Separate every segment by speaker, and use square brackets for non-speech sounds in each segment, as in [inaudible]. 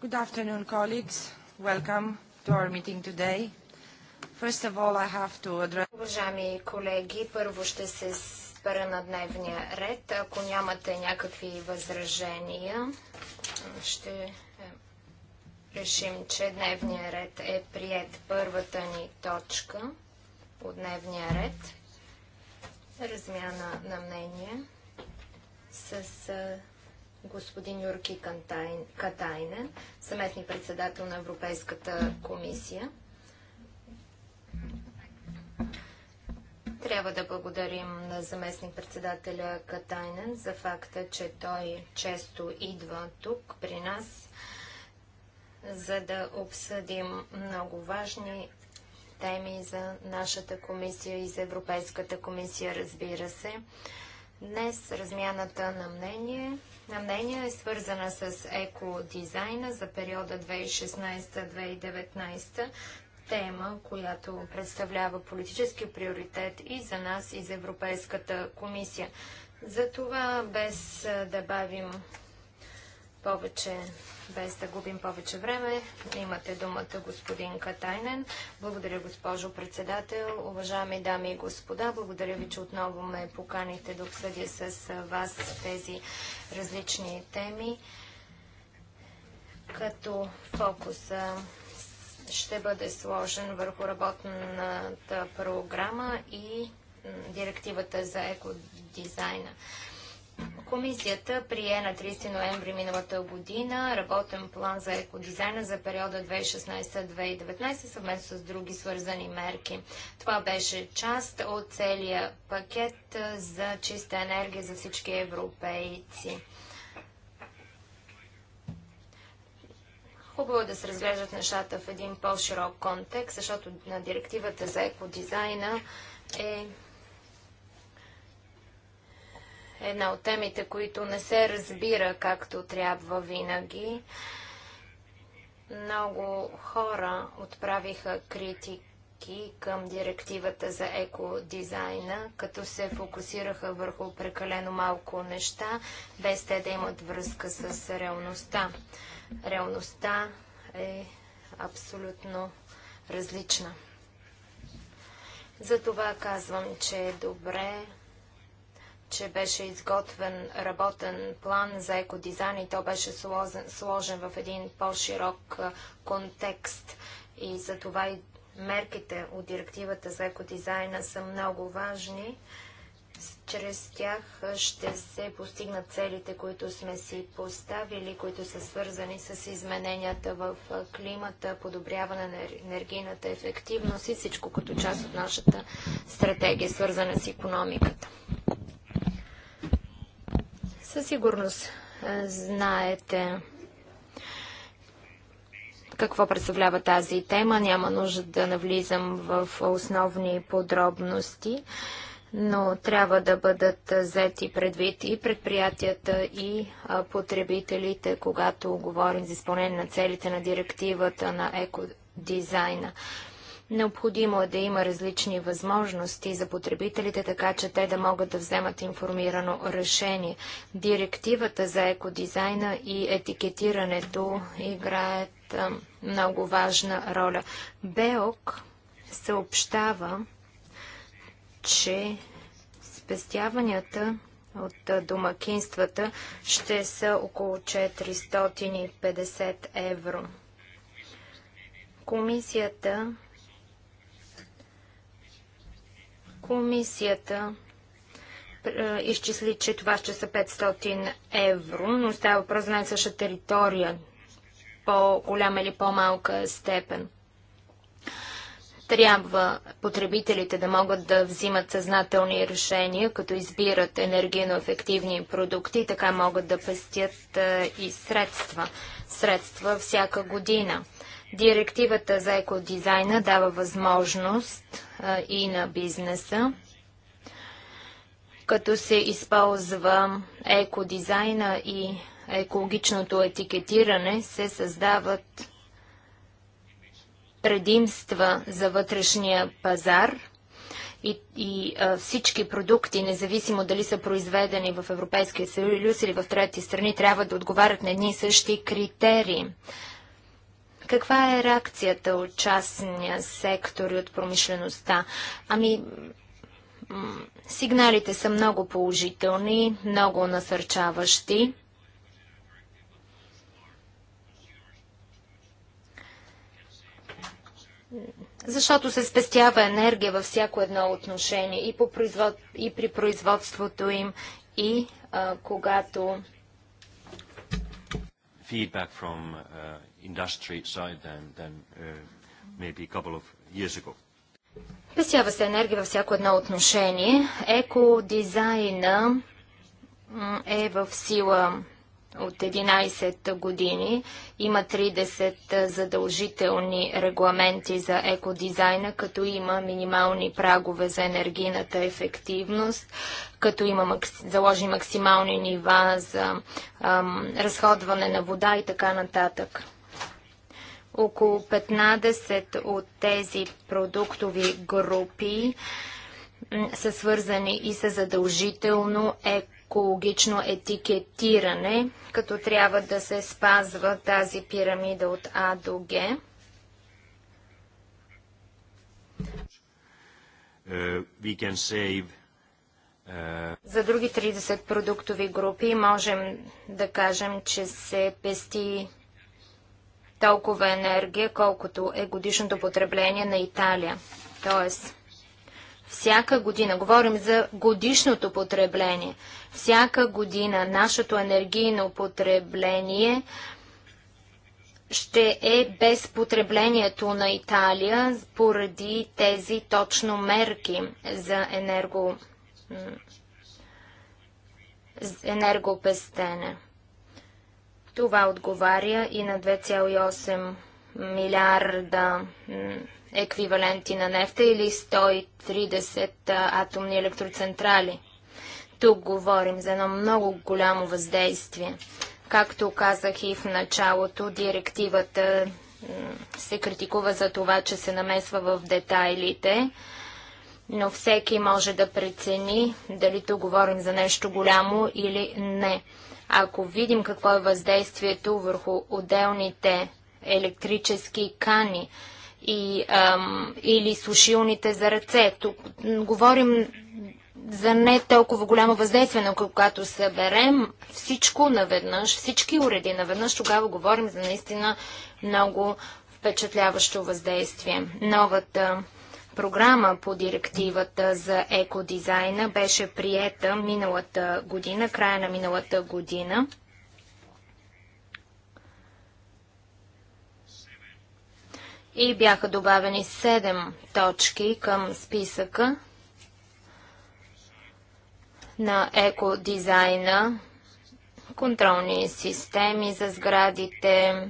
Speaker 1: Good afternoon, colleagues. Welcome to our meeting today. First of all, I have to address... Уважаеми колеги, първо ще се спра на дневния ред. Ако нямате някакви възражения, ще е, решим, че дневния ред е прият първата ни точка от дневния ред. Размяна на мнение с е, господин Юрки Катайнен, съместник председател на Европейската комисия. Трябва да благодарим на заместник председателя Катайнен за факта, че той често идва тук при нас, за да обсъдим много важни теми за нашата комисия и за Европейската комисия, разбира се. Днес размяната на мнение на мнение е свързана с екодизайна за периода 2016-2019 тема, която представлява политически приоритет и за нас, и за Европейската комисия. Затова без да бавим повече без да губим повече време. Имате думата господин Катайнен. Благодаря, госпожо председател. Уважаеми дами и господа, благодаря ви, че отново ме поканите да обсъдя с вас тези различни теми. Като фокуса ще бъде сложен върху работната програма и директивата за екодизайна. Комисията прие на 30 ноември миналата година работен план за екодизайна за периода 2016-2019 съвместно с други свързани мерки. Това беше част от целия пакет за чиста енергия за всички европейци. Хубаво е да се разглеждат нещата в един по-широк контекст, защото на директивата за екодизайна е една от темите, които не се разбира както трябва винаги. Много хора отправиха критики към директивата за екодизайна, като се фокусираха върху прекалено малко неща, без те да имат връзка с реалността. Реалността е абсолютно различна. Затова казвам, че е добре че беше изготвен работен план за екодизайн и то беше сложен, сложен в един по-широк контекст. И за това и мерките от директивата за екодизайна са много важни. Чрез тях ще се постигнат целите, които сме си поставили, които са свързани с измененията в климата, подобряване на енергийната ефективност и всичко като част от нашата стратегия, свързана с економиката. Със сигурност знаете какво представлява тази тема. Няма нужда да навлизам в основни подробности, но трябва да бъдат взети предвид и предприятията, и потребителите, когато говорим за изпълнение на целите на директивата на екодизайна. Необходимо е да има различни възможности за потребителите, така че те да могат да вземат информирано решение. Директивата за екодизайна и етикетирането играят а, много важна роля. БЕОК съобщава, че спестяванията от домакинствата ще са около 450 евро. Комисията Комисията е, изчисли, че това ще са 500 евро, но става въпрос за най-съща територия, по-голяма или по-малка степен. Трябва потребителите да могат да взимат съзнателни решения, като избират енергийно ефективни продукти, така могат да пестят е, и средства. Средства всяка година. Директивата за екодизайна дава възможност а, и на бизнеса, като се използва екодизайна и екологичното етикетиране, се създават предимства за вътрешния пазар и, и а, всички продукти, независимо дали са произведени в Европейския съюз или в трети страни, трябва да отговарят на едни и същи критерии. Каква е реакцията от частния сектор и от промишлеността? Ами, сигналите са много положителни, много насърчаващи. Защото се спестява енергия във всяко едно отношение и, по производ... и при производството им, и а, когато
Speaker 2: feedback from uh, industry side than, than uh, maybe a couple of years ago.
Speaker 1: Песява се енергия във всяко едно отношение. Екодизайна е в сила от 11 години. Има 30 задължителни регламенти за екодизайна, като има минимални прагове за енергийната ефективност, като има заложени заложи максимални нива за ам, разходване на вода и така нататък. Около 15 от тези продуктови групи са свързани и с задължително еко екологично етикетиране, като трябва да се спазва тази пирамида от А до Г. Uh, save, uh... За други 30 продуктови групи можем да кажем, че се пести толкова енергия, колкото е годишното потребление на Италия. Тоест, всяка година, говорим за годишното потребление – всяка година нашето енергийно потребление ще е без потреблението на Италия поради тези точно мерки за енерго, енергопестене. Това отговаря и на 2,8 милиарда еквиваленти на нефта или 130 атомни електроцентрали. Тук говорим за едно много голямо въздействие. Както казах и в началото, директивата се критикува за това, че се намесва в детайлите, но всеки може да прецени дали тук говорим за нещо голямо или не. Ако видим какво е въздействието върху отделните електрически кани и, ам, или сушилните за ръце, тук говорим за не толкова голямо въздействие, но когато съберем всичко наведнъж, всички уреди наведнъж, тогава говорим за наистина много впечатляващо въздействие. Новата програма по директивата за екодизайна беше приета миналата година, края на миналата година. И бяха добавени 7 точки към списъка на екодизайна, контролни системи за сградите,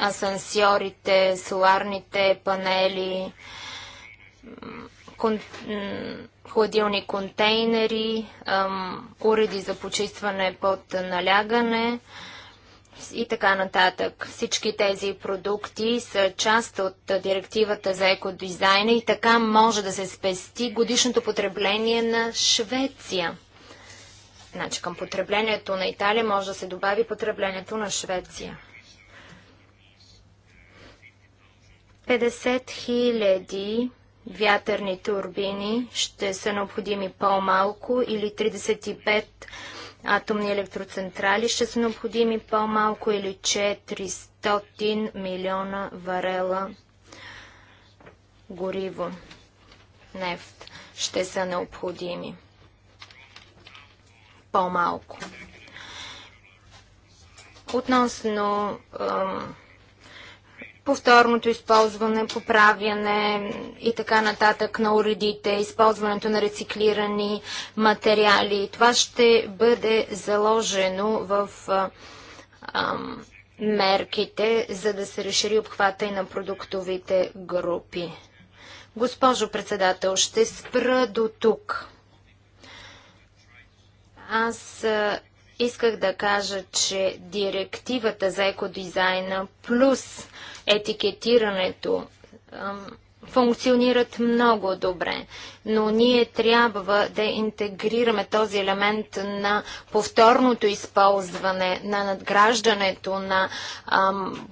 Speaker 1: асансьорите, соларните панели, кон... хладилни контейнери, уреди за почистване под налягане и така нататък. Всички тези продукти са част от директивата за екодизайна и така може да се спести годишното потребление на Швеция. Значи към потреблението на Италия може да се добави потреблението на Швеция. 50 хиляди вятърни турбини ще са необходими по-малко или 35 атомни електроцентрали ще са необходими по-малко или 400 милиона варела гориво, нефт ще са необходими по-малко. Относно ам, повторното използване, поправяне и така нататък на уредите, използването на рециклирани материали. Това ще бъде заложено в ам, мерките, за да се разшири обхвата и на продуктовите групи. Госпожо председател, ще спра до тук. Аз исках да кажа, че директивата за екодизайна плюс етикетирането функционират много добре, но ние трябва да интегрираме този елемент на повторното използване, на надграждането на ам,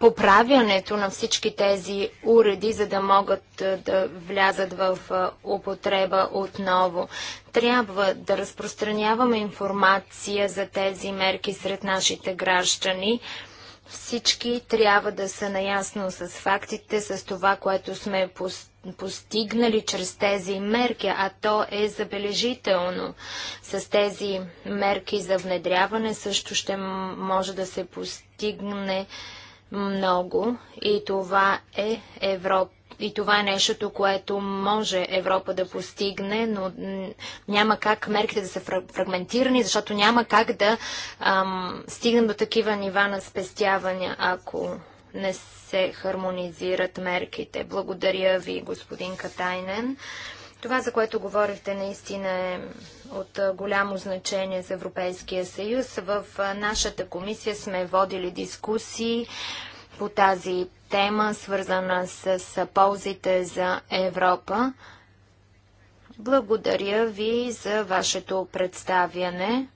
Speaker 1: поправянето на всички тези уреди, за да могат е, да влязат в е, употреба отново. Трябва да разпространяваме информация за тези мерки сред нашите граждани. Всички трябва да са наясно с фактите, с това, което сме постигнали чрез тези мерки, а то е забележително. С тези мерки за внедряване също ще може да се постигне много и това е Европа. И това е нещото, което може Европа да постигне, но няма как мерките да са фрагментирани, защото няма как да ам, стигнем до такива нива на спестявания, ако не се хармонизират мерките. Благодаря ви, господин Катайнен. Това, за което говорихте, наистина е от голямо значение за Европейския съюз. В нашата комисия сме водили дискусии по тази тема, свързана с ползите за Европа. Благодаря ви за вашето представяне.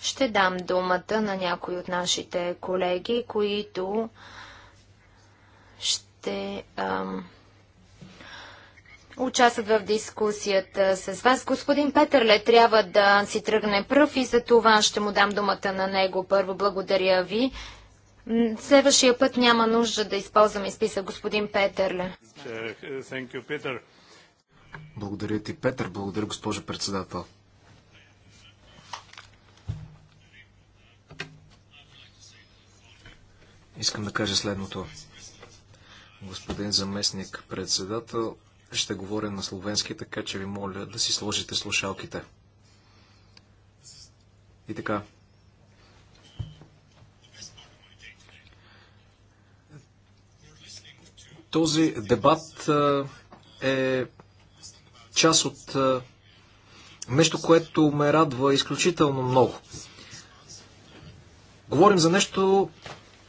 Speaker 1: Ще дам думата на някои от нашите колеги, които ще ам, участват в дискусията с вас. Господин Петърле трябва да си тръгне пръв и за това ще му дам думата на него. Първо благодаря ви. Следващия път няма нужда да използвам изписа господин Петърле.
Speaker 2: Благодаря ти, Петър. Благодаря, госпожа председател. Искам да кажа следното. Господин заместник председател, ще говоря на словенски, така че ви моля да си сложите слушалките. И така. Този дебат е част от нещо, което ме радва изключително много. Говорим за нещо,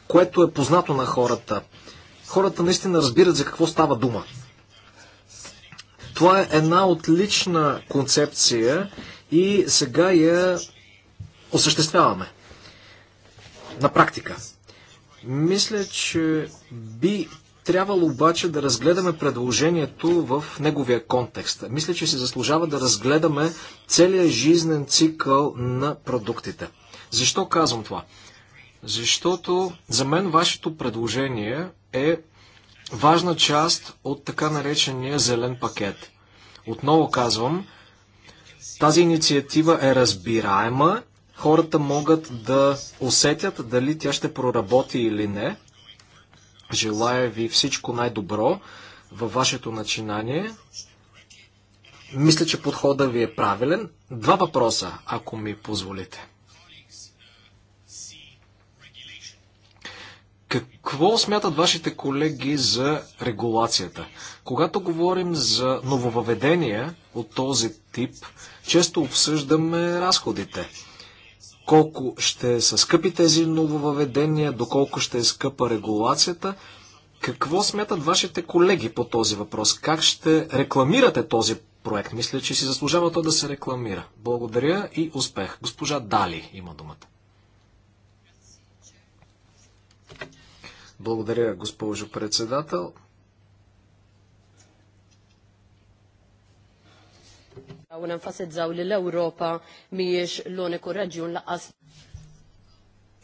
Speaker 2: което е познато на хората. Хората наистина разбират за какво става дума. Това е една отлична концепция и сега я осъществяваме. На практика. Мисля, че би трябвало обаче да разгледаме предложението в неговия контекст. Мисля, че се заслужава да разгледаме целият жизнен цикъл на продуктите. Защо казвам това? Защото за мен вашето предложение е важна част от така наречения зелен пакет. Отново казвам, тази инициатива е разбираема, хората могат да усетят дали тя ще проработи или не. Желая ви всичко най-добро във вашето начинание. Мисля, че подхода ви е правилен. Два въпроса, ако ми позволите. Какво смятат вашите колеги за регулацията? Когато говорим за нововъведения от този тип, често обсъждаме разходите. Колко ще са скъпи тези нововъведения, доколко ще е скъпа регулацията. Какво смятат вашите колеги по този въпрос? Как ще рекламирате този проект? Мисля, че си заслужава то да се рекламира. Благодаря и успех. Госпожа Дали има думата. Благодаря, госпожо председател.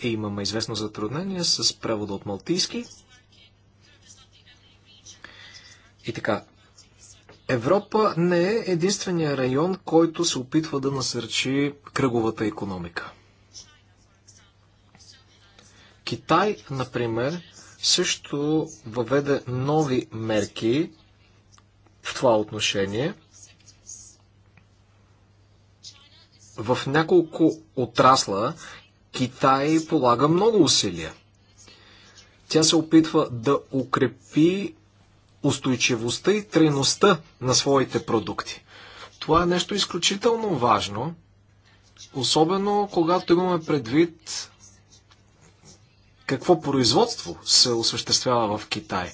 Speaker 2: Имаме известно затруднение с превода от малтийски. И така, Европа не е единствения район, който се опитва да насърчи кръговата економика. Китай, например, също въведе нови мерки в това отношение. В няколко отрасла Китай полага много усилия. Тя се опитва да укрепи устойчивостта и трайността на своите продукти. Това е нещо изключително важно, особено когато имаме предвид какво производство се осъществява в Китай.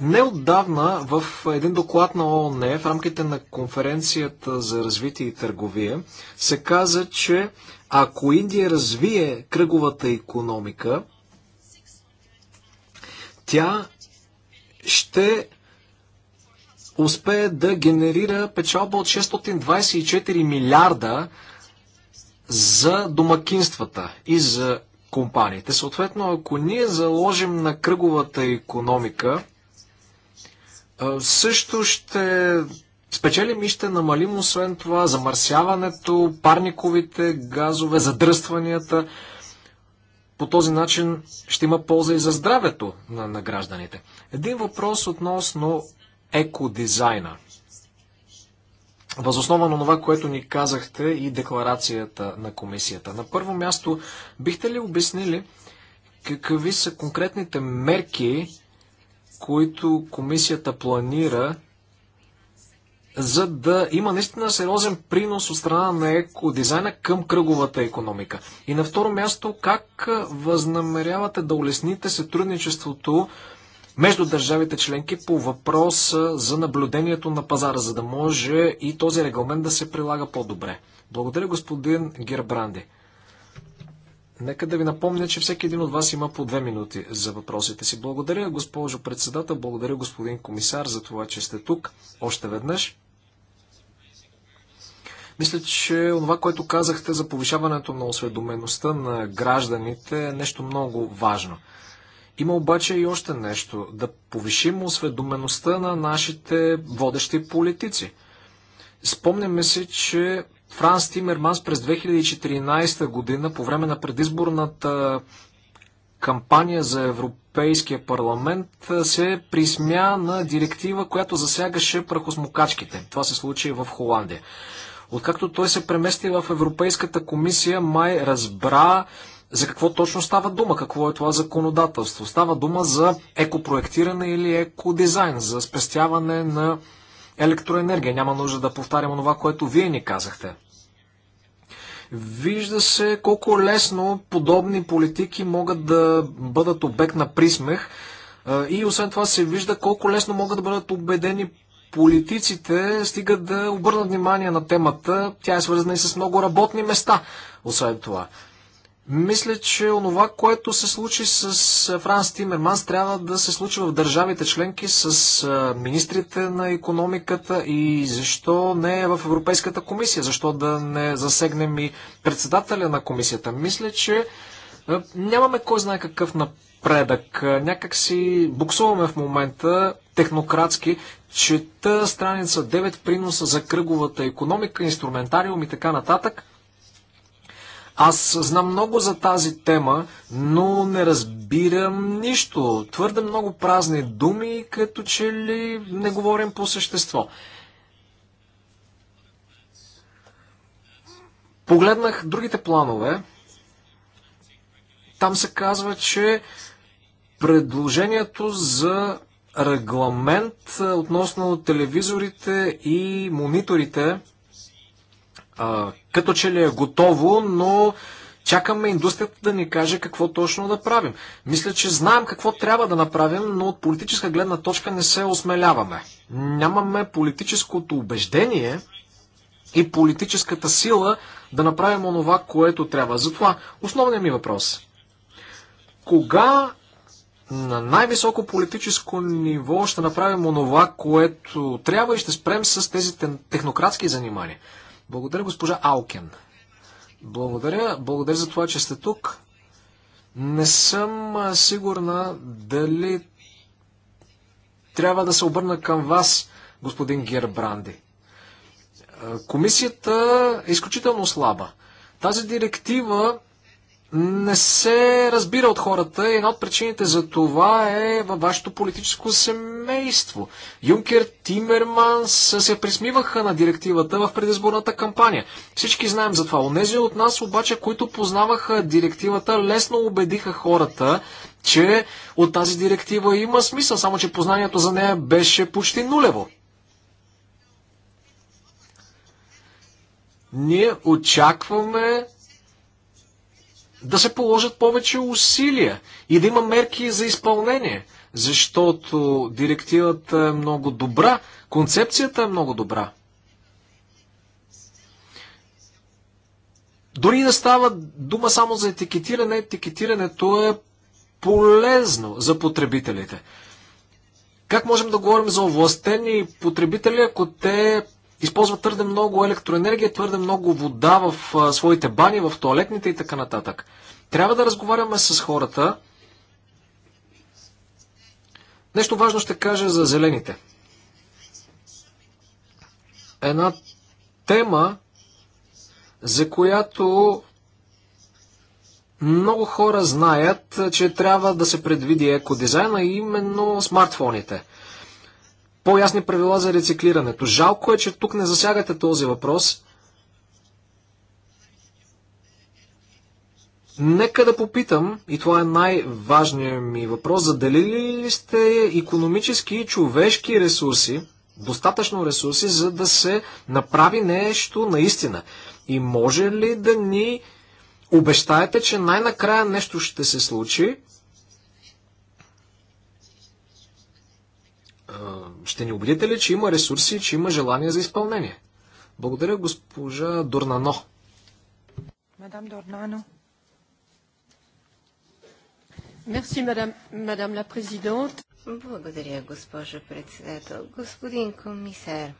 Speaker 2: Неотдавна в един доклад на ООН в рамките на конференцията за развитие и търговия се каза, че ако Индия развие кръговата економика, тя ще успее да генерира печалба от 624 милиарда за домакинствата и за компаниите. Съответно, ако ние заложим на кръговата економика, също ще спечелим и ще намалим, освен това, замърсяването, парниковите газове, задръстванията. По този начин ще има полза и за здравето на, на гражданите. Един въпрос относно екодизайна – Възоснова на това, което ни казахте и декларацията на комисията. На първо място, бихте ли обяснили какви са конкретните мерки, които комисията планира, за да има наистина сериозен принос от страна на екодизайна към кръговата економика? И на второ място, как възнамерявате да улесните сътрудничеството между държавите членки по въпрос за наблюдението на пазара, за да може и този регламент да се прилага по-добре. Благодаря, господин Гербранди. Нека да ви напомня, че всеки един от вас има по две минути за въпросите си. Благодаря, госпожо председател, благодаря, господин комисар, за това, че сте тук още веднъж. Мисля, че това, което казахте за повишаването на осведомеността на гражданите е нещо много важно. Има обаче и още нещо. Да повишим осведомеността на нашите водещи политици. Спомняме се, че Франс Тимерманс през 2014 година, по време на предизборната кампания за Европейския парламент, се присмя на директива, която засягаше прахосмокачките. Това се случи в Холандия. Откакто той се премести в Европейската комисия, май разбра, за какво точно става дума? Какво е това законодателство? Става дума за екопроектиране или екодизайн, за спестяване на електроенергия. Няма нужда да повтарям това, което вие ни казахте. Вижда се колко лесно подобни политики могат да бъдат обект на присмех и освен това се вижда колко лесно могат да бъдат убедени политиците, стигат да обърнат внимание на темата. Тя е свързана и с много работни места, освен това. Мисля, че онова, което се случи с Франс Тимерманс, трябва да се случи в държавите членки с министрите на економиката и защо не е в Европейската комисия, защо да не засегнем и председателя на комисията. Мисля, че нямаме кой знае какъв напредък. Някак си буксуваме в момента технократски, чета страница 9 приноса за кръговата економика, инструментариум и така нататък – аз знам много за тази тема, но не разбирам нищо. Твърде много празни думи, като че ли не говорим по същество. Погледнах другите планове. Там се казва, че предложението за регламент относно телевизорите и мониторите като че ли е готово, но чакаме индустрията да ни каже какво точно да правим. Мисля, че знаем какво трябва да направим, но от политическа гледна точка не се осмеляваме. Нямаме политическото убеждение и политическата сила да направим онова, което трябва. Затова основният ми въпрос. Кога на най-високо политическо ниво ще направим онова, което трябва и ще спрем с тези технократски занимания? Благодаря, госпожа Алкен. Благодаря. Благодаря за това, че сте тук. Не съм сигурна дали трябва да се обърна към вас, господин Гербранди. Комисията е изключително слаба. Тази директива не се разбира от хората и една от причините за това е във вашето политическо семейство. Юнкер Тимерман се присмиваха на директивата в предизборната кампания. Всички знаем за това. Онези от нас обаче, които познаваха директивата, лесно убедиха хората, че от тази директива има смисъл, само че познанието за нея беше почти нулево. Ние очакваме да се положат повече усилия и да има мерки за изпълнение, защото директивата е много добра, концепцията е много добра. Дори да става дума само за етикетиране, етикетирането е полезно за потребителите. Как можем да говорим за овластени потребители, ако те Използва твърде много електроенергия, твърде много вода в своите бани, в туалетните и така нататък. Трябва да разговаряме с хората. Нещо важно ще кажа за зелените. Една тема, за която много хора знаят, че трябва да се предвиди екодизайна, именно смартфоните по-ясни правила за рециклирането. Жалко е, че тук не засягате този въпрос. Нека да попитам, и това е най-важният ми въпрос, заделили ли сте економически и човешки ресурси, достатъчно ресурси, за да се направи нещо наистина? И може ли да ни обещаете, че най-накрая нещо ще се случи ще ни убедите ли, че има ресурси, че има желание за изпълнение? Благодаря, госпожа Дорнано.
Speaker 1: Мадам Дорнано.
Speaker 3: Мерси, мадам, ла президент. Благодаря, госпожо председател. Господин комисар,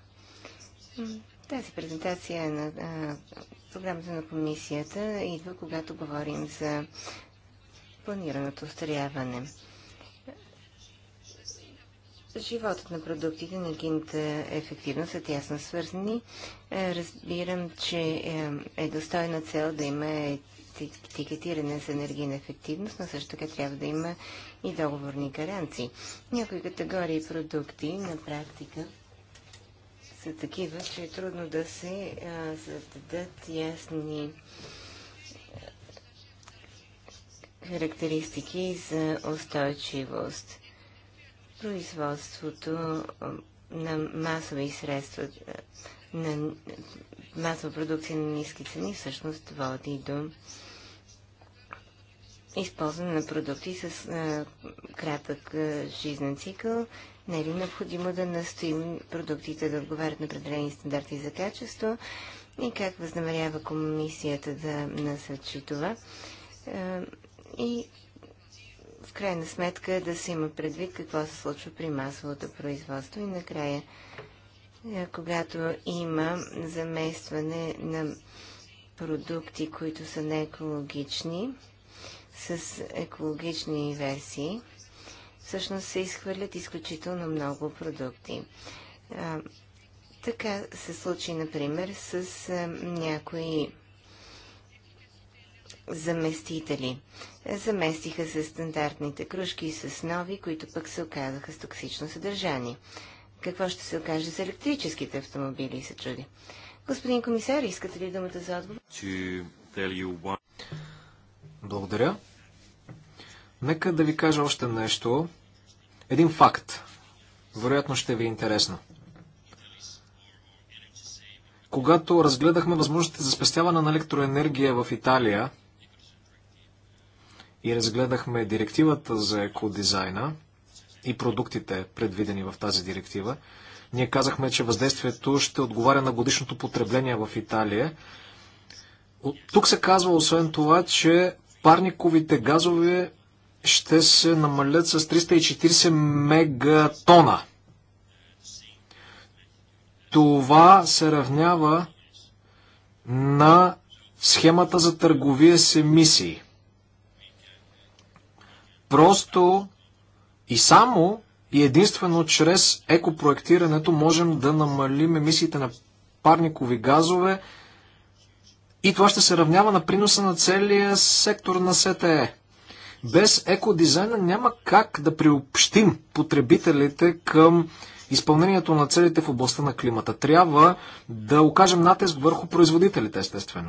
Speaker 3: тази презентация на програмата на комисията идва, когато говорим за планираното устаряване животът на продуктите на гинта ефективно са тясно свързани. Е, разбирам, че е, е достойна цел да има етикетиране за енергийна ефективност, но също така трябва да има и договорни гаранции. Някои категории продукти на практика са такива, че е трудно да се е, зададат ясни характеристики за устойчивост производството на масови средства, на масова продукция на ниски цени всъщност води до използване на продукти с а, кратък а, жизнен цикъл. Не е ли необходимо да настоим продуктите да отговарят на определени стандарти за качество и как възнамерява комисията да насъчи това? А, и в крайна сметка да се има предвид какво се случва при масовото производство и накрая, е, когато има заместване на продукти, които са неекологични, с екологични версии, всъщност се изхвърлят изключително много продукти. така се случи, например, с е, някои заместители. Заместиха се стандартните кружки с нови, които пък се оказаха с токсично съдържание. Какво ще се окаже с електрическите автомобили, се чуди. Господин комисар, искате ли думата за отговор?
Speaker 2: Благодаря. Нека да ви кажа още нещо. Един факт. Вероятно ще ви е интересно. Когато разгледахме възможностите за спестяване на електроенергия в Италия, и разгледахме директивата за екодизайна и продуктите, предвидени в тази директива. Ние казахме, че въздействието ще отговаря на годишното потребление в Италия. От тук се казва, освен това, че парниковите газове ще се намалят с 340 мегатона. Това се равнява на схемата за търговия с емисии. Просто и само и единствено чрез екопроектирането можем да намалим емисиите на парникови газове и това ще се равнява на приноса на целия сектор на СТЕ. Без екодизайна няма как да приобщим потребителите към изпълнението на целите в областта на климата. Трябва да окажем натиск върху производителите, естествено.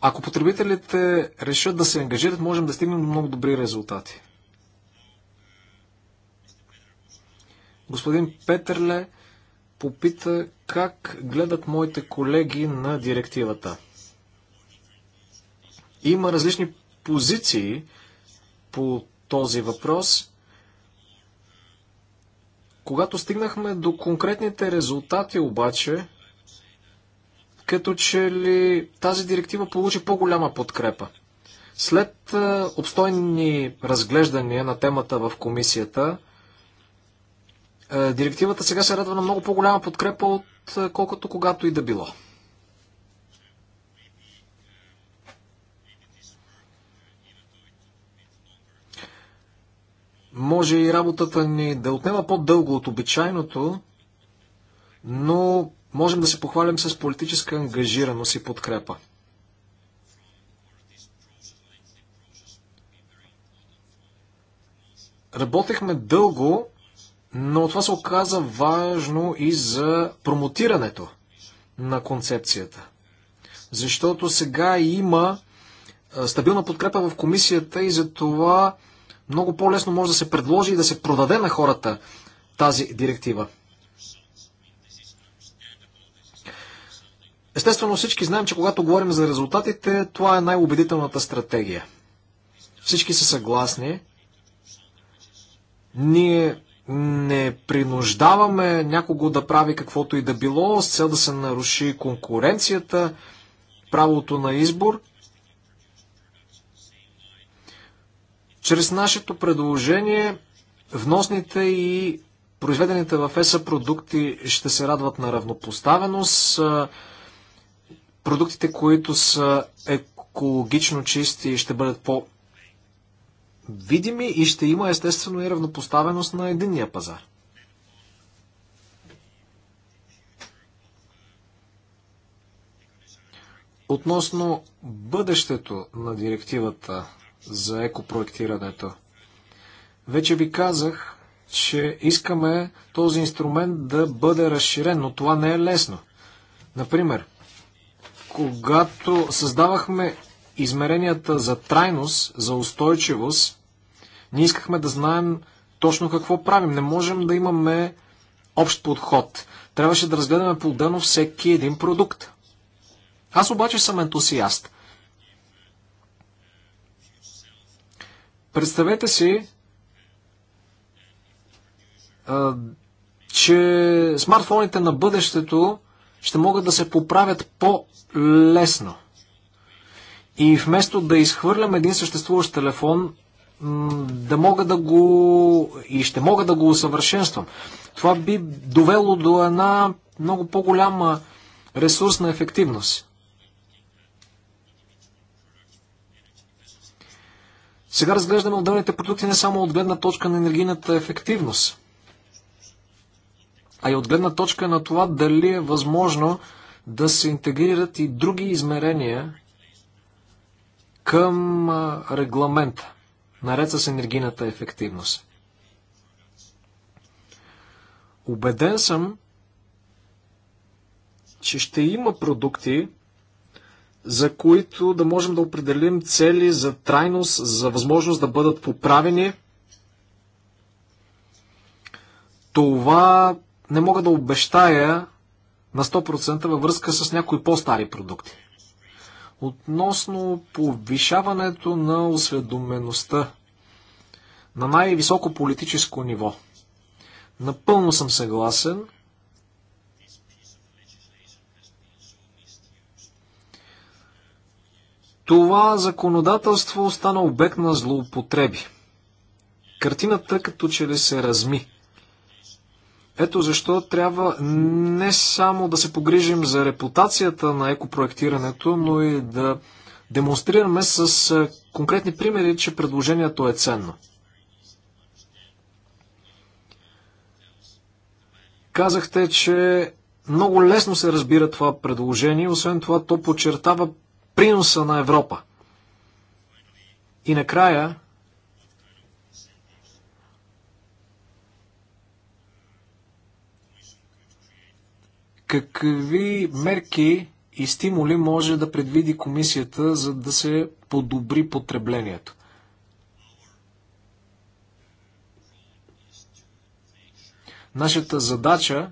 Speaker 2: Ако потребителите решат да се ангажират, можем да стигнем до много добри резултати. Господин Петърле попита как гледат моите колеги на директивата. Има различни позиции по този въпрос. Когато стигнахме до конкретните резултати обаче, като че ли тази директива получи по-голяма подкрепа. След е, обстойни разглеждания на темата в комисията, е, директивата сега се радва на много по-голяма подкрепа от е, колкото когато и да било. Може и работата ни да отнема по-дълго от обичайното, но Можем да се похвалим с политическа ангажираност и подкрепа. Работехме дълго, но това се оказа важно и за промотирането на концепцията. Защото сега има стабилна подкрепа в комисията и за това много по-лесно може да се предложи и да се продаде на хората тази директива. Естествено всички знаем, че когато говорим за резултатите, това е най-убедителната стратегия. Всички са съгласни. Ние не принуждаваме някого да прави каквото и да било, с цел да се наруши конкуренцията, правото на избор. Чрез нашето предложение вносните и произведените в ЕСА продукти ще се радват на равнопоставеност продуктите, които са екологично чисти, ще бъдат по- видими и ще има естествено и равнопоставеност на единния пазар. Относно бъдещето на директивата за екопроектирането, вече ви казах, че искаме този инструмент да бъде разширен, но това не е лесно. Например, когато създавахме измеренията за трайност, за устойчивост, ние искахме да знаем точно какво правим. Не можем да имаме общ подход. Трябваше да разгледаме по-отделно всеки един продукт. Аз обаче съм ентусиаст. Представете си, а, че смартфоните на бъдещето ще могат да се поправят по-лесно. И вместо да изхвърлям един съществуващ телефон, да мога да го и ще мога да го усъвършенствам. Това би довело до една много по-голяма ресурсна ефективност. Сега разглеждаме отделните продукти не само от гледна точка на енергийната ефективност а и от гледна точка на това дали е възможно да се интегрират и други измерения към регламента, наред с енергийната ефективност. Обеден съм, че ще има продукти, за които да можем да определим цели за трайност, за възможност да бъдат поправени. Това не мога да обещая на 100% във връзка с някои по-стари продукти. Относно повишаването на осведомеността на най-високо политическо ниво. Напълно съм съгласен. Това законодателство стана обект на злоупотреби. Картината като че ли се разми. Ето защо трябва не само да се погрижим за репутацията на екопроектирането, но и да демонстрираме с конкретни примери, че предложението е ценно. Казахте, че много лесно се разбира това предложение, освен това то подчертава приноса на Европа. И накрая, Какви мерки и стимули може да предвиди комисията, за да се подобри потреблението? Нашата задача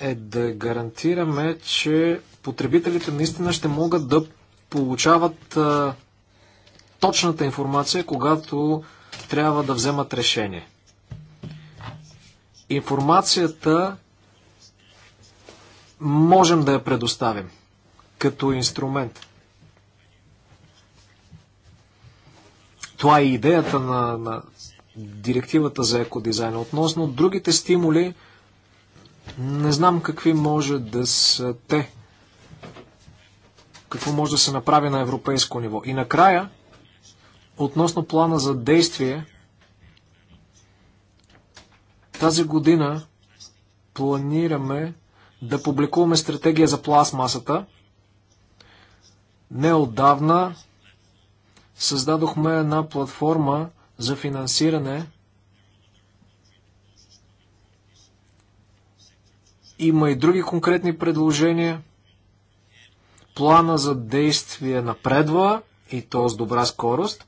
Speaker 2: е да гарантираме, че потребителите наистина ще могат да получават а, точната информация, когато трябва да вземат решение. Информацията можем да я предоставим като инструмент. Това е идеята на, на директивата за екодизайна. Относно другите стимули, не знам какви може да са те. Какво може да се направи на европейско ниво. И накрая, относно плана за действие, тази година планираме да публикуваме стратегия за пластмасата. Неодавна създадохме една платформа за финансиране. Има и други конкретни предложения. Плана за действие напредва и то с добра скорост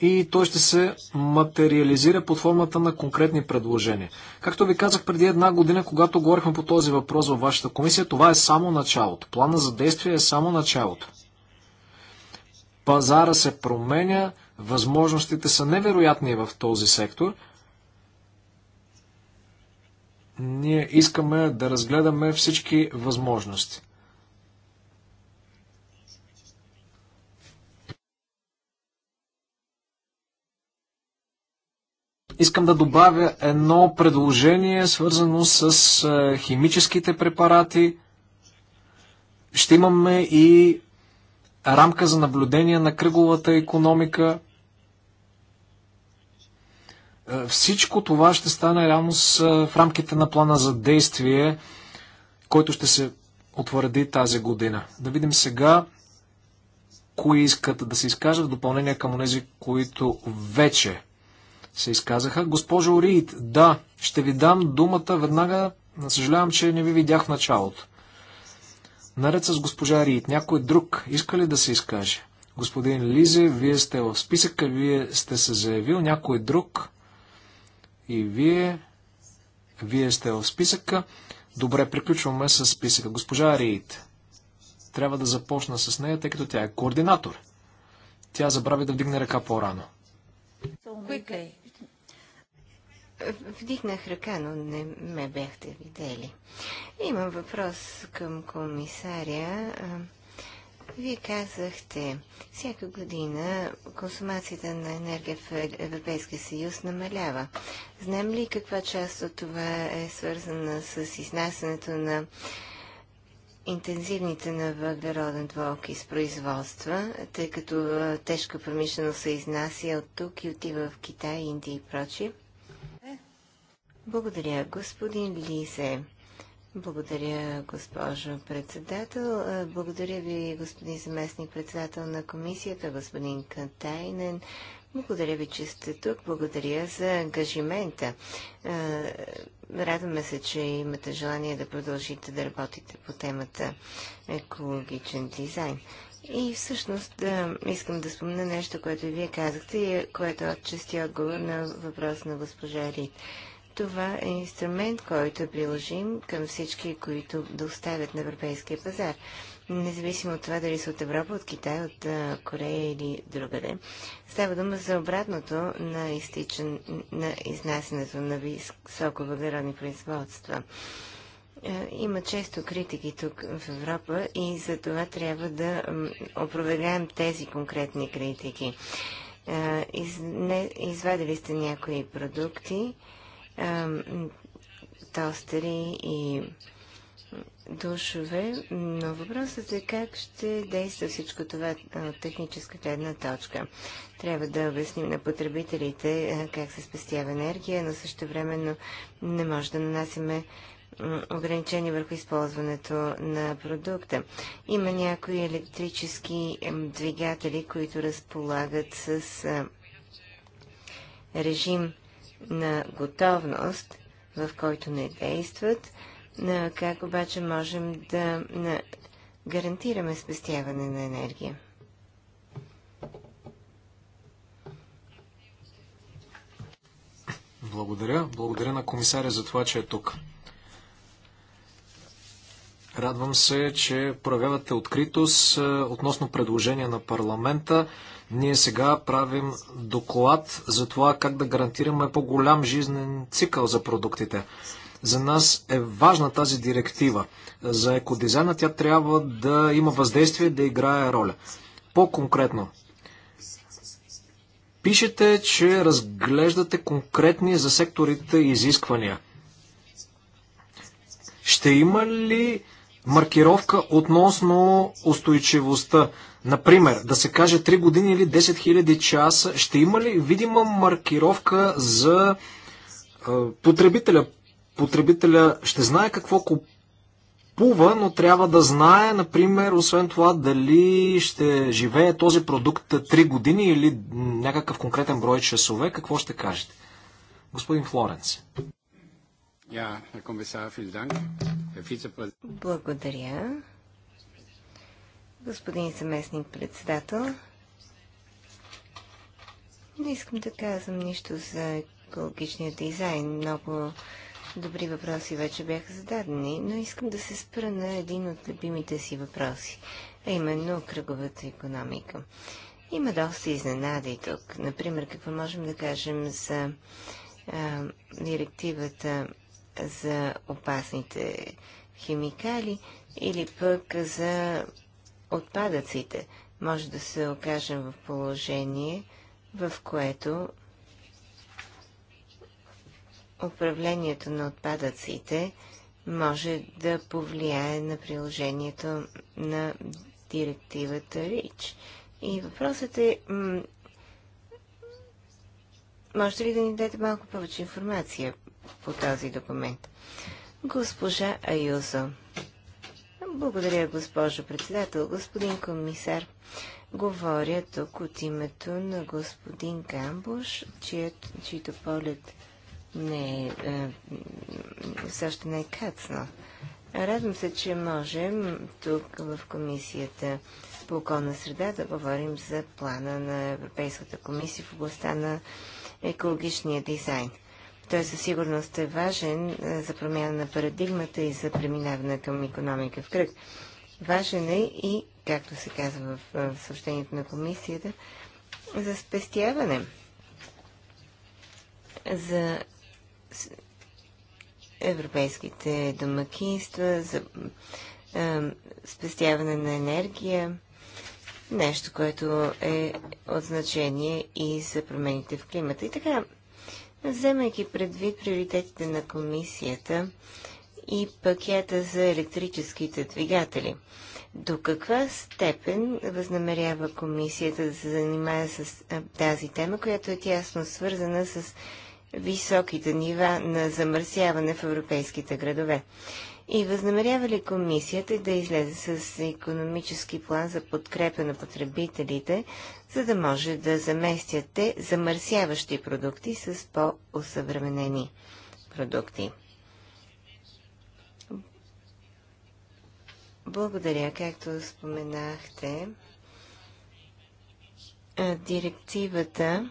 Speaker 2: и той ще се материализира под формата на конкретни предложения. Както ви казах преди една година, когато говорихме по този въпрос във вашата комисия, това е само началото. Плана за действие е само началото. Пазара се променя, възможностите са невероятни в този сектор. Ние искаме да разгледаме всички възможности. Искам да добавя едно предложение, свързано с е, химическите препарати. Ще имаме и рамка за наблюдение на кръговата економика. Е, всичко това ще стане реалност е, в рамките на плана за действие, който ще се утвърди тази година. Да видим сега кои искат да се изкажат в допълнение към тези, които вече се изказаха. Госпожо Рид, да, ще ви дам думата веднага. Съжалявам, че не ви видях в началото. Наред с госпожа Рид, някой друг иска ли да се изкаже? Господин Лизе, вие сте в списъка, вие сте се заявил, някой друг и вие, вие сте в списъка. Добре, приключваме с списъка. Госпожа Рид, трябва да започна с нея, тъй като тя е координатор. Тя забрави да вдигне ръка по-рано.
Speaker 3: Вдигнах ръка, но не ме бяхте видели. Имам въпрос към комисаря. Вие казахте, всяка година консумацията на енергия в Европейския съюз намалява. Знаем ли каква част от това е свързана с изнасянето на интензивните на въглероден из производства, тъй като тежка промишленост се изнася от тук и отива в Китай, Индия и прочие? Благодаря, господин Лисе. Благодаря, госпожо председател. Благодаря ви, господин заместник председател на комисията, господин Кантайнен. Благодаря ви, че сте тук. Благодаря за ангажимента. Радваме се, че имате желание да продължите да работите по темата екологичен дизайн. И всъщност да, искам да спомня нещо, което и вие казахте, е- което е отчасти отговор на въпрос на госпожа Рид това е инструмент, който е приложим към всички, които доставят на европейския пазар. Независимо от това дали са от Европа, от Китай, от Корея или другаде. Става дума за обратното на, изтичен, на изнасянето на високовъглеродни производства. Има често критики тук в Европа и за това трябва да опровергаем тези конкретни критики. Извадили сте някои продукти, тостери и душове, но въпросът е как ще действа всичко това от техническа гледна точка. Трябва да обясним на потребителите как се спестява енергия, но също времено не може да нанасиме ограничения върху използването на продукта. Има някои електрически двигатели, които разполагат с режим на готовност, в който не действат, на как обаче можем да на, гарантираме спестяване на енергия.
Speaker 2: Благодаря. Благодаря на комисаря за това, че е тук. Радвам се, че проявявате откритост е, относно предложения на парламента. Ние сега правим доклад за това как да гарантираме по-голям жизнен цикъл за продуктите. За нас е важна тази директива. За екодизайна тя трябва да има въздействие, да играе роля. По-конкретно, пишете, че разглеждате конкретни за секторите изисквания. Ще има ли маркировка относно устойчивостта. Например, да се каже 3 години или 10 000 часа, ще има ли видима маркировка за е, потребителя? Потребителя ще знае какво купува, но трябва да знае, например, освен това, дали ще живее този продукт 3 години или някакъв конкретен брой часове. Какво ще кажете? Господин Флоренц.
Speaker 3: Благодаря. Господин заместник председател, не искам да казвам нищо за екологичния дизайн. Много добри въпроси вече бяха зададени, но искам да се спра на един от любимите си въпроси, а именно кръговата економика. Има доста изненади тук. Например, какво можем да кажем за а, директивата за опасните химикали или пък за отпадъците. Може да се окажем в положение, в което управлението на отпадъците може да повлияе на приложението на директивата РИЧ. И въпросът е, можете ли да ни дадете малко повече информация по този документ. Госпожа Аюзо. Благодаря, госпожо председател. Господин комисар, говоря тук от името на господин Камбуш, чието, чието полет не е, е, все още не е кацно. Радвам се, че можем тук в комисията по околна среда да говорим за плана на Европейската комисия в областта на екологичния дизайн. Той със сигурност е важен е, за промяна на парадигмата и за преминаване към економика в кръг. Важен е и, както се казва в е, съобщението на комисията, за спестяване, за европейските домакинства, за е, спестяване на енергия, нещо, което е от значение и за промените в климата. И така, вземайки предвид приоритетите на комисията и пакета за електрическите двигатели. До каква степен възнамерява комисията да се занимае с тази тема, която е тясно свързана с високите нива на замърсяване в европейските градове? И възнамерява ли комисията да излезе с економически план за подкрепа на потребителите, за да може да заместят те замърсяващи продукти с по-осъвременени продукти. Благодаря, както споменахте, директивата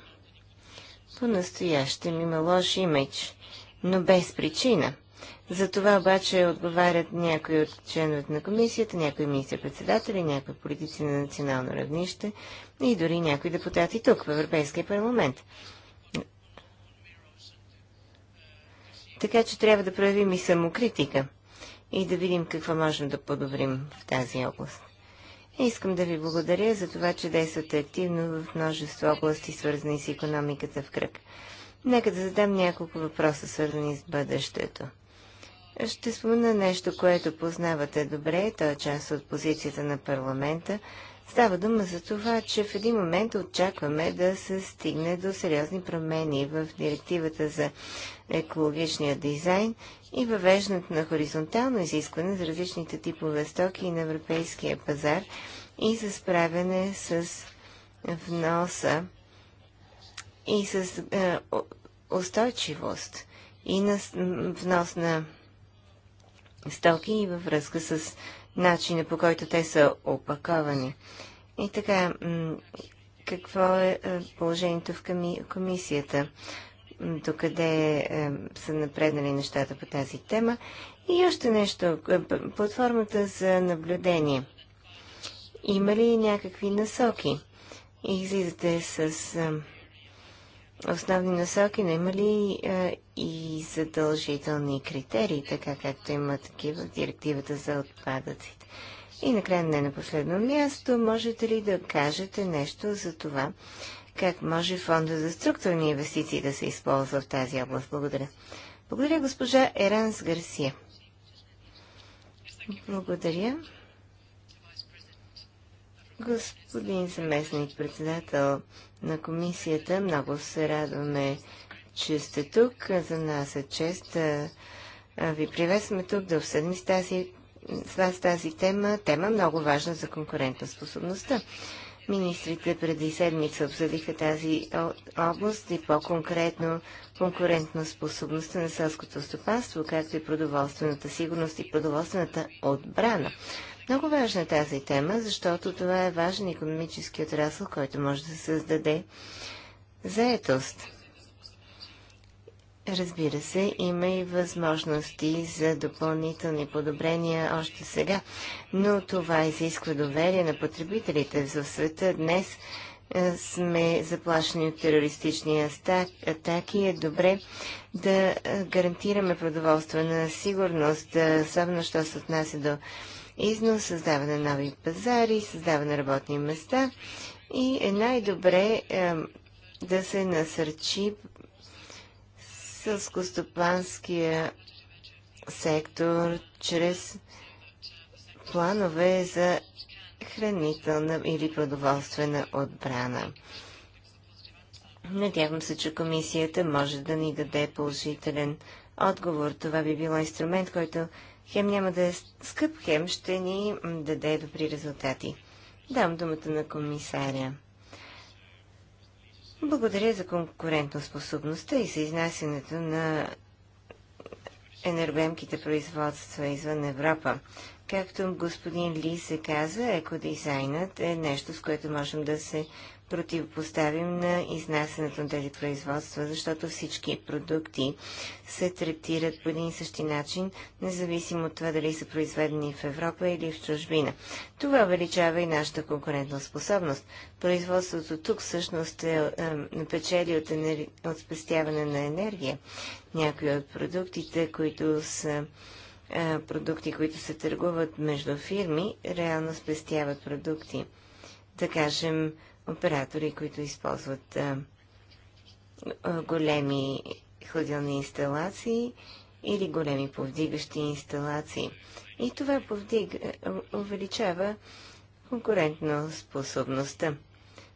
Speaker 3: по-настоящем има лош имидж, но без причина – за това обаче отговарят някои от членовете на комисията, някои министър-председатели, някои политици на национално равнище и дори някои депутати тук, в Европейския парламент. Така че трябва да проявим и самокритика и да видим какво можем да подобрим в тази област. Искам да ви благодаря за това, че действате активно в множество области, свързани с економиката в кръг. Нека да задам няколко въпроса, свързани с бъдещето. Ще спомена нещо, което познавате добре, то е част от позицията на парламента. Става дума за това, че в един момент очакваме да се стигне до сериозни промени в директивата за екологичния дизайн и въвеждането на хоризонтално изискване за различните типове стоки на европейския пазар и за справяне с вноса и с е, устойчивост и на внос на стоки и във връзка с начина по който те са опаковани. И така, какво е, е положението в комисията? Докъде е, са напреднали нещата по тази тема? И още нещо, е, платформата за наблюдение. Има ли някакви насоки? Излизате с основни насоки, но има ли а, е, и задължителни критерии, така както има такива в директивата за отпадъците? И накрая не на последно място, можете ли да кажете нещо за това, как може фонда за структурни инвестиции да се използва в тази област? Благодаря. Благодаря, госпожа Еранс Гарсия. Благодаря. Господин заместник председател на комисията, много се радваме, че сте тук. За нас е чест да ви приветстваме тук да обсъдим с, тази, с вас тази тема. Тема много важна за способността. Министрите преди седмица обсъдиха тази област и по-конкретно конкурентна способността на селското стопанство, както и продоволствената сигурност и продоволствената отбрана. Много важна е тази тема, защото това е важен економически отрасъл, който може да създаде заетост. Разбира се, има и възможности за допълнителни подобрения още сега, но това изисква доверие на потребителите. В света днес е, сме заплашени от терористични атаки. Е добре да е, гарантираме продоволствена сигурност, особено що се отнася до износ, създаване на нови пазари, създаване на работни места и е най-добре е, да се насърчи сълскостопанския сектор чрез планове за хранителна или продоволствена отбрана. Надявам се, че комисията може да ни даде положителен отговор. Това би било инструмент, който Хем няма да е скъп, хем ще ни даде добри резултати. Дам думата на комисаря. Благодаря за способността и за изнасянето на енергоемките производства извън Европа. Както господин Ли се каза, екодизайнът е нещо, с което можем да се противопоставим на изнасянето на тези производства, защото всички продукти се третират по един и същи начин, независимо от това дали са произведени в Европа или в чужбина. Това увеличава и нашата конкурентна способност. Производството тук всъщност е, е печели от, енер... от спестяване на енергия. Някои от продуктите, които са е, продукти, които се търгуват между фирми, реално спестяват продукти. Да кажем, оператори, които използват а, а, големи хладилни инсталации или големи повдигащи инсталации. И това а, увеличава конкурентно способността.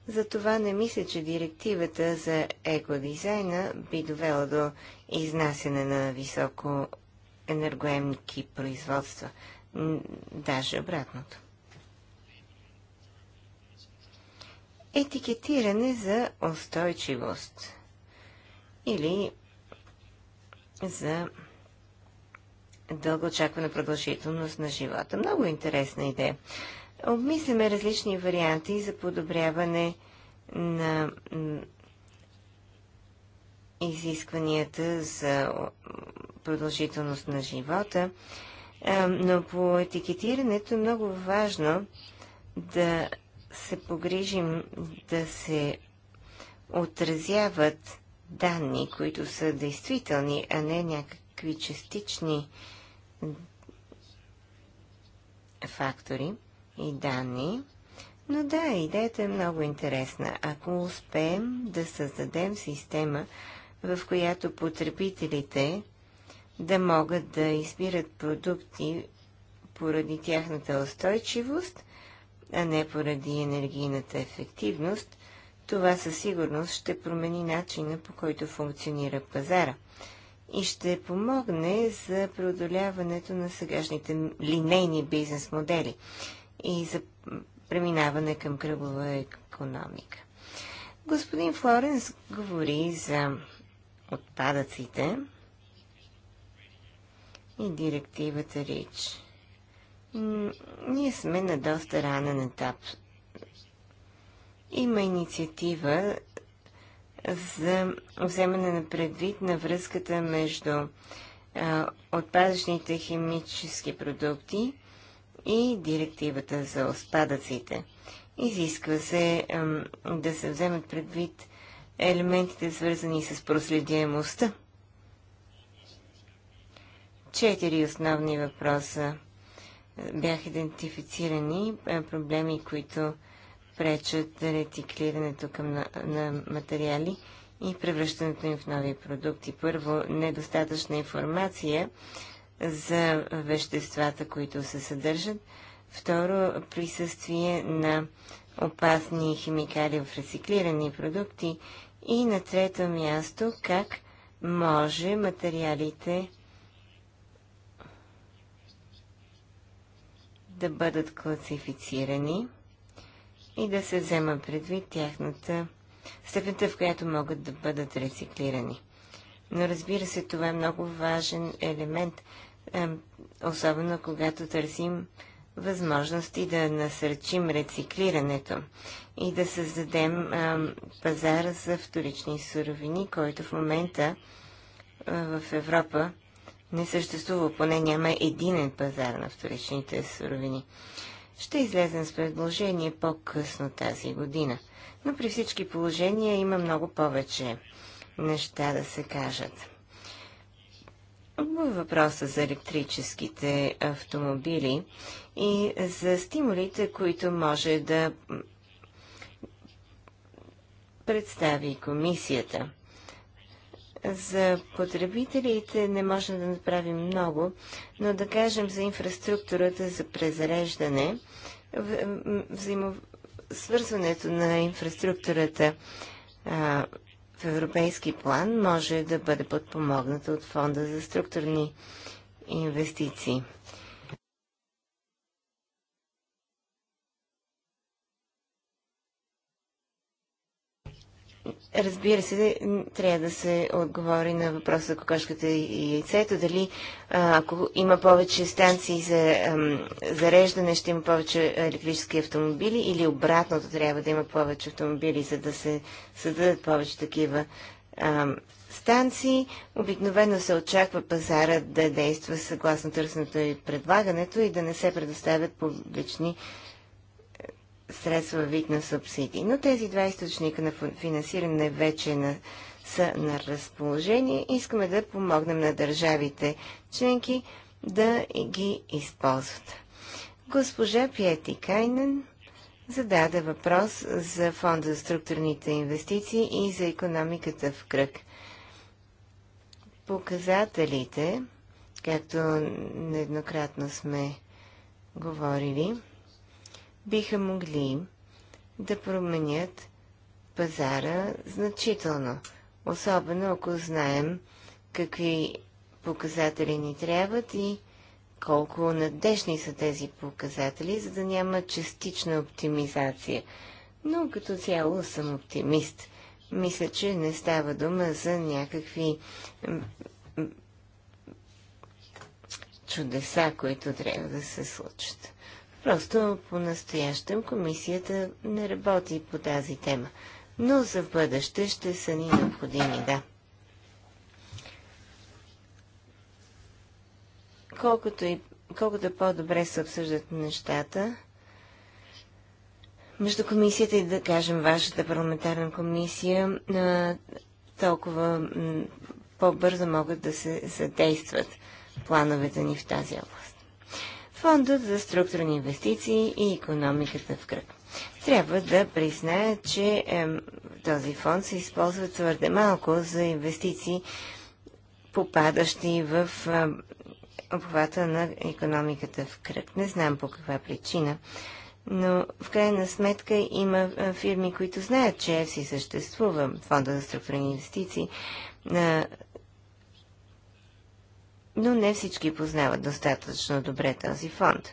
Speaker 3: Затова не мисля, че директивата за екодизайна би довела до изнасяне на високо енергоемки производства. Даже обратното. етикетиране за устойчивост или за дълго очаквана продължителност на живота. Много интересна идея. Обмисляме различни варианти за подобряване на изискванията за продължителност на живота, но по етикетирането е много важно да се погрижим да се отразяват данни, които са действителни, а не някакви частични фактори и данни. Но да, идеята е много интересна. Ако успеем да създадем система, в която потребителите да могат да избират продукти поради тяхната устойчивост а не поради енергийната ефективност, това със сигурност ще промени начина по който функционира пазара и ще помогне за преодоляването на сегашните линейни бизнес модели и за преминаване към кръгова економика. Господин Флоренс говори за отпадъците и директивата РИЧ ние сме на доста ранен етап. Има инициатива за вземане на предвид на връзката между а, отпадъчните химически продукти и директивата за отпадъците. Изисква се а, да се вземат предвид елементите, свързани с проследяемостта. Четири основни въпроса – бяха идентифицирани е, проблеми, които пречат рециклирането към на, на материали и превръщането им в нови продукти. Първо, недостатъчна информация за веществата, които се съдържат. Второ, присъствие на опасни химикали в рециклирани продукти. И на трето място, как може материалите да бъдат класифицирани и да се взема предвид тяхната степента, в която могат да бъдат рециклирани. Но разбира се, това е много важен елемент, особено когато търсим възможности да насърчим рециклирането и да създадем пазара за вторични суровини, който в момента е, в Европа не съществува, поне няма единен пазар на вторичните суровини. Ще излезем с предложение по-късно тази година, но при всички положения има много повече неща да се кажат. Въпроса за електрическите автомобили и за стимулите, които може да представи комисията – за потребителите не можем да направим много, но да кажем за инфраструктурата за презареждане, взаимосвързването свързването на инфраструктурата а, в европейски план може да бъде подпомогната от фонда за структурни инвестиции. Разбира се, трябва да се отговори на въпроса за кокошката е и яйцето. Дали ако има повече станции за ам, зареждане, ще има повече електрически автомобили или обратното трябва да има повече автомобили, за да се създадат повече такива ам, станции. Обикновено се очаква пазара да действа съгласно търсенето и предлагането и да не се предоставят публични средства вид на субсидии. Но тези два източника на финансиране вече на, са на разположение. Искаме да помогнем на държавите членки да ги използват. Госпожа Пиети Кайнен зададе въпрос за фонда за структурните инвестиции и за економиката в кръг. Показателите, както нееднократно сме говорили, биха могли да променят пазара значително, особено ако знаем какви показатели ни трябват и колко надежни са тези показатели, за да няма частична оптимизация. Но като цяло съм оптимист. Мисля, че не става дума за някакви чудеса, които трябва да се случат. Просто по-настоящем комисията не работи по тази тема. Но за бъдеще ще са ни необходими, да. Колкото, и, колкото по-добре се обсъждат нещата, между комисията и да кажем вашата парламентарна комисия, толкова по-бързо могат да се задействат плановете ни в тази област. Фондът за структурни инвестиции и економиката в кръг. Трябва да призная, че е, този фонд се използва твърде малко за инвестиции, попадащи в е, обхвата на економиката в кръг. Не знам по каква причина, но в крайна сметка има е, фирми, които знаят, че ЕФСИ съществува, фонда за структурни инвестиции, на но не всички познават достатъчно добре този фонд.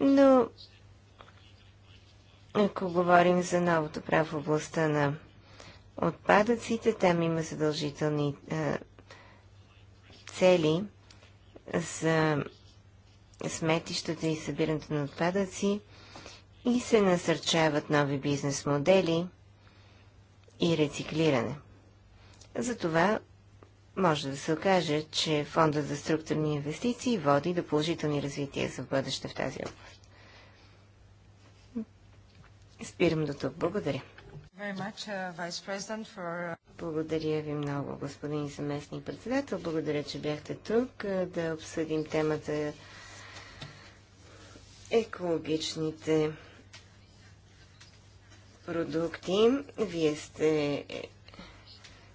Speaker 3: Но ако говорим за новото право в областта на отпадъците, там има задължителни е, цели за сметищата и събирането на отпадъци и се насърчават нови бизнес модели – и рециклиране. Затова може да се окаже, че Фонда за структурни инвестиции води до положителни развития за бъдеще в тази област. Спирам до тук. Благодаря. Uh, uh, Благодаря ви много, господин заместник председател. Благодаря, че бяхте тук uh, да обсъдим темата екологичните продукти. Вие сте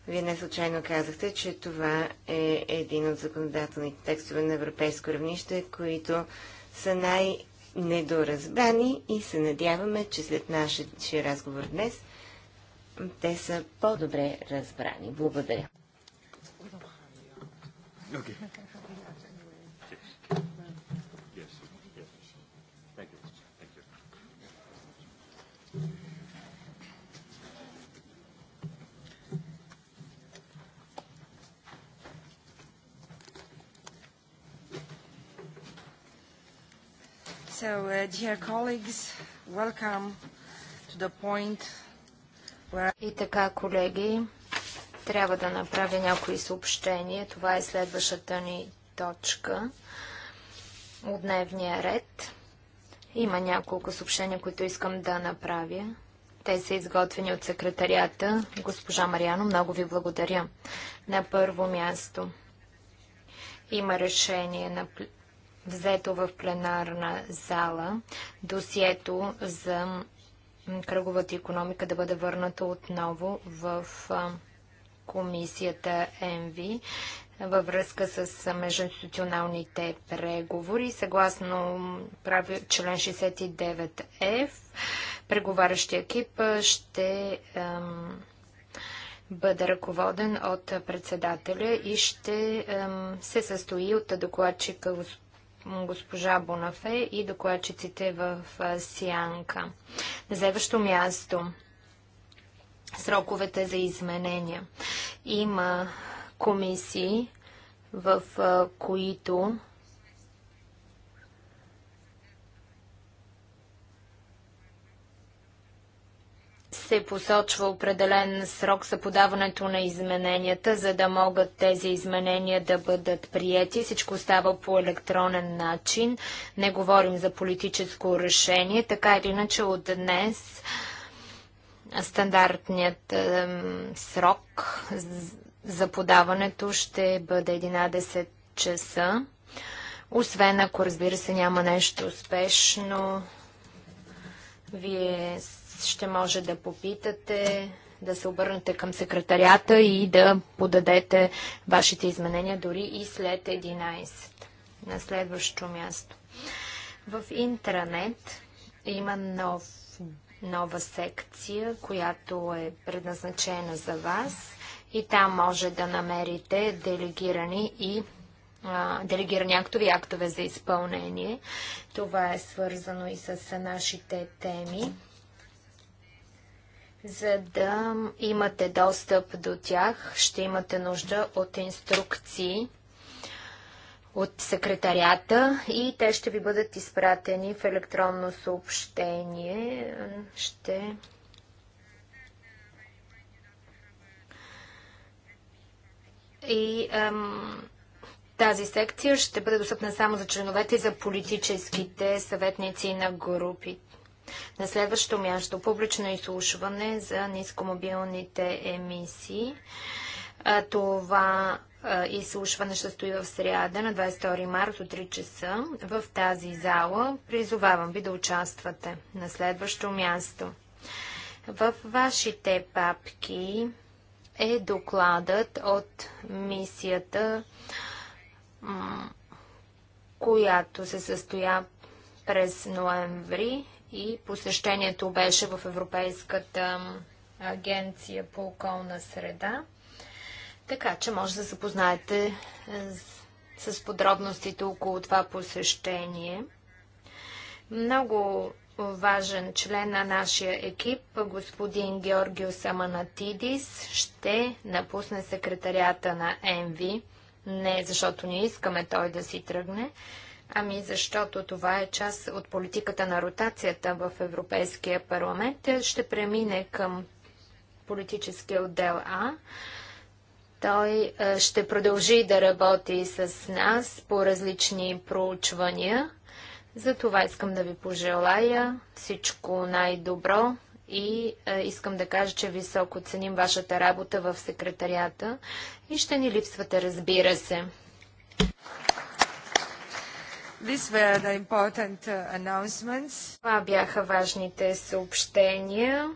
Speaker 3: вие не случайно казахте, че това е един от законодателните текстове на европейско равнище, които са най-недоразбрани и се надяваме, че след нашия разговор днес те са по-добре разбрани. Благодаря.
Speaker 2: Okay.
Speaker 1: So, uh, dear colleagues, welcome to the point where... И така, колеги, трябва да направя някои съобщения. Това е следващата ни точка от дневния ред. Има няколко съобщения, които искам да направя. Те са изготвени от секретарията. Госпожа Мариано, много ви благодаря. На първо място има решение на взето в пленарна зала досието за кръговата економика да бъде върната отново в комисията ЕНВИ във връзка с междуинституционалните преговори. Съгласно член 69F, преговарящия екип ще бъде ръководен от председателя и ще се състои от докладчика господин госпожа Бонафе и докладчиците в Сянка. На следващо място сроковете за изменения. Има комисии, в които се посочва определен срок за подаването на измененията, за да могат тези изменения да бъдат приети. Всичко става по електронен начин. Не говорим за политическо решение. Така или иначе от днес стандартният е, срок за подаването ще бъде 11 часа. Освен ако, разбира се, няма нещо успешно, вие ще може да попитате, да се обърнете към секретарията и да подадете вашите изменения дори и след 11. На следващо място. В интернет има нов, нова секция, която е предназначена за вас и там може да намерите делегирани и делегирани актове и актове за изпълнение. Това е свързано и с нашите теми. За да имате достъп до тях, ще имате нужда от инструкции от секретарията и те ще ви бъдат изпратени в електронно съобщение. Ще и ем, тази секция ще бъде достъпна само за членовете и за политическите съветници на групи, на следващо място публично изслушване за нискомобилните емисии. Това изслушване ще стои в среда на 22 марта от 3 часа в тази зала. Призовавам ви да участвате. На следващо място. В вашите папки е докладът от мисията, която се състоя през ноември и посещението беше в Европейската агенция по околна среда. Така че може да се запознаете е, с, с подробностите около това посещение. Много важен член на нашия екип, господин Георгио Саманатидис, ще напусне секретарията на ЕНВИ. Не защото не искаме той да си тръгне, Ами защото това е част от политиката на ротацията в Европейския парламент. Ще премине към политическия отдел А. Той е, ще продължи да работи с нас по различни проучвания. За това искам да ви пожелая всичко най-добро и е, искам да кажа, че високо ценим вашата работа в секретарията и ще ни липсвате, разбира се. Uh, Това бяха важните съобщения.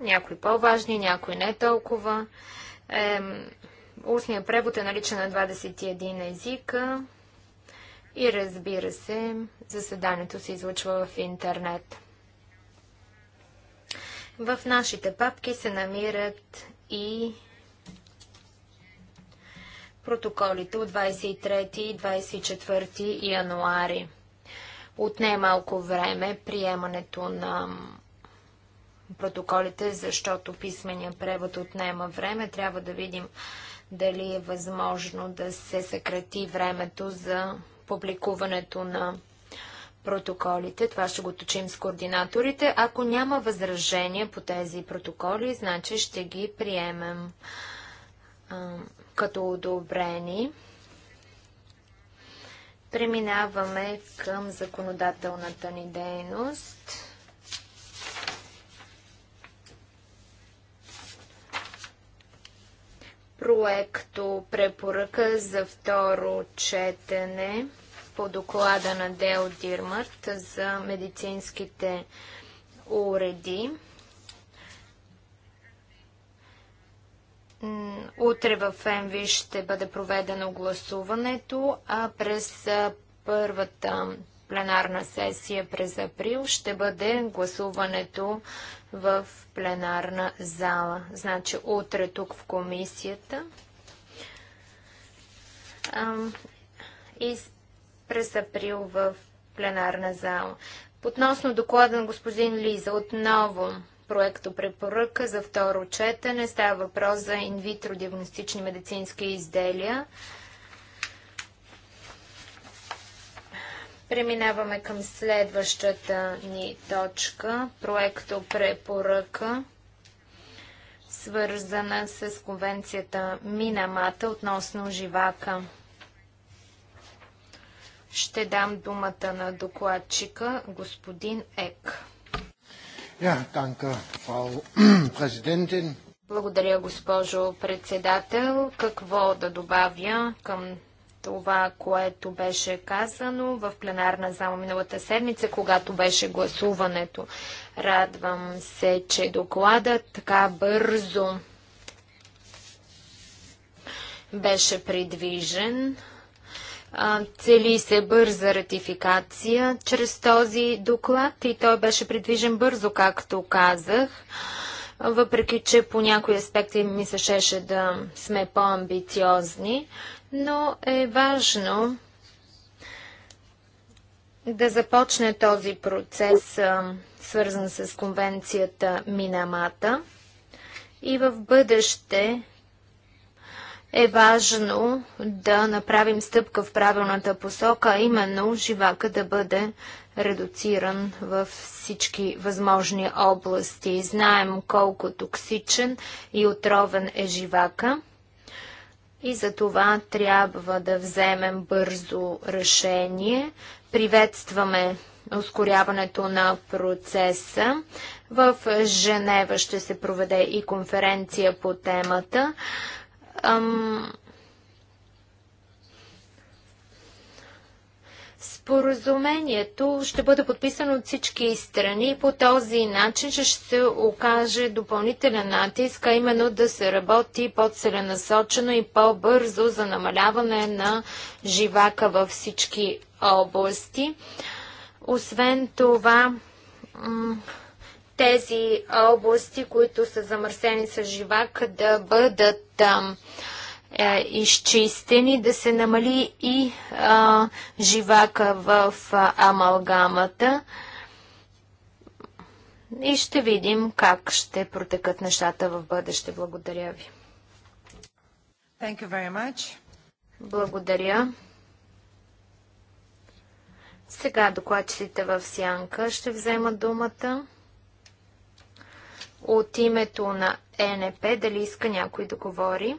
Speaker 1: Някои по-важни, някои не толкова. Ем, устният превод е наличен на 21 езика. И разбира се, заседанието се излъчва в интернет. В нашите папки се намират и протоколите от 23 и 24 януари. Отне малко време приемането на протоколите, защото писмения превод отнема време. Трябва да видим дали е възможно да се съкрати времето за публикуването на протоколите. Това ще го точим с координаторите. Ако няма възражения по тези протоколи, значи ще ги приемем като одобрени. Преминаваме към законодателната ни дейност. Проекто препоръка за второ четене по доклада на Дел Дирмарт за медицинските уреди. Утре в МВИ ще бъде проведено гласуването, а през първата пленарна сесия през април ще бъде гласуването в пленарна зала. Значи утре тук в комисията. и през април в пленарна зала. Относно доклада на господин Лиза, отново проекто препоръка за второ четене. Става въпрос за инвитро диагностични медицински изделия. Преминаваме към следващата ни точка, проекто препоръка, свързана с конвенцията Минамата относно живака. Ще дам думата на докладчика господин Ек.
Speaker 2: Ja, danke, Frau [clears throat] Präsidentin.
Speaker 1: Благодаря, госпожо председател. Какво да добавя към това, което беше казано в пленарна зала миналата седмица, когато беше гласуването. Радвам се, че докладът така бързо беше придвижен. Цели се бърза ратификация чрез този доклад и той беше придвижен бързо, както казах. Въпреки, че по някои аспекти ми се шеше да сме по-амбициозни, но е важно да започне този процес, свързан с конвенцията Минамата. И в бъдеще е важно да направим стъпка в правилната посока, а именно живака да бъде редуциран във всички възможни области. Знаем колко токсичен и отровен е живака и за това трябва да вземем бързо решение. Приветстваме ускоряването на процеса. В Женева ще се проведе и конференция по темата ам, Споразумението ще бъде подписано от всички страни и по този начин ще се окаже допълнителен натиск, а именно да се работи по-целенасочено и по-бързо за намаляване на живака във всички области. Освен това, тези области, които са замърсени с живак, да бъдат а, е, изчистени, да се намали и а, живака в а, амалгамата. И ще видим как ще протекат нещата в бъдеще. Благодаря ви. Thank you very much. Благодаря. Сега докладчиците в сянка ще вземат думата. От името на ЕНП, дали иска някой да говори?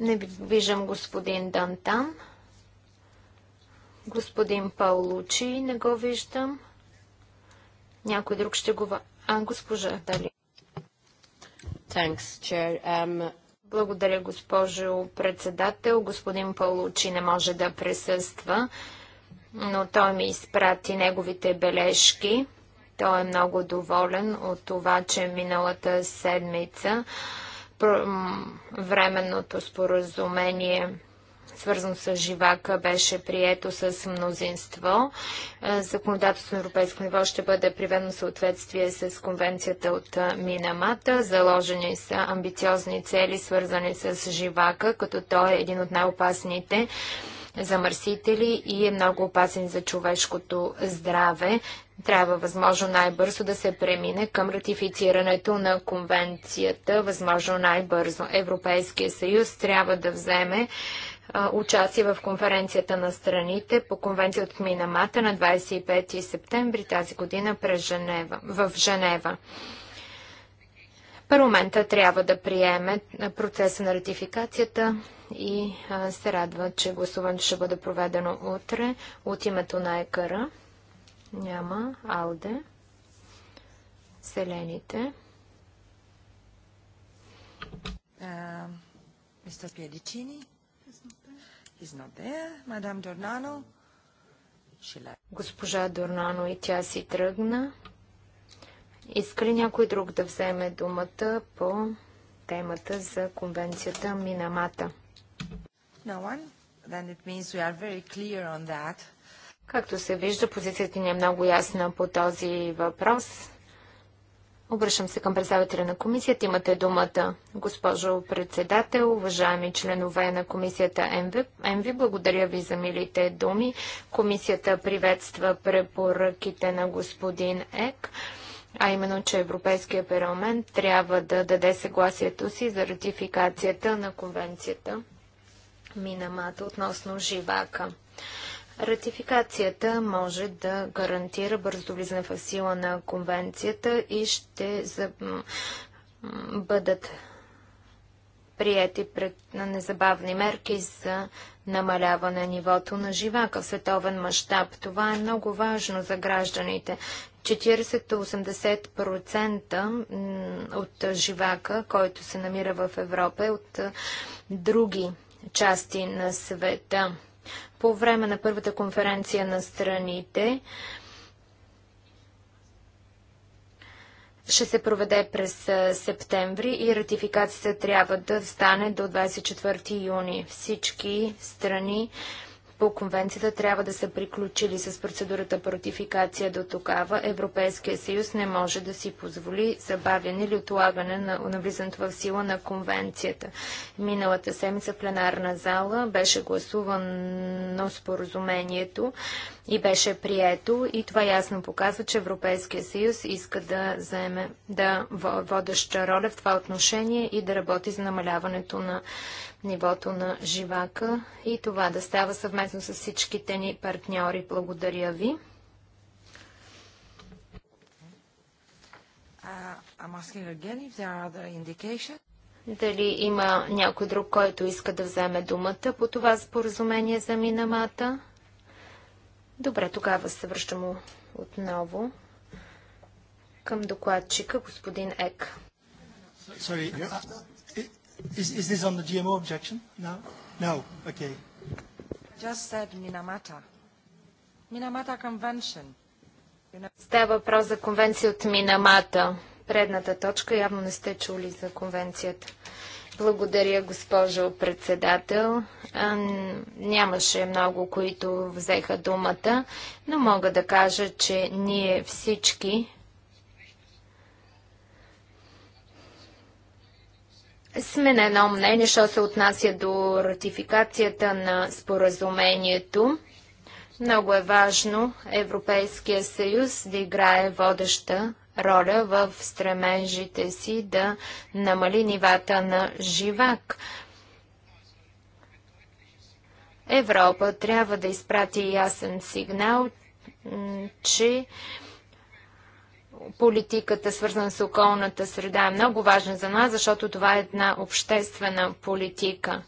Speaker 1: Не виждам господин Дантан. Господин Паулучи не го виждам. Някой друг ще го... А, госпожа, дали? Thanks, chair. Um... Благодаря, госпожо председател. Господин Паулучи не може да присъства, но той ми изпрати неговите бележки. Той е много доволен от това, че миналата седмица временното споразумение свързано с живака, беше прието с мнозинство. Е, законодателството на европейско ниво ще бъде приведено в съответствие с конвенцията от е, Минамата. Заложени са амбициозни цели, свързани с живака, като той е един от най-опасните замърсители и е много опасен за човешкото здраве трябва възможно най-бързо да се премине към ратифицирането на конвенцията, възможно най-бързо. Европейския съюз трябва да вземе участие в конференцията на страните по конвенция от Минамата на 25 септември тази година през Женева, в Женева. Парламента трябва да приеме процеса на ратификацията и се радва, че гласуването ще бъде проведено утре от името на ЕКРА. Няма. Алде. Селените. Мистер Пиедичини. Изнодея. Мадам Дорнано. Госпожа Дорнано и тя си тръгна. Иска ли някой друг да вземе думата по темата за конвенцията Минамата? No one? Then it means we are very clear on that. Както се вижда, позицията ни е много ясна по този въпрос. Обръщам се към представителя на комисията. Имате думата, госпожо председател, уважаеми членове на комисията МВ. МВ, благодаря ви за милите думи. Комисията приветства препоръките на господин Ек, а именно, че Европейския парламент трябва да даде съгласието си за ратификацията на конвенцията Минамата относно живака. Ратификацията може да гарантира бързо влизане в сила на конвенцията и ще за... бъдат прияти пред незабавни мерки за намаляване на нивото на живака в световен мащаб. Това е много важно за гражданите. 40-80% от живака, който се намира в Европа, е от други части на света. По време на първата конференция на страните ще се проведе през септември и ратификацията трябва да стане до 24 юни. Всички страни по конвенцията трябва да са приключили с процедурата по ратификация до тогава, Европейския съюз не може да си позволи забавяне или отлагане на навлизането в сила на конвенцията. Миналата седмица в пленарна зала беше гласувано споразумението и беше прието и това ясно показва, че Европейския съюз иска да заеме да водеща роля в това отношение и да работи за намаляването на нивото на живака и това да става съвместно с всичките ни партньори. Благодаря ви. Uh, Дали има някой друг, който иска да вземе думата по това споразумение за Минамата? Добре, тогава се връщам отново към докладчика, господин Ек.
Speaker 3: Sorry, Is, is this on the GMO objection? No? No. Okay. I just said Minamata. Minamata Convention.
Speaker 1: Става въпрос за конвенция от Минамата. Предната точка явно не сте чули за конвенцията. Благодаря, госпожо председател. Нямаше много, които взеха думата, но мога да кажа, че ние всички сме на едно мнение, що се отнася до ратификацията на споразумението. Много е важно Европейския съюз да играе водеща роля в стремежите си да намали нивата на живак. Европа трябва да изпрати ясен сигнал, че политиката, свързана с околната среда, е много важна за нас, защото това е една обществена политика.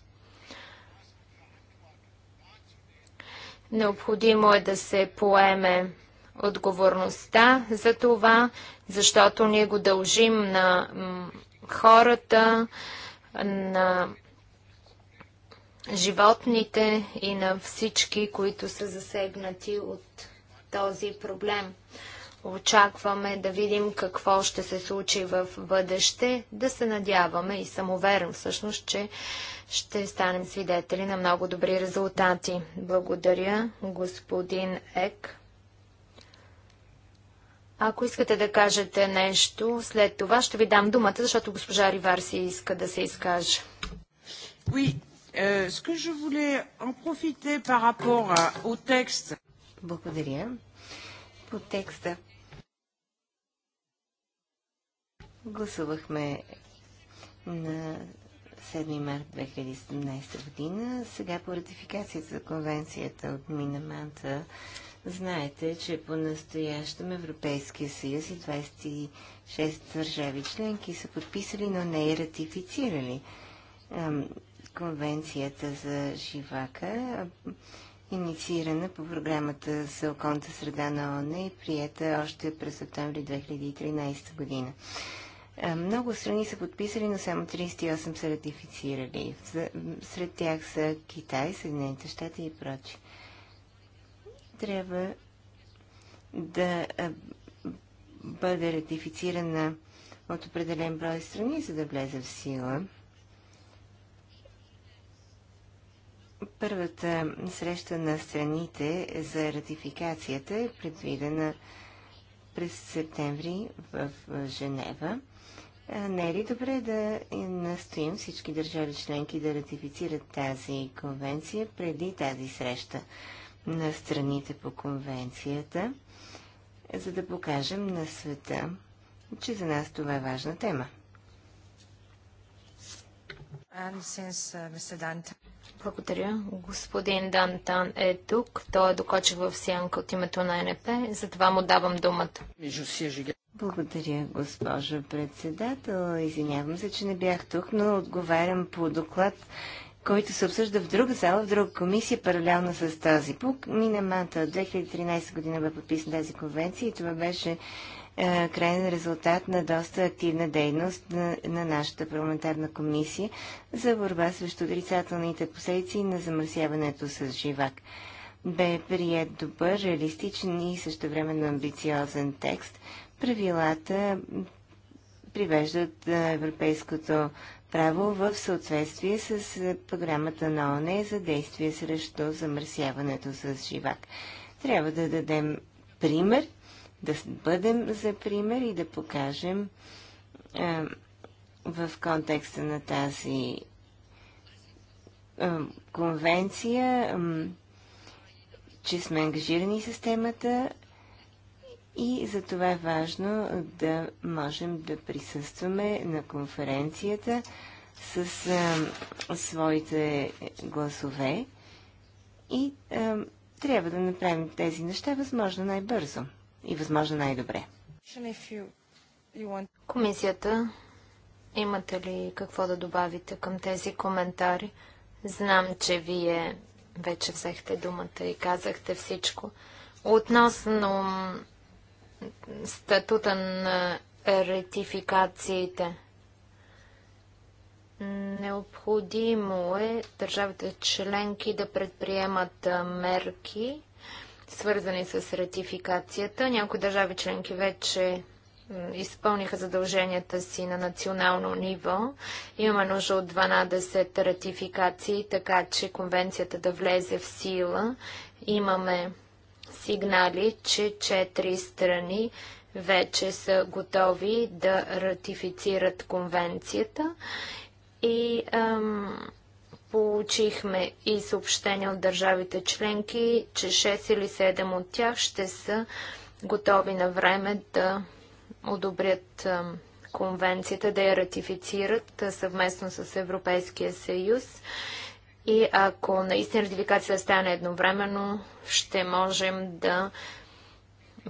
Speaker 1: Необходимо е да се поеме отговорността за това, защото ние го дължим на хората, на животните и на всички, които са засегнати от този проблем. Очакваме да видим какво ще се случи в бъдеще, да се надяваме и съм уверен всъщност, че ще станем свидетели на много добри резултати. Благодаря, господин Ек. Ако искате да кажете нещо, след това ще ви дам думата, защото госпожа Риварси иска да се изкаже. Oui, euh, ce que je voulais en profiter par rapport au texte. Благодаря. По
Speaker 3: текста. Гласувахме на 7 март 2017 година. Сега по ратификацията за конвенцията от Минаманта знаете, че по настоящем Европейския съюз и 26 държави членки са подписали, но не и е ратифицирали конвенцията за живака, инициирана по програмата за околната среда на ОНЕ и прията още през октомври 2013 година. Е, много страни са подписали, но само 38 са ратифицирали. Сред тях са Китай, Съединените щати и прочи. Трябва да е, бъде ратифицирана от определен брой страни, за да влезе в сила. Първата среща на страните за ратификацията е предвидена през септември в Женева. Не е ли добре да настоим всички държави членки да ратифицират тази конвенция преди тази среща на страните по конвенцията, за да покажем на света, че за нас това е важна тема?
Speaker 1: Uh, Благодаря. Господин Дантан е тук. Той е докочил в сянка от името на НП, затова му давам думата.
Speaker 3: Благодаря, госпожо председател. Извинявам се, че не бях тук, но отговарям по доклад, който се обсъжда в друга зала, в друга комисия, паралелно с тази. Мина Минамата от 2013 година бе подписана тази конвенция и това беше е, крайен резултат на доста активна дейност на, на нашата парламентарна комисия за борба срещу отрицателните последици на замърсяването с живак бе прият добър, реалистичен и същевременно амбициозен текст, правилата привеждат европейското право в съответствие с програмата на ОНЕ за действие срещу замърсяването с живак. Трябва да дадем пример, да бъдем за пример и да покажем е, в контекста на тази е, конвенция, е, че сме ангажирани с темата и за това е важно да можем да присъстваме на конференцията с а, своите гласове и а, трябва да направим тези неща възможно най-бързо и възможно най-добре.
Speaker 1: Комисията, имате ли какво да добавите към тези коментари? Знам, че вие вече взехте думата и казахте всичко. Относно статута на ретификациите. Необходимо е държавите членки да предприемат мерки, свързани с ратификацията. Някои държави членки вече изпълниха задълженията си на национално ниво. Имаме нужда от 12 ратификации, така че конвенцията да влезе в сила. Имаме сигнали, че четири страни вече са готови да ратифицират конвенцията и ам, получихме и съобщение от държавите членки, че 6 или 7 от тях ще са готови на време да одобрят ам, конвенцията, да я ратифицират съвместно с Европейския съюз. И ако наистина ратификацията стане едновременно, ще можем да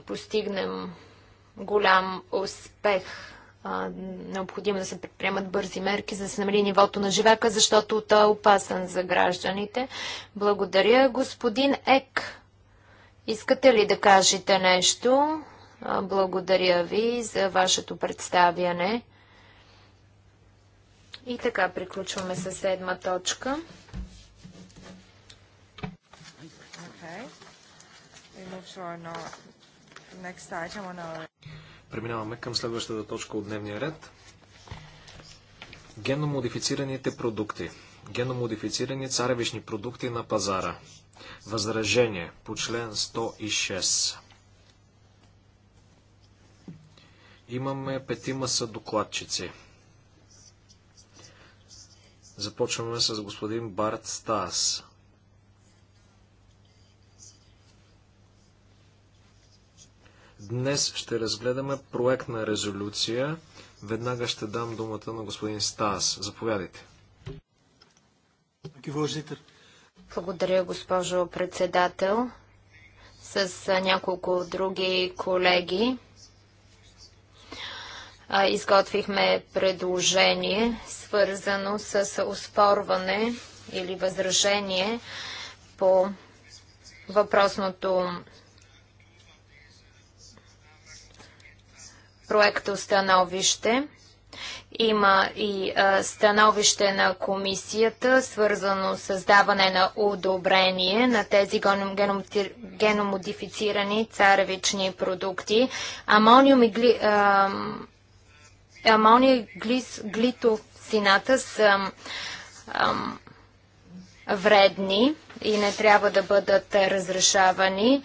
Speaker 1: постигнем голям успех. необходимо да се предприемат бързи мерки, за да се намали нивото на живака, защото той е опасен за гражданите. Благодаря, господин Ек. Искате ли да кажете нещо? благодаря ви за вашето представяне. И така приключваме със седма точка.
Speaker 2: Преминаваме към следващата точка от дневния ред. Геномодифицираните продукти. Геномодифицирани царевични продукти на пазара. Възражение по член 106. Имаме петима са докладчици. Започваме с господин Барт Стас. Днес ще разгледаме проект на резолюция. Веднага ще дам думата на господин Стас. Заповядайте.
Speaker 1: Благодаря, госпожо председател. С няколко други колеги изготвихме предложение, свързано с оспорване или възражение по въпросното Проекта установище Има и становище на комисията, свързано с даване на одобрение на тези геномодифицирани царевични продукти. Амониум и гли, амония глис, глитосината са ам, вредни и не трябва да бъдат разрешавани.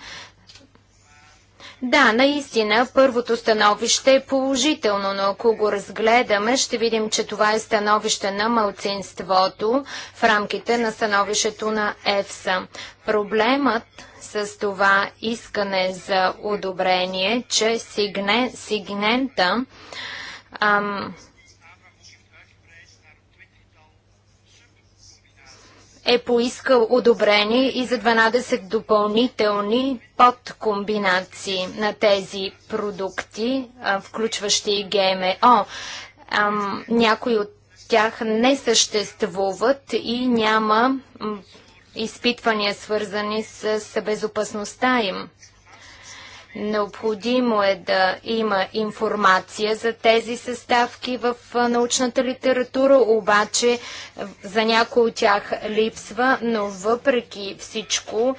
Speaker 1: Да, наистина, първото становище е положително, но ако го разгледаме, ще видим, че това е становище на мълцинството в рамките на становището на ЕФСА. Проблемът с това искане за одобрение, че сигне, сигнента ам, е поискал одобрение и за 12 допълнителни подкомбинации на тези продукти, включващи ГМО. някои от тях не съществуват и няма изпитвания свързани с безопасността им. Необходимо е да има информация за тези съставки в научната литература, обаче за някои от тях липсва, но въпреки всичко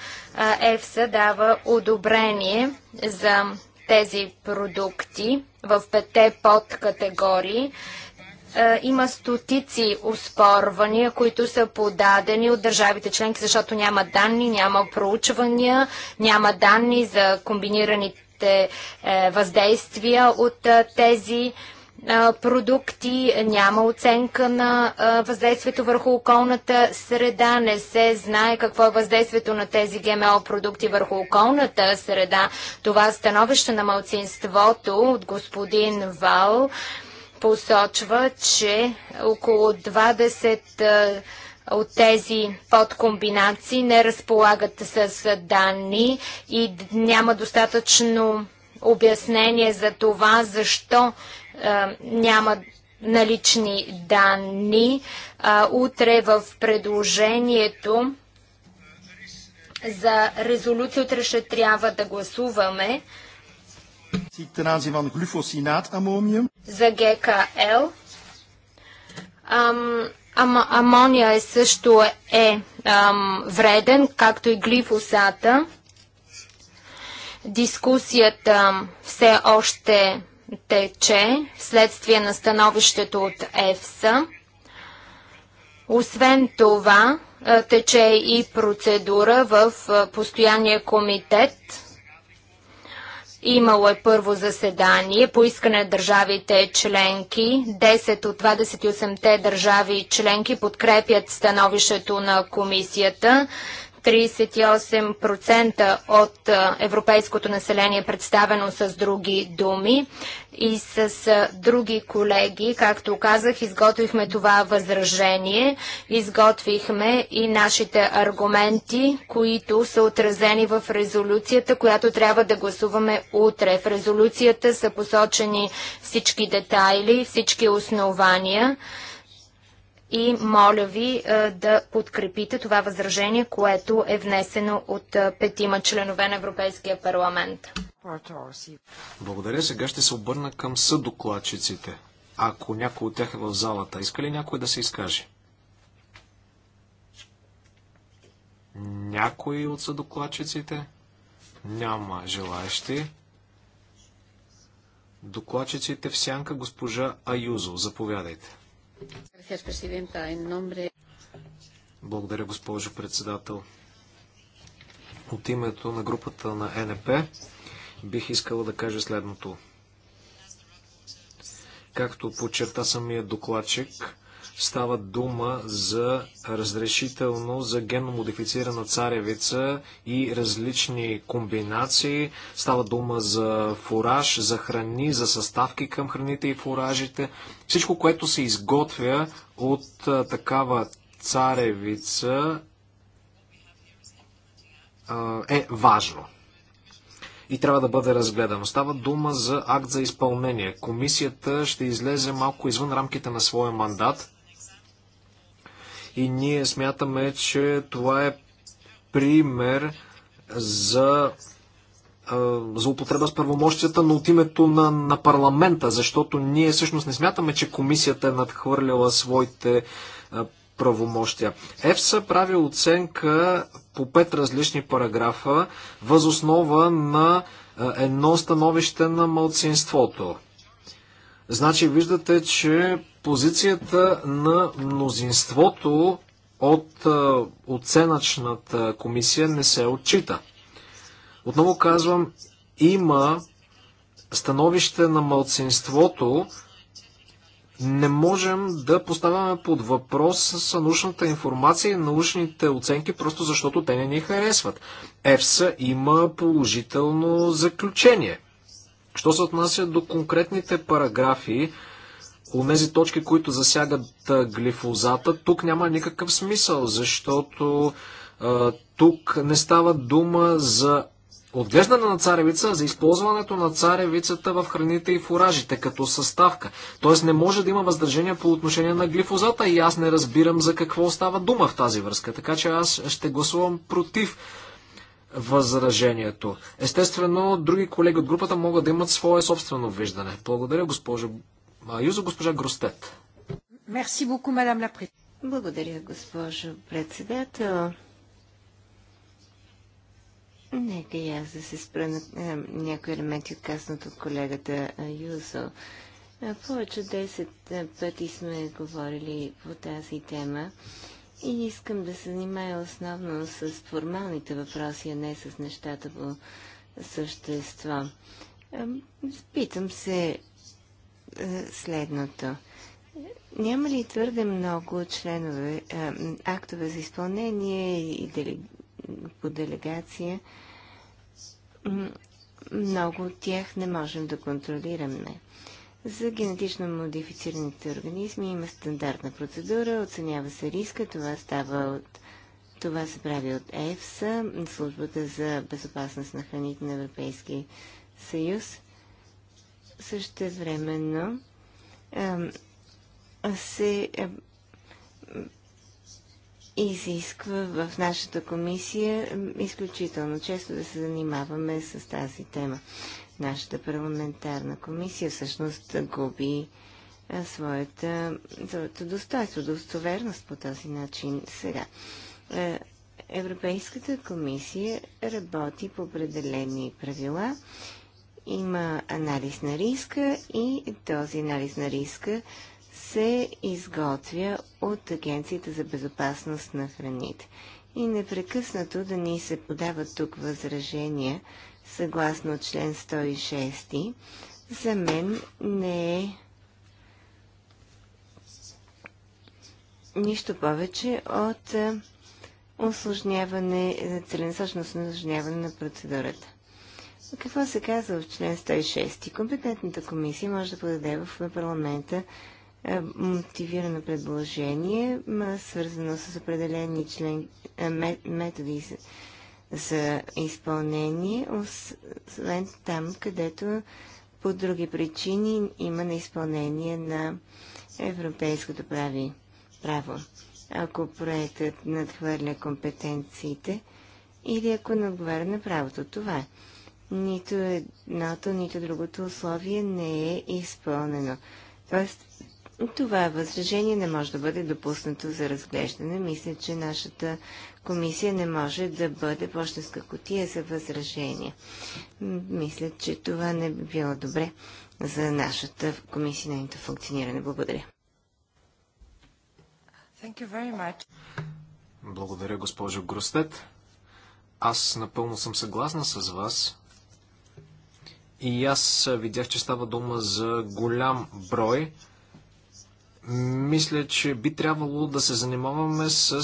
Speaker 1: ЕФСА дава одобрение за тези продукти в пете подкатегории е, има стотици успорвания, които са подадени от държавите членки, защото няма данни, няма проучвания, няма данни за комбинираните е, въздействия от е, тези е, продукти, няма оценка на е, въздействието върху околната среда, не се знае какво е въздействието на тези ГМО продукти върху околната среда. Това становище на малцинството от господин Вал посочва, че около 20 от тези подкомбинации не разполагат с данни и няма достатъчно обяснение за това, защо е, няма налични данни. Е, утре в предложението за резолюция утре ще трябва да гласуваме. За ГКЛ. Ам, ам, амония е също е ам, вреден, както и глифосата. Дискусията все още тече вследствие на становището от ЕФСА. Освен това, тече и процедура в постоянния комитет Имало е първо заседание по искане на държавите членки. 10 от 28-те държави членки подкрепят становището на комисията. 38% от европейското население е представено с други думи и с други колеги, както казах, изготвихме това възражение, изготвихме и нашите аргументи, които са отразени в резолюцията, която трябва да гласуваме утре. В резолюцията са посочени всички детайли, всички основания и моля ви е, да подкрепите това възражение, което е внесено от е, петима членове на Европейския парламент.
Speaker 2: Благодаря. Сега ще се обърна към съдокладчиците. Ако някой от тях е в залата, иска ли някой да се изкаже? Някой от съдокладчиците? Няма желаящи. Докладчиците в сянка госпожа Аюзо. Заповядайте. Благодаря, госпожо председател. От името на групата на НП бих искала да кажа следното. Както подчерта самия докладчик, Става дума за разрешително за генно модифицирана царевица и различни комбинации. Става дума за фураж, за храни, за съставки към храните и фуражите. Всичко, което се изготвя от такава царевица е важно и трябва да бъде разгледано. Става дума за акт за изпълнение. Комисията ще излезе малко извън рамките на своя мандат и ние смятаме, че това е пример за злоупотреба с първомощията, но от името на, на парламента, защото ние всъщност не смятаме, че комисията е надхвърляла своите правомощия. ЕФСА прави оценка по пет различни параграфа, възоснова на едно становище на мълцинството. Значи виждате, че позицията на мнозинството от оценъчната комисия не се отчита. Отново казвам, има становище на мълцинството, не можем да поставяме под въпрос с научната информация и научните оценки, просто защото те не ни харесват. ЕФСА има положително заключение. Що се отнася до конкретните параграфи, онези точки, които засягат глифозата, тук няма никакъв смисъл, защото а, тук не става дума за отглеждане на царевица, за използването на царевицата в храните и фуражите като съставка. Тоест не може да има въздържение по отношение на глифозата и аз не разбирам за какво става дума в тази връзка. Така че аз ще гласувам против възражението. Естествено, други колеги от групата могат да имат свое собствено виждане. Благодаря, госпожо Юзо госпожа Гростет.
Speaker 3: Мерси буку, мадам Благодаря, госпожо председател. Нека и аз да се спра на е, някои елементи от казаното от колегата е, Юзо. Е, повече от 10 пъти сме говорили по тази тема и искам да се занимая основно с формалните въпроси, а не с нещата по същество. Питам се, е, следното. Няма ли твърде много членове, е, актове за изпълнение и по делегация? Много от тях не можем да контролираме. За генетично модифицираните организми има стандартна процедура, оценява се риска, това става от това се прави от ЕФСА, службата за безопасност на храните на Европейския съюз същевременно се изисква в нашата комисия изключително често да се занимаваме с тази тема. Нашата парламентарна комисия всъщност губи своята, своето достоинство, достоверност по този начин сега. Европейската комисия работи по определени правила има анализ на риска и този анализ на риска се изготвя от Агенцията за безопасност на храните. И непрекъснато да ни се подават тук възражения, съгласно член 106, за мен не е нищо повече от осложняване, целенасочно осложняване на процедурата. Какво се казва в член 106? Компетентната комисия може да подаде в парламента мотивирано предложение, свързано с определени член, методи за, изпълнение, освен там, където по други причини има неизпълнение на европейското прави, право. Ако проектът надхвърля компетенциите или ако не отговаря на правото, това е нито едното, нито другото условие не е изпълнено. Тоест, това възражение не може да бъде допуснато за разглеждане. Мисля, че нашата комисия не може да бъде почтенска котия за възражение. Мисля, че това не би било добре за нашата комисия, нито функциониране. Благодаря.
Speaker 2: Благодаря, госпожо Грустет. Аз напълно съм съгласна с вас. И аз видях, че става дума за голям брой. Мисля, че би трябвало да се занимаваме с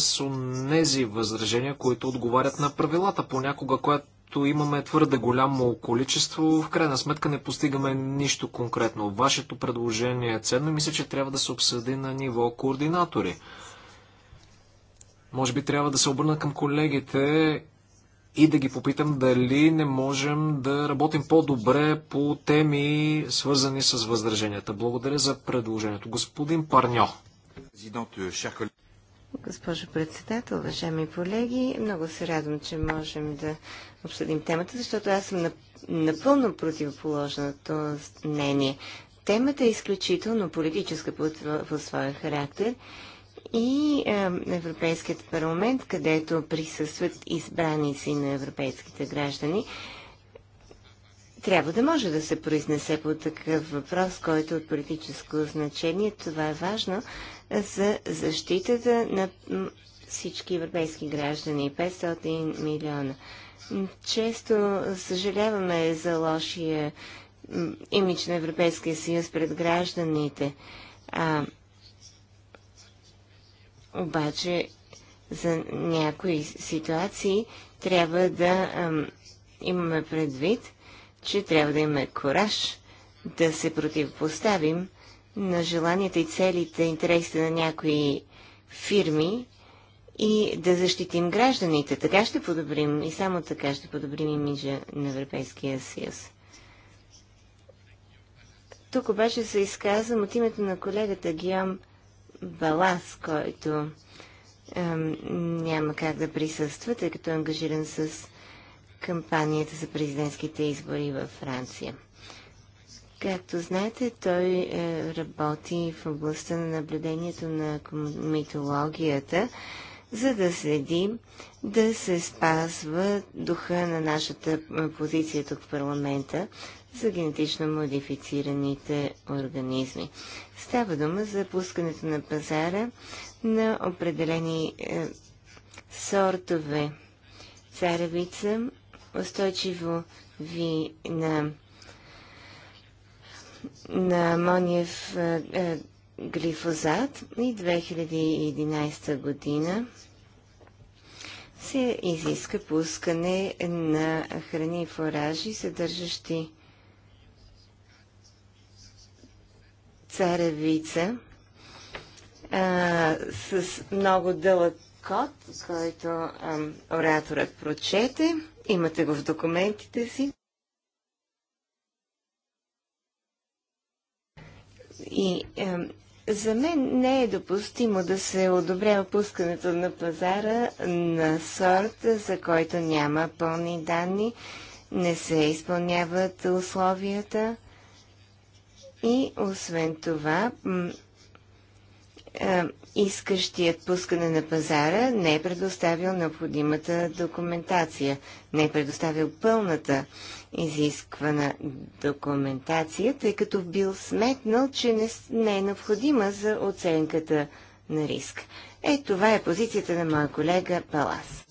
Speaker 2: тези възражения, които отговарят на правилата. Понякога, когато имаме твърде голямо количество, в крайна сметка не постигаме нищо конкретно. Вашето предложение е ценно и мисля, че трябва да се обсъди на ниво координатори. Може би трябва да се обърна към колегите и да ги попитам дали не можем да работим по-добре по теми, свързани с въздържанията. Благодаря за предложението. Господин Парньо.
Speaker 3: Госпожо председател, уважаеми колеги, много се радвам, че можем да обсъдим темата, защото аз съм напълно противоположното мнение. Темата е изключително политическа по своя характер и е, Европейският парламент, където присъстват избраници на европейските граждани, трябва да може да се произнесе по такъв въпрос, който е от политическо значение. Това е важно за защитата на всички европейски граждани. 500 милиона. Често съжаляваме за лошия имидж на Европейския съюз пред гражданите. А, обаче за някои ситуации трябва да ам, имаме предвид, че трябва да имаме кораж да се противопоставим на желанията и целите, интересите на някои фирми и да защитим гражданите. Така ще подобрим и само така ще подобрим имиджа на Европейския съюз. Тук обаче се изказвам от името на колегата Гиом баланс, който е, няма как да присъства, тъй като е ангажиран с кампанията за президентските избори във Франция. Както знаете, той е, работи в областта на наблюдението на митологията, за да следи да се спазва духа на нашата е, позиция тук в парламента за генетично модифицираните организми. Става дума за пускането на пазара на определени е, сортове царевица, устойчиво ви на, на амониев е, е, глифозат и 2011 година се изиска пускане на храни и фуражи, съдържащи царевица а, с много дълъг код, който а, ораторът прочете. Имате го в документите си. И а, за мен не е допустимо да се одобря опускането на пазара на сорт, за който няма пълни данни, не се изпълняват условията и освен това, искащият пускане на пазара не е предоставил необходимата документация, не е предоставил пълната изисквана документация, тъй като бил сметнал, че не, не е необходима за оценката на риск. Е, това е позицията на моя колега Палас.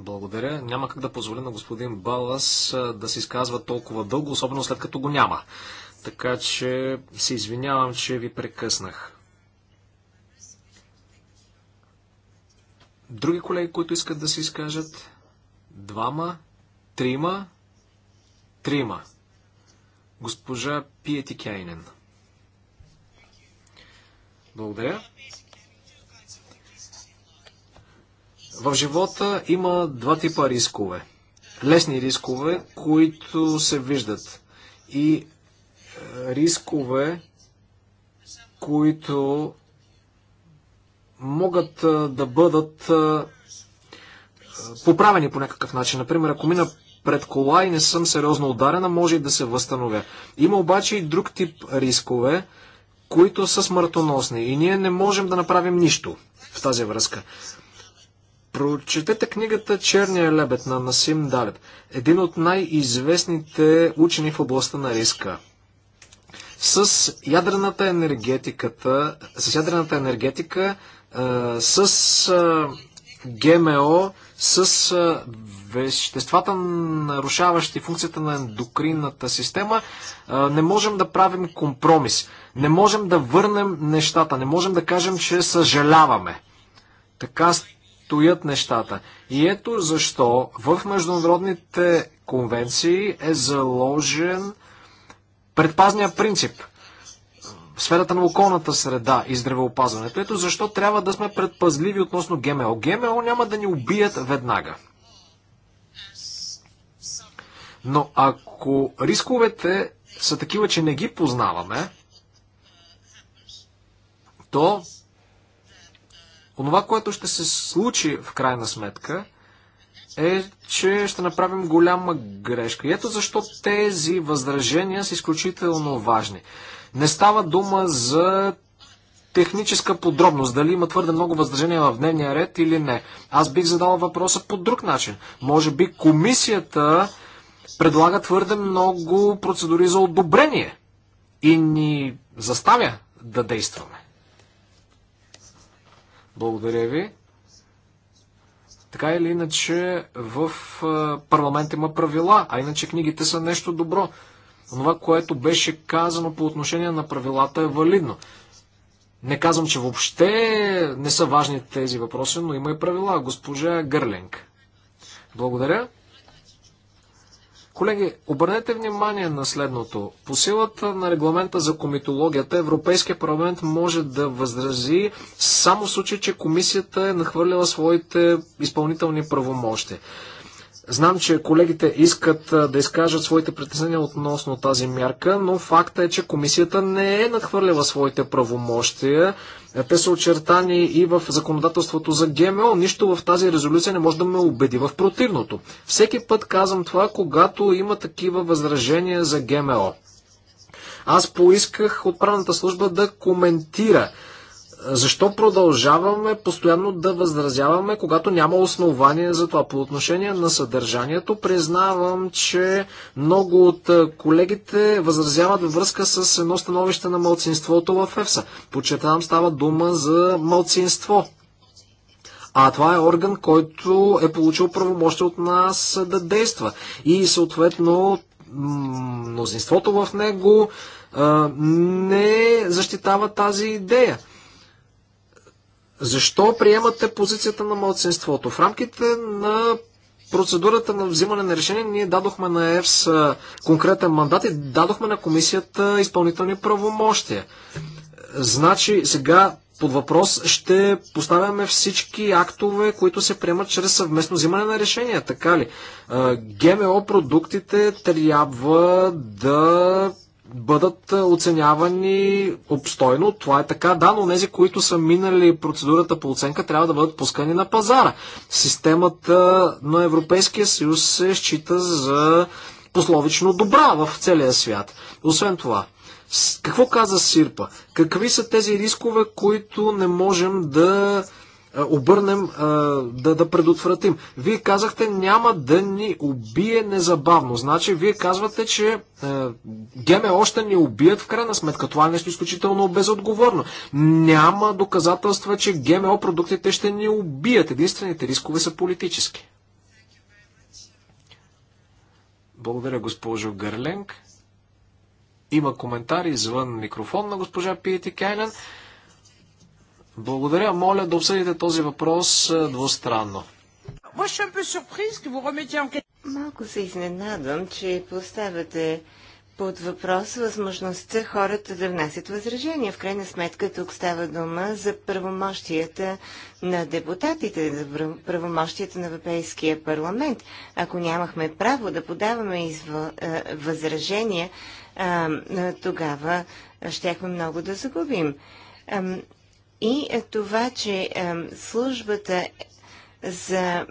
Speaker 2: Благодаря. Няма как да позволя на господин Балас да се изказва толкова дълго, особено след като го няма. Така че се извинявам, че ви прекъснах. Други колеги, които искат да се изкажат? Двама? Трима? Трима. Госпожа Пиети Кейнен. Благодаря. В живота има два типа рискове. Лесни рискове, които се виждат и е, рискове, които могат е, да бъдат е, поправени по някакъв начин. Например, ако мина пред кола и не съм сериозно ударена, може и да се възстановя. Има обаче и друг тип рискове, които са смъртоносни и ние не можем да направим нищо в тази връзка. Прочетете книгата Черния лебед на Насим Далеб, един от най-известните учени в областта на риска. С ядрената енергетиката, с ядрената енергетика, с ГМО, с веществата, нарушаващи функцията на ендокринната система, не можем да правим компромис. Не можем да върнем нещата. Не можем да кажем, че съжаляваме. Така стоят нещата. И ето защо в международните конвенции е заложен предпазния принцип в сферата на околната среда и здравеопазването. Ето защо трябва да сме предпазливи относно ГМО. ГМО няма да ни убият веднага. Но ако рисковете са такива, че не ги познаваме, то Онова, което ще се случи в крайна сметка, е, че ще направим голяма грешка. И ето защо тези възражения са изключително важни. Не става дума за техническа подробност, дали има твърде много възражения в дневния ред или не. Аз бих задал въпроса по друг начин. Може би комисията предлага твърде много процедури за одобрение и ни заставя да действаме. Благодаря ви. Така или иначе, в парламент има правила, а иначе книгите са нещо добро. Това, което беше казано по отношение на правилата е валидно. Не казвам, че въобще не са важни тези въпроси, но има и правила. Госпожа Гърлинг. Благодаря. Колеги, обърнете внимание на следното. По силата на регламента за комитологията, Европейския парламент може да възрази само в случай, че комисията е нахвърляла своите изпълнителни правомощи. Знам, че колегите искат да изкажат своите притеснения относно тази мярка, но факта е, че комисията не е надхвърлила своите правомощия. Е, те са очертани и в законодателството за ГМО. Нищо в тази резолюция не може да ме убеди в противното. Всеки път казвам това, когато има такива възражения за ГМО. Аз поисках от правната служба да коментира защо продължаваме постоянно да възразяваме, когато няма основание за това? По отношение на съдържанието, признавам, че много от колегите възразяват във връзка с едно становище на малцинството в ЕФСА. Почетавам, става дума за малцинство. А това е орган, който е получил правомощие от нас да действа. И съответно мнозинството в него а, не защитава тази идея. Защо приемате позицията на младсинството? В рамките на процедурата на взимане на решение ние дадохме на ЕФС конкретен мандат и дадохме на комисията изпълнителни правомощия. Значи сега под въпрос ще поставяме всички актове, които се приемат чрез съвместно взимане на решения, така ли? ГМО продуктите трябва да бъдат е, оценявани обстойно. Това е така, да, но тези, които са минали процедурата по оценка, трябва да бъдат пускани на пазара. Системата на Европейския съюз се счита за пословично добра в целия свят. Освен това, какво каза Сирпа? Какви са тези рискове, които не можем да обърнем, да, да предотвратим. Вие казахте, няма да ни убие незабавно. Значи, вие казвате, че ГМО още ни убият в крайна сметка. Това е нещо изключително безотговорно. Няма доказателства, че ГМО продуктите ще ни убият. Единствените рискове са политически. Благодаря, госпожо Гърленг. Има коментари извън микрофон на госпожа Пиети Кайнен. Благодаря. Моля да обсъдите този въпрос двустранно.
Speaker 3: Малко се изненадвам, че поставяте под въпрос възможността хората да внасят възражения. В крайна сметка тук става дума за правомощията на депутатите, за правомощията на Европейския парламент. Ако нямахме право да подаваме изв... Е, възражения, е, тогава щяхме много да загубим. И е, това, че службата за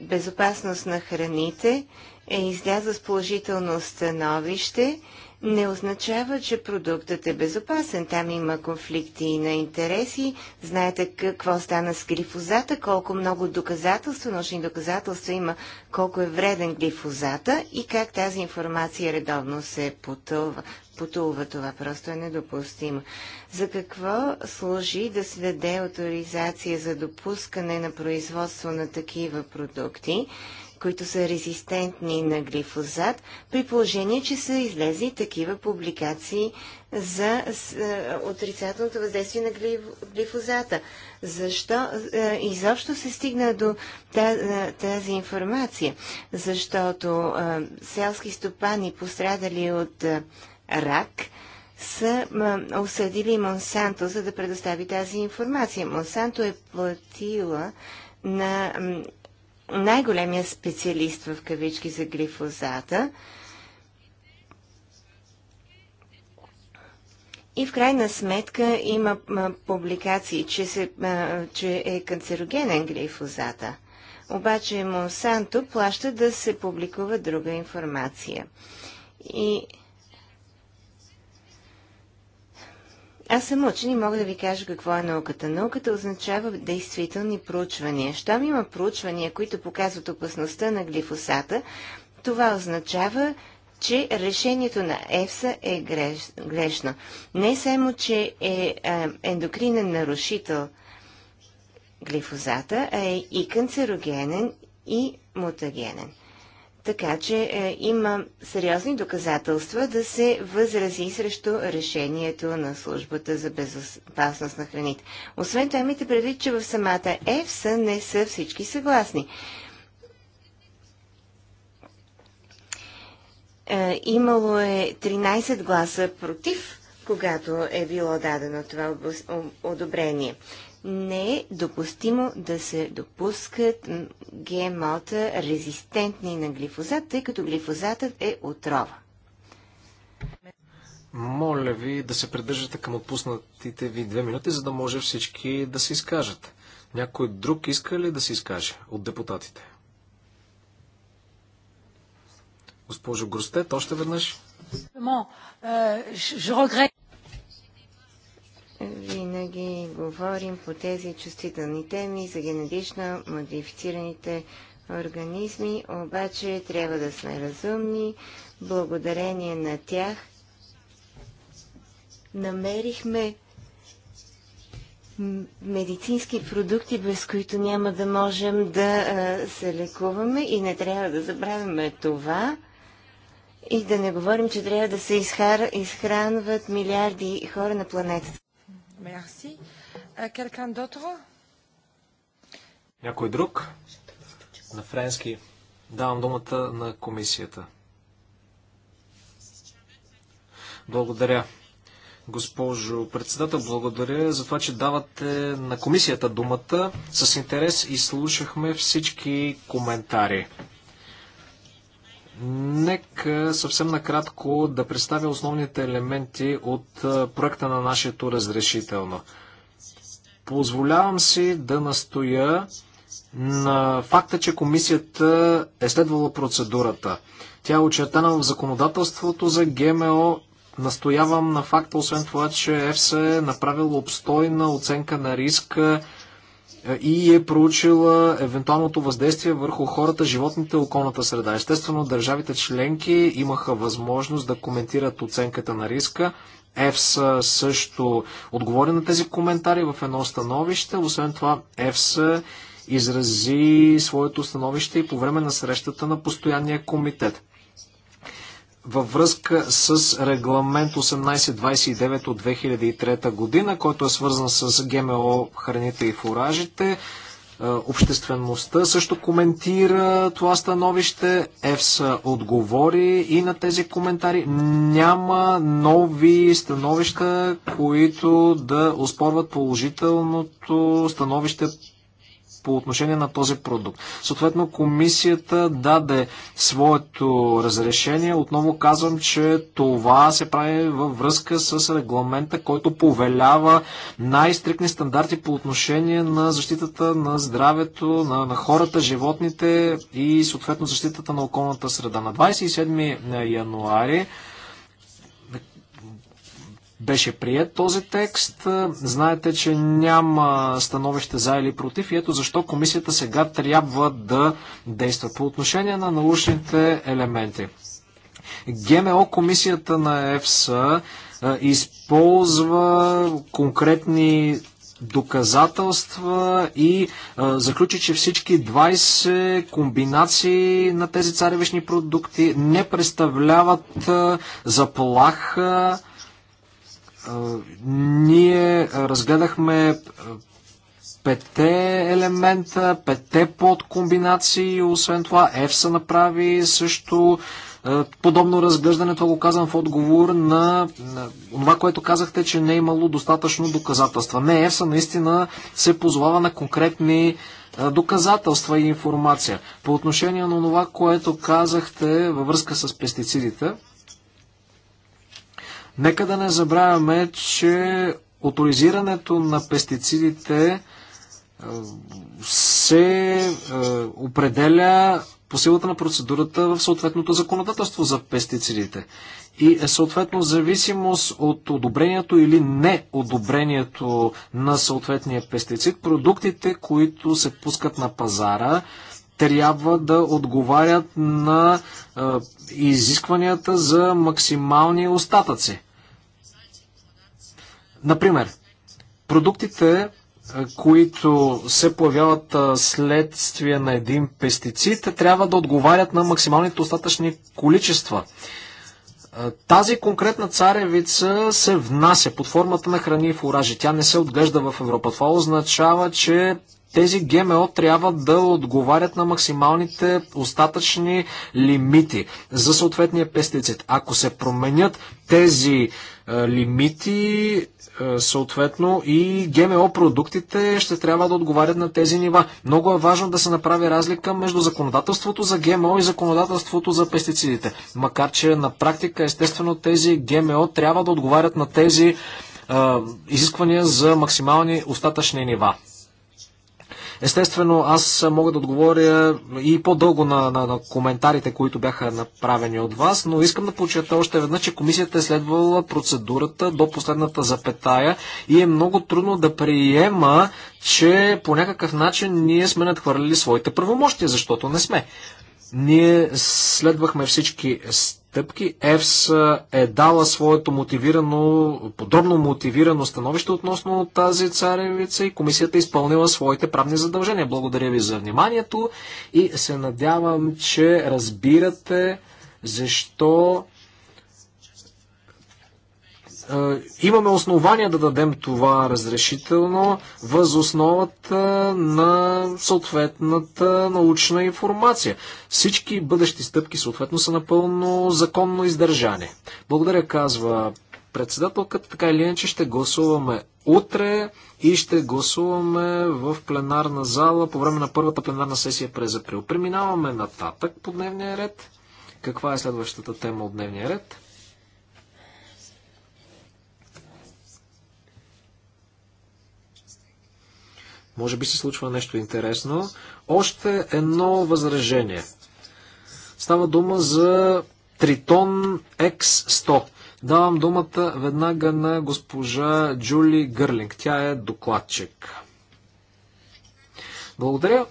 Speaker 3: безопасност на храните е изляза с положително становище, не означава, че продуктът е безопасен. Там има конфликти на интереси. Знаете какво стана с глифозата, колко много доказателства, научни доказателства има, колко е вреден глифозата и как тази информация редовно се потълва, потулва. Това просто е недопустимо. За какво служи да се даде авторизация за допускане на производство на такива продукти, които са резистентни на глифозат, при положение, че са излезли такива публикации за е, отрицателното въздействие на глифозата. Защо е, изобщо се стигна до е, тази информация? Защото селски стопани, пострадали от рак, са осъдили Монсанто, за да предостави тази информация. Монсанто е платила на най-големия специалист в кавички за глифозата. И в крайна сметка има публикации, че, се, че е канцерогенен глифозата. Обаче Монсанто плаща да се публикува друга информация. И Аз съм учен и мога да ви кажа какво е науката. Науката означава действителни проучвания. Щом има проучвания, които показват опасността на глифосата, това означава, че решението на ЕФСА е грешно. Не само, че е, е ендокринен нарушител глифозата, а е и канцерогенен и мутагенен. Така че е, има сериозни доказателства да се възрази срещу решението на службата за безопасност на храните. Освен това, имайте предвид, че в самата ЕФСА не са всички съгласни. Е, имало е 13 гласа против, когато е било дадено това одобрение не е допустимо да се допускат ГМО-та резистентни на глифозат, тъй като глифозатът е отрова.
Speaker 2: Моля ви да се придържате към отпуснатите ви две минути, за да може всички да се изкажат. Някой друг иска ли да се изкаже от депутатите? Госпожо Гростет, още веднъж
Speaker 3: винаги говорим по тези чувствителни теми за генетично модифицираните организми, обаче трябва да сме разумни. Благодарение на тях намерихме медицински продукти, без които няма да можем да а, се лекуваме и не трябва да забравяме това. И да не говорим, че трябва да се изхар... изхранват милиарди хора на планетата.
Speaker 1: Merci.
Speaker 2: Euh, quelqu'un d'autre? Някой друг? На френски. Давам думата на комисията. Благодаря. Госпожо председател, благодаря за това, че давате на комисията думата. С интерес изслушахме всички коментари. Нека съвсем накратко да представя основните елементи от проекта на нашето разрешително. Позволявам си да настоя на факта, че комисията е следвала процедурата. Тя е очертана в законодателството за ГМО. Настоявам на факта, освен това, че ЕФСА е направила обстойна оценка на риска, и е проучила евентуалното въздействие върху хората, животните, околната среда. Естествено, държавите членки имаха възможност да коментират оценката на риска. ЕФСА също отговори на тези коментари в едно становище. Освен това, ЕФСА изрази своето становище и по време на срещата на постоянния комитет във връзка с регламент 1829 от 2003 година, който е свързан с ГМО, храните и фуражите. Е, обществеността също коментира това становище. ЕФСА отговори и на тези коментари. Няма нови становища, които да оспорват положителното становище по отношение на този продукт. Съответно, комисията даде своето разрешение. Отново казвам, че това се прави във връзка с регламента, който повелява най-стрикни стандарти по отношение на защитата на здравето на, на хората, животните и съответно защитата на околната среда. На 27 януари беше прият този текст. Знаете, че няма становище за или против и ето защо комисията сега трябва да действа по отношение на научните елементи. ГМО комисията на ЕФСА е, използва конкретни доказателства и а, е, заключи, че всички 20 комбинации на тези царевични продукти не представляват а, е, заплаха ние разгледахме пете елемента, пете подкомбинации, освен това ЕФСА направи също подобно разглеждане, това го казвам в отговор на, това, което казахте, че не е имало достатъчно доказателства. Не, ЕФСА наистина се позовава на конкретни доказателства и информация. По отношение на това, което казахте във връзка с пестицидите, Нека да не забравяме, че Оторизирането на пестицидите е, се е, определя по силата на процедурата в съответното законодателство за пестицидите. И е съответно зависимост от одобрението или неодобрението на съответния пестицид, продуктите, които се пускат на пазара, трябва да отговарят на е, изискванията за максимални остатъци Например, продуктите, е, които се появяват е, следствие на един пестицид, трябва да отговарят на максималните остатъчни количества. Е, тази конкретна царевица се внася под формата на храни и фуражи. Тя не се отглежда в Европа. Това означава, че тези ГМО трябва да отговарят на максималните остатъчни лимити за съответния пестицид. Ако се променят тези е, лимити, е, съответно и ГМО продуктите ще трябва да отговарят на тези нива. Много е важно да се направи разлика между законодателството за ГМО и законодателството за пестицидите. Макар, че на практика, естествено, тези ГМО трябва да отговарят на тези е, изисквания за максимални остатъчни нива. Естествено, аз мога да отговоря и по-дълго на, на, на коментарите, които бяха направени от вас, но искам да почета още веднъж, че комисията е следвала процедурата до последната запетая и е много трудно да приема, че по някакъв начин ние сме надхвърлили своите правомощия, защото не сме. Ние следвахме всички стъпки. ЕВС е дала своето мотивирано, подробно мотивирано становище относно тази царевица и комисията е изпълнила своите правни задължения. Благодаря ви за вниманието и се надявам, че разбирате защо имаме основания да дадем това разрешително въз основата на съответната научна информация. Всички бъдещи стъпки съответно са напълно законно издържане. Благодаря, казва председателката, така или иначе ще гласуваме утре и ще гласуваме в пленарна зала по време на първата пленарна сесия през април. Преминаваме нататък по дневния ред. Каква е следващата тема от дневния ред? Може би се случва нещо интересно. Още едно възражение. Става дума за Тритон X100. Давам думата веднага на госпожа Джули Гърлинг. Тя е докладчик. Благодаря.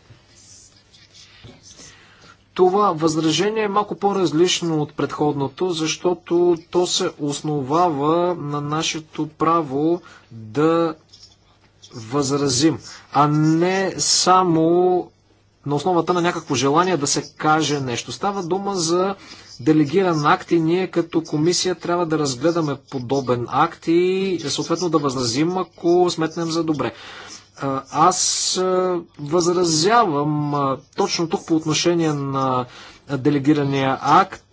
Speaker 2: Това възражение е малко по-различно от предходното, защото то се основава на нашето право да възразим, а не само на основата на някакво желание да се каже нещо. Става дума за делегиран акт и ние като комисия трябва да разгледаме подобен акт и съответно да възразим, ако сметнем за добре. Аз възразявам точно тук по отношение на делегирания акт.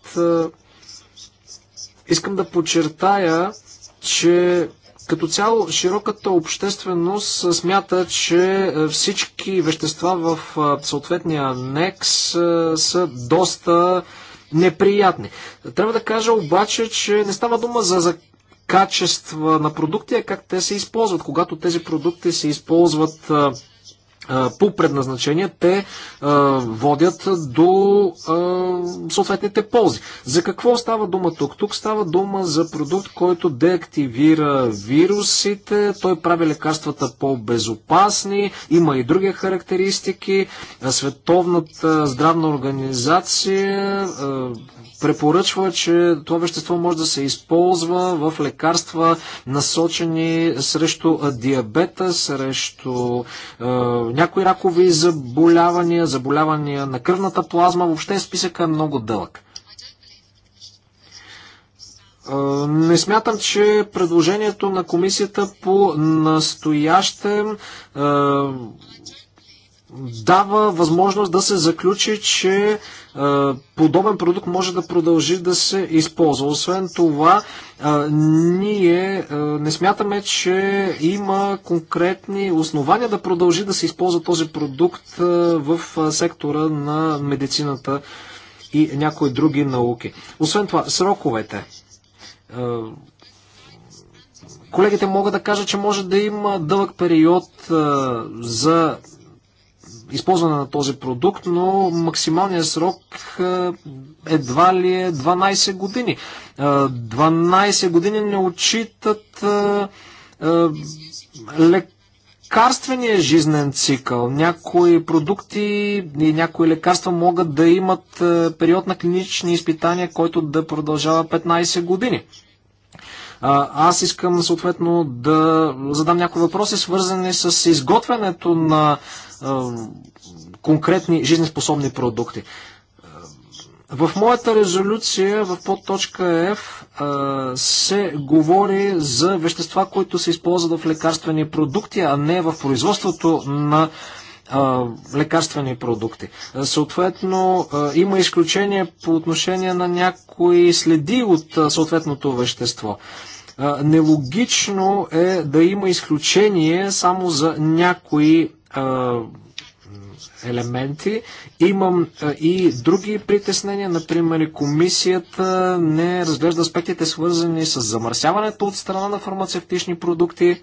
Speaker 2: Искам да подчертая, че като цяло, широката общественост смята, че е, всички вещества в е, съответния анекс е, са доста неприятни. Трябва да кажа обаче, че не става дума за, за качества на продукти, а как те се използват. Когато тези продукти се използват по предназначение те а, водят до а, съответните ползи. За какво става дума тук? Тук става дума за продукт, който деактивира вирусите, той прави лекарствата по-безопасни, има и други характеристики. Световната здравна организация а, препоръчва, че това вещество може да се използва в лекарства, насочени срещу диабета, срещу е, някои ракови заболявания, заболявания на кръвната плазма. Въобще списъка е много дълъг. Не смятам, че предложението на комисията по настоящем дава възможност да се заключи, че е, подобен продукт може да продължи да се използва. Освен това, е, ние е, не смятаме, че има конкретни основания да продължи да се използва този продукт е, в е, сектора на медицината и някои други науки. Освен това, сроковете. Е, колегите могат да кажат, че може да има дълъг период е, за използване на този продукт, но максималният срок едва ли е 12 години. 12 години не отчитат лекарствения жизнен цикъл. Някои продукти и някои лекарства могат да имат период на клинични изпитания, който да продължава 15 години. Аз искам съответно да задам някои въпроси, свързани с изготвянето на конкретни жизнеспособни продукти. В моята резолюция в подточка F се говори за вещества, които се използват в лекарствени продукти, а не в производството на лекарствени продукти. Съответно, има изключение по отношение на някои следи от съответното вещество. Нелогично е да има изключение само за някои елементи. Имам и други притеснения, например комисията не разглежда аспектите свързани с замърсяването от страна на фармацевтични продукти,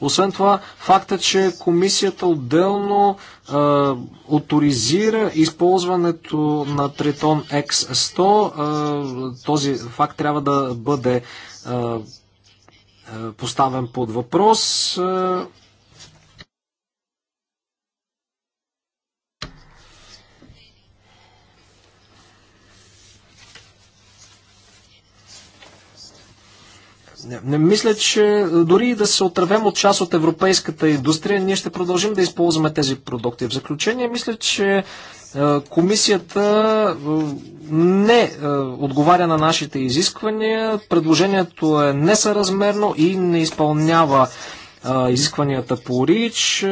Speaker 2: освен това, факта, че комисията отделно а, авторизира използването на Тритон X100, а, този факт трябва да бъде а, поставен под въпрос. А, Не Мисля, че е, дори да се отървем от част от европейската индустрия, ние ще продължим да използваме тези продукти. В заключение, мисля, че е, комисията е, не отговаря на нашите изисквания, предложението е несъразмерно и не изпълнява изискванията по РИЧ.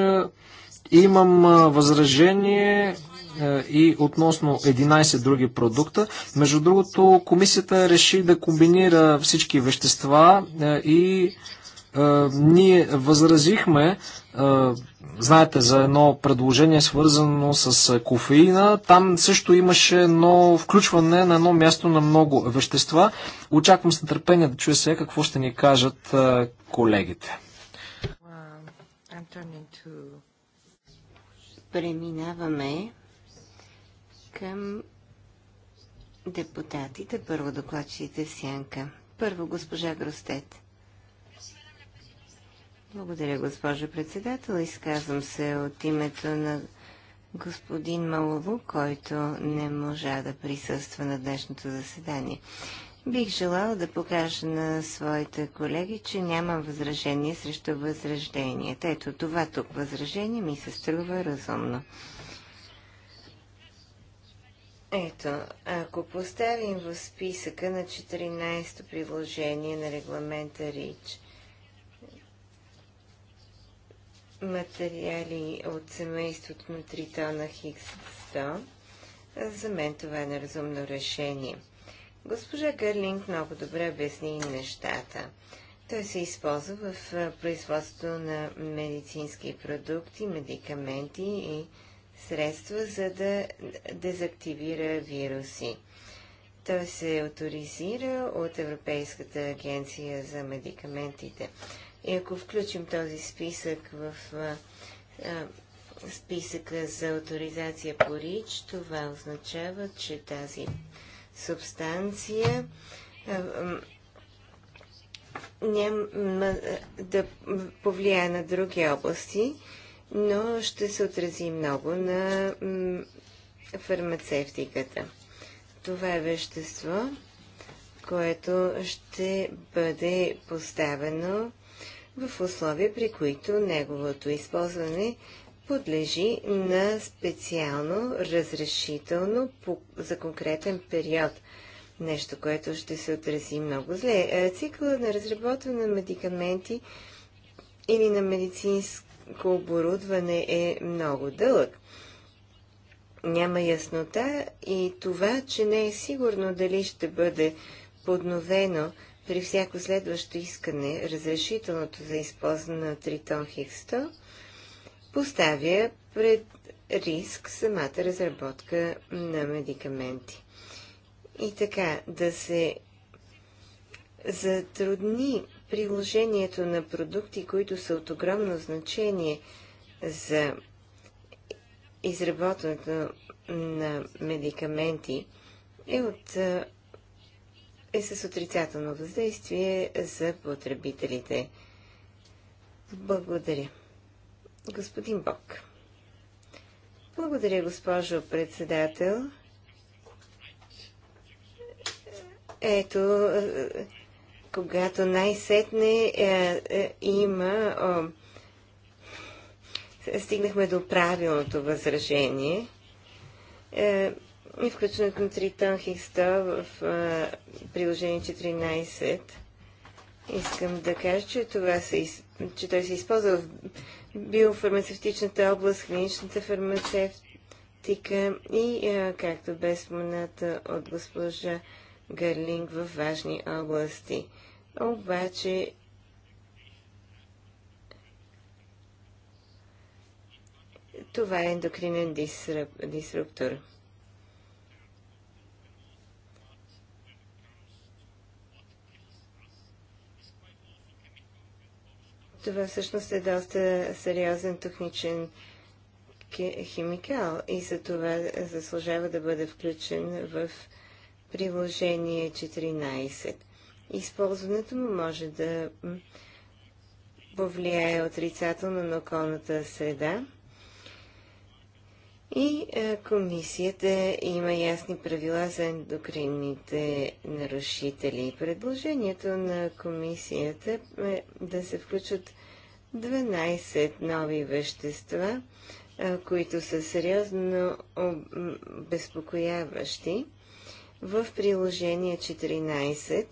Speaker 2: Имам възражение е, и относно 11 други продукта. Между другото, комисията реши да комбинира всички вещества е, и е, ние възразихме, знаете, за едно предложение свързано с кофеина. Там също имаше едно включване на едно място на много вещества. Очаквам с нетърпение да чуя сега какво ще ни кажат колегите.
Speaker 3: Преминаваме към депутатите. Първо докладчите в сянка. Първо госпожа Гростет. Благодаря, госпожа председател. Изказвам се от името на господин Малово, който не можа да присъства на днешното заседание. Бих желал да покажа на своите колеги, че нямам възражение срещу възражденията. Ето това тук възражение ми се струва разумно. Ето, ако поставим в списъка на 14-то приложение на регламента РИЧ материали от семейството на Тритона Хикс 100, за мен това е неразумно решение. Госпожа Гърлинг много добре обясни нещата. Той се използва в производството на медицински продукти, медикаменти и средства, за да дезактивира вируси. Той се авторизира от Европейската агенция за медикаментите. И ако включим този списък в а, а, списъка за авторизация по РИЧ, това означава, че тази субстанция а, няма да повлияе на други области но ще се отрази много на фармацевтиката. Това е вещество, което ще бъде поставено в условия, при които неговото използване подлежи на специално разрешително по, за конкретен период. Нещо, което ще се отрази много зле. Е, Цикъл на разработване на медикаменти или на медицински оборудване е много дълъг. Няма яснота и това, че не е сигурно дали ще бъде подновено при всяко следващо искане разрешителното за използване на Тритон Хикс 100, поставя пред риск самата разработка на медикаменти. И така, да се затрудни приложението на продукти, които са от огромно значение за изработването на медикаменти, е, от, е, е с отрицателно въздействие за потребителите. Благодаря. Господин Бог. Благодаря, госпожо председател. Ето, е, когато най-сетне е, е, има. Е, стигнахме до правилното възражение е, и включването на Тритон Хикста в е, приложение 14. Искам да кажа, че, това се, че той се използва в биофармацевтичната област, клиничната фармацевтика и, е, както бе спомената от госпожа Гърлинг в важни области. Обаче това е ендокринен дисруптор. Това всъщност е доста сериозен техничен химикал и за това заслужава да бъде включен в приложение 14. Използването му може да повлияе отрицателно на околната среда. И е, комисията има ясни правила за ендокринните нарушители. Предложението на комисията е да се включат 12 нови вещества, е, които са сериозно безпокояващи в приложение 14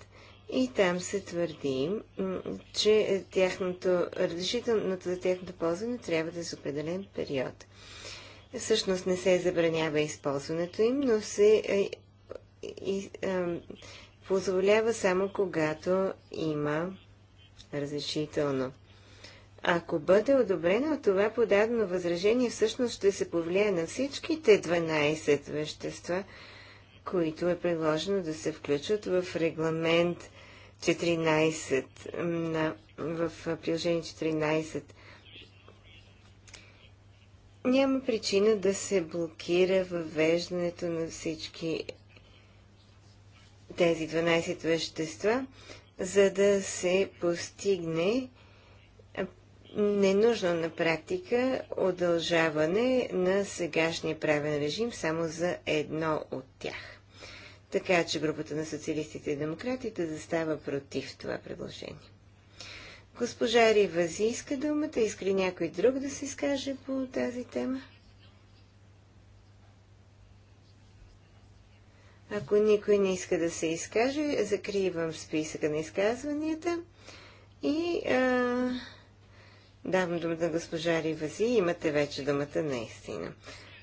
Speaker 3: и там се твърди, че тяхното, разрешителното за тяхното ползване трябва да е с определен период. Всъщност не се забранява използването им, но се е, и, и, е, а, позволява само когато има разрешително. Ако бъде одобрено това подадено възражение, всъщност ще се повлияе на всичките 12 вещества, които е предложено да се включат в регламент 14, на, в приложение 14. Няма причина да се блокира въвеждането на всички тези 12 вещества, за да се постигне ненужно на практика удължаване на сегашния правен режим само за едно от тях. Така че групата на социалистите и демократите застава против това предложение. Госпожа Ривази иска думата. Иска ли някой друг да се изкаже по тази тема? Ако никой не иска да се изкаже, закривам списъка на изказванията и а, давам думата на госпожа Ривази. Имате вече думата наистина.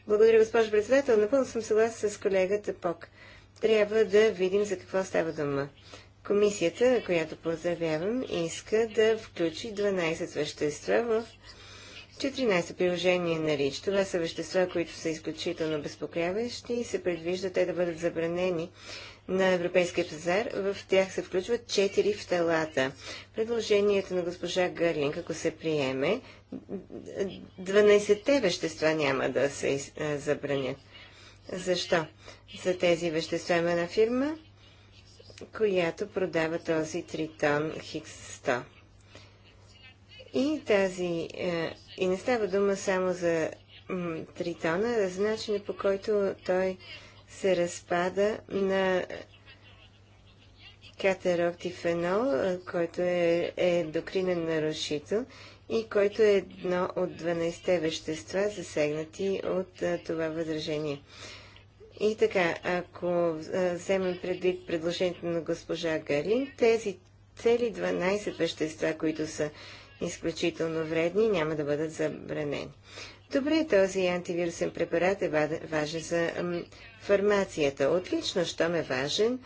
Speaker 3: Благодаря, госпожо председател. Напълно съм съгласна с колегата Пок трябва да видим за какво става дума. Комисията, която поздравявам, иска да включи 12 вещества в 14 приложение на РИЧ. Това са вещества, които са изключително безпокояващи и се предвижда те да бъдат забранени на европейския пазар. В тях се включват 4 фталата. Предложението на госпожа Гърлин, ако се приеме, 12-те вещества няма да се забранят. Защо? За тези вещества има една фирма, която продава този тритон Хикс 100. И тази... Е, и не става дума само за тритона, а за начина по който той се разпада на катероктифенол, е, който е, е докринен нарушител и който е едно от 12 вещества, засегнати от е, това възражение. И така, ако вземем предвид предложението на госпожа Галин, тези цели 12 вещества, които са изключително вредни, няма да бъдат забранени. Добре, този антивирусен препарат е важен за фармацията. Отлично, щом е важен,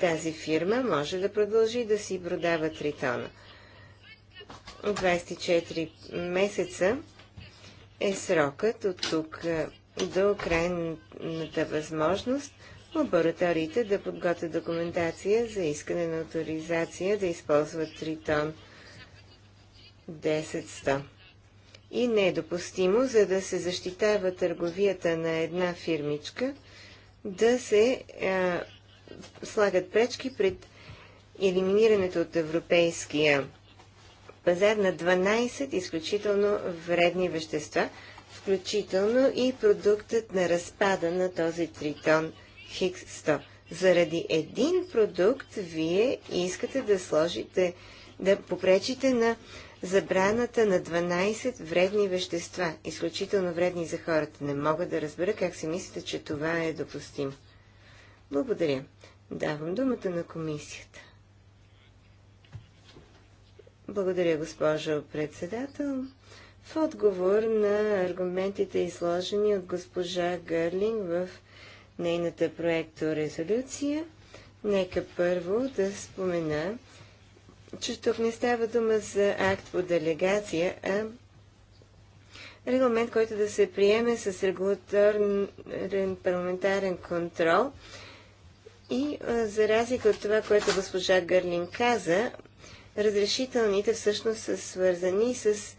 Speaker 3: тази фирма може да продължи да си продава тритона. 24 месеца е срокът от тук до крайната възможност лабораториите да подготвят документация за искане на авторизация да използват тритон 10-100. И не е допустимо, за да се защитава търговията на една фирмичка, да се а, слагат пречки пред елиминирането от европейския пазар на 12 изключително вредни вещества, включително и продуктът на разпада на този тритон х 100. Заради един продукт вие искате да сложите, да попречите на забраната на 12 вредни вещества, изключително вредни за хората. Не мога да разбера как си мислите, че това е допустимо. Благодаря. Давам думата на комисията. Благодаря, госпожо председател в отговор на аргументите изложени от госпожа Гърлинг в нейната проекто-резолюция, нека първо да спомена, че тук не става дума за акт по делегация, а регламент, който да се приеме с регулаторен парламентарен контрол. И за разлика от това, което госпожа Гърлин каза, разрешителните всъщност са свързани с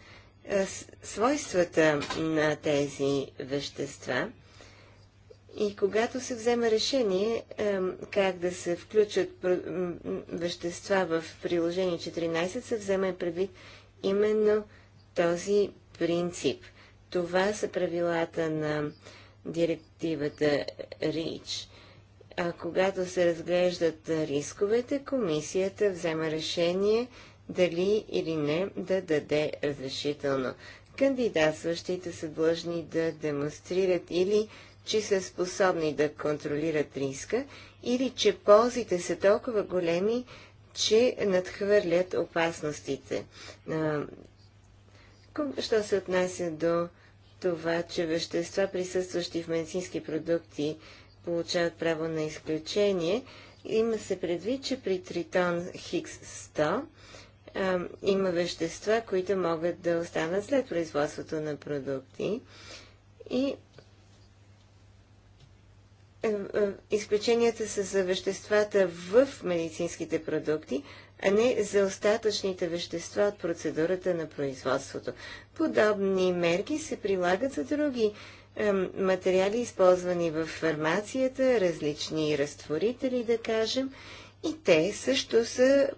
Speaker 3: е, свойствата на тези вещества и когато се взема решение е, как да се включат вещества в приложение 14, се взема предвид именно този принцип. Това са правилата на директивата РИЧ. А когато се разглеждат рисковете, комисията взема решение дали или не да даде разрешително. Кандидатстващите са длъжни да демонстрират или че са способни да контролират риска, или че ползите са толкова големи, че надхвърлят опасностите. Що се отнася до това, че вещества, присъстващи в медицински продукти, получават право на изключение, има се предвид, че при тритон Хикс 100 а, има вещества, които могат да останат след производството на продукти. И е, е, изключенията са за веществата в медицинските продукти, а не за остатъчните вещества от процедурата на производството. Подобни мерки се прилагат за други материали, използвани в фармацията, различни разтворители, да кажем, и те също са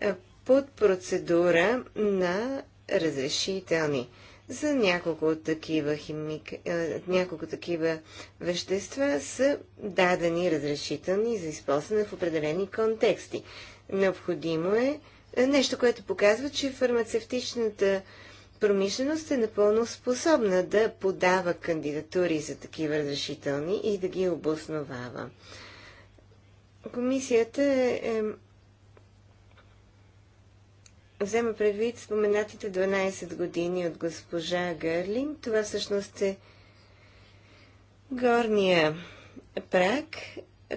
Speaker 3: е, под процедура на разрешителни за няколко такива, химик... Е, няколко такива вещества са дадени разрешителни за използване в определени контексти. Необходимо е, е нещо, което показва, че фармацевтичната промишленост е напълно способна да подава кандидатури за такива разрешителни и да ги обосновава. Комисията е взема предвид споменатите 12 години от госпожа Гърлин. Това всъщност е горния прак.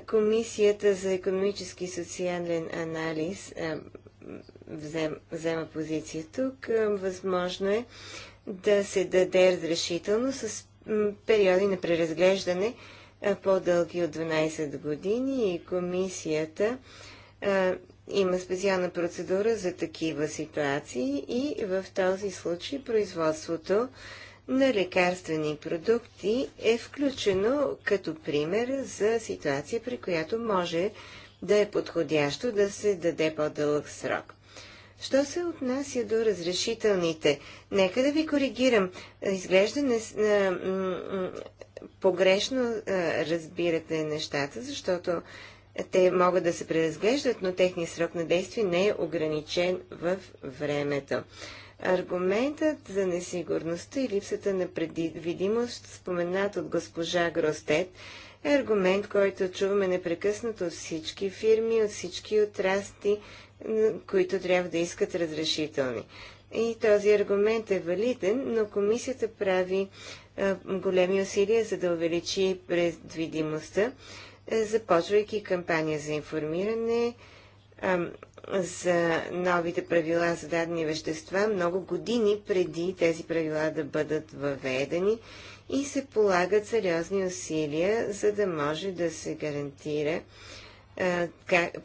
Speaker 3: Комисията за економически и социален анализ а, взем, взема позиция тук. възможно е да се даде разрешително с периоди на преразглеждане по-дълги от 12 години и комисията има специална процедура за такива ситуации и в този случай производството на лекарствени продукти е включено като пример за ситуация, при която може да е подходящо да се даде по-дълъг срок. Що се отнася до разрешителните? Нека да ви коригирам. Изглежда не, а, погрешно а, разбирате нещата, защото те могат да се преразглеждат, но техният срок на действие не е ограничен в времето. Аргументът за несигурността и липсата на предвидимост, споменат от госпожа Гростет, е аргумент, който чуваме непрекъснато от всички фирми, от всички отрасти, които трябва да искат разрешителни. И този аргумент е валиден, но комисията прави големи усилия, за да увеличи предвидимостта е, започвайки кампания за информиране за новите правила за дадени вещества много години преди тези правила да бъдат въведени и се полагат сериозни усилия, за да може да се гарантира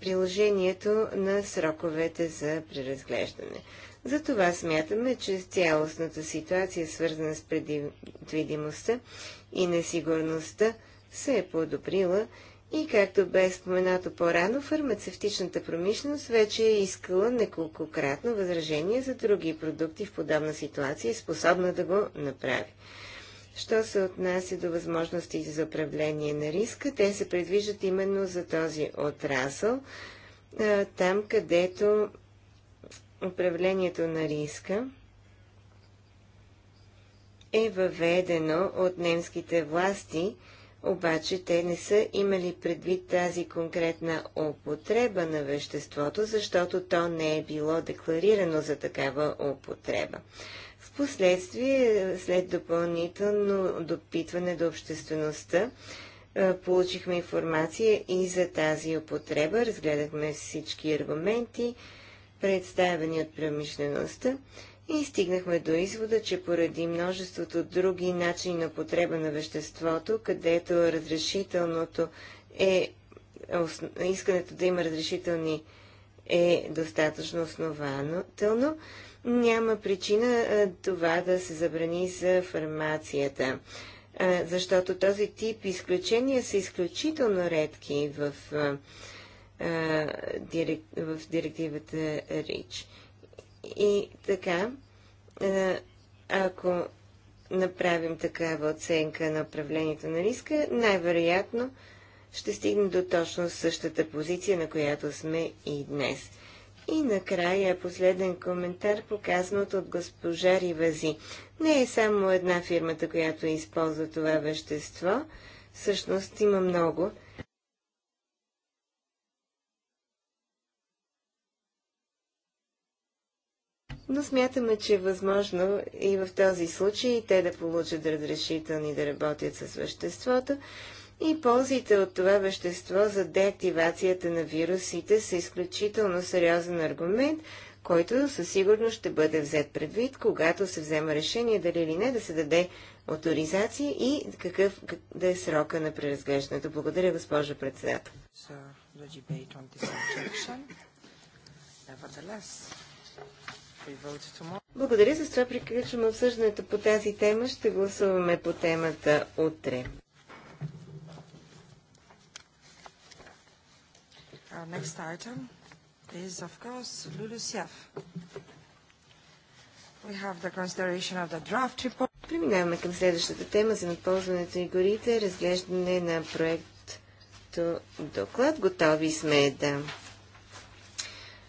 Speaker 3: приложението на сроковете за преразглеждане. Затова смятаме, че цялостната ситуация, свързана с предвидимостта и несигурността, се е подобрила и както бе споменато по-рано, фармацевтичната промишленост вече е искала неколкократно възражение за други продукти в подобна ситуация и способна да го направи. Що се отнася до възможностите за управление на риска, те се предвиждат именно за този отрасъл, там където управлението на риска е въведено от немските власти – обаче те не са имали предвид тази конкретна употреба на веществото, защото то не е било декларирано за такава употреба. Впоследствие, след допълнително допитване до обществеността, е, получихме информация и за тази употреба, разгледахме всички аргументи, представени от промишлеността и стигнахме до извода, че поради множеството други начини на потреба на веществото, където разрешителното е, искането да има разрешителни е достатъчно основателно, няма причина това да се забрани за фармацията, защото този тип изключения са изключително редки в, в директивата РИЧ. И така, ако направим такава оценка на управлението на риска, най-вероятно ще стигнем до точно същата позиция, на която сме и днес. И накрая последен коментар, показан от госпожа Ривази. Не е само една фирмата, която използва това вещество. Всъщност има много. но смятаме, че е възможно и в този случай те да получат разрешителни да работят с веществото и ползите от това вещество за деактивацията на вирусите са изключително сериозен аргумент, който със сигурност ще бъде взет предвид, когато се взема решение дали или не да се даде авторизация и какъв да е срока на преразглеждането. Благодаря, госпожо председател. Благодаря, за това приключваме обсъждането по тази тема. Ще гласуваме по темата утре. Our next item is, of course, LULUCF. We have the consideration of the draft report. Преминаваме към следващата тема за надползването и горите, разглеждане на проект доклад. Готови сме да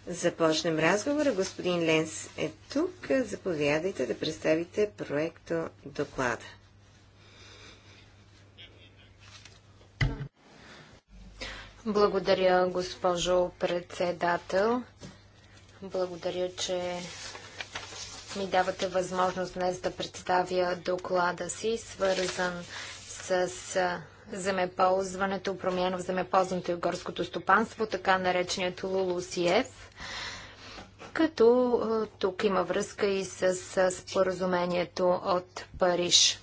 Speaker 3: започнем разговора. Господин Ленс е тук. Заповядайте да представите проекто доклада.
Speaker 1: Благодаря, госпожо председател. Благодаря, че ми давате възможност днес да представя доклада си, свързан с земеползването, промяна в земеползването и в горското стопанство, така нареченият Лулусиев. Като тук има връзка и с споразумението от Париж.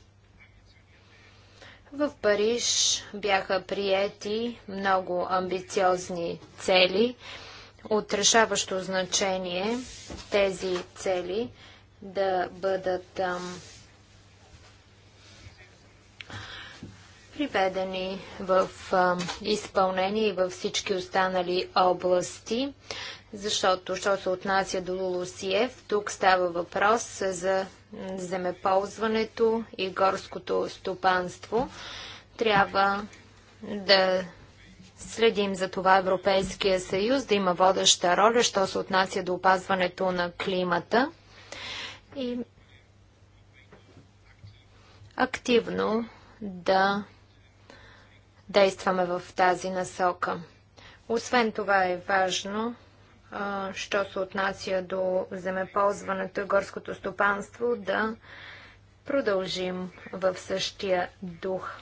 Speaker 1: В Париж бяха приети много амбициозни цели. отрешаващо значение тези цели да бъдат ам, приведени в изпълнение и във всички останали области, защото, що се отнася до Лулусиев, тук става въпрос за земеползването и горското стопанство. Трябва да следим за това Европейския съюз да има водеща роля, що се отнася до опазването на климата и активно да действаме в тази насока. Освен това е важно, що се отнася до земеползването и горското стопанство, да продължим в същия дух.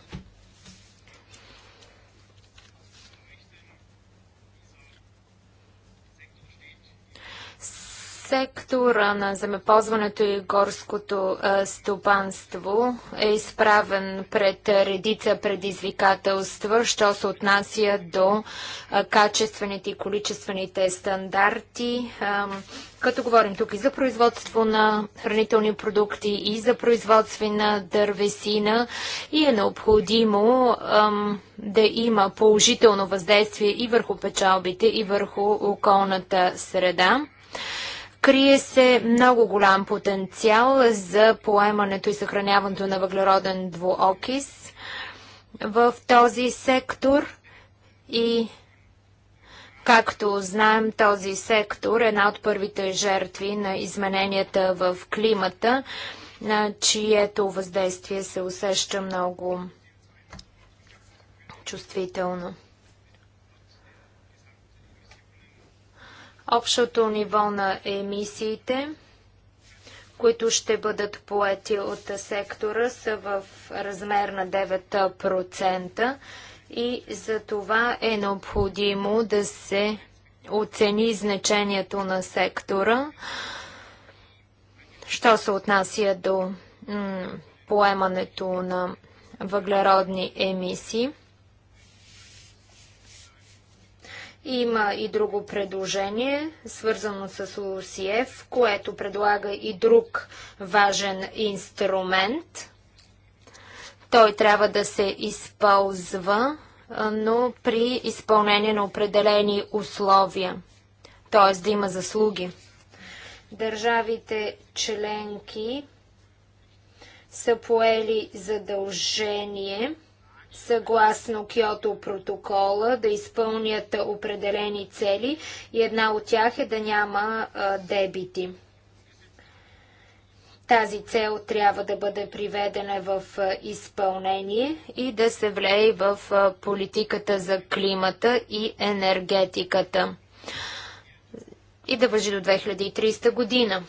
Speaker 1: Сектора на земеползването и горското стопанство е изправен пред редица предизвикателства, що се отнася до качествените и количествените стандарти. като говорим тук и за производство на хранителни продукти, и за производство на дървесина, и е необходимо ам, да има положително въздействие и върху печалбите, и върху околната среда. Крие се много голям потенциал за поемането и съхраняването на въглероден двуокис в този сектор и Както знаем, този сектор е една от първите жертви на измененията в климата, на чието въздействие се усеща много чувствително. общото ниво на емисиите, които ще бъдат поети от сектора, са в размер на 9% и за това е необходимо да се оцени значението на сектора, що се отнася до поемането на въглеродни емисии. Има и друго предложение, свързано с ОСИЕФ, което предлага и друг важен инструмент. Той трябва да се използва, но при изпълнение на определени условия, т.е. да има заслуги. Държавите членки са поели задължение – съгласно Киото протокола да изпълнят определени цели и една от тях е да няма дебити. Тази цел трябва да бъде приведена в изпълнение и да се влее в политиката за климата и енергетиката и да въжи до 2300 година.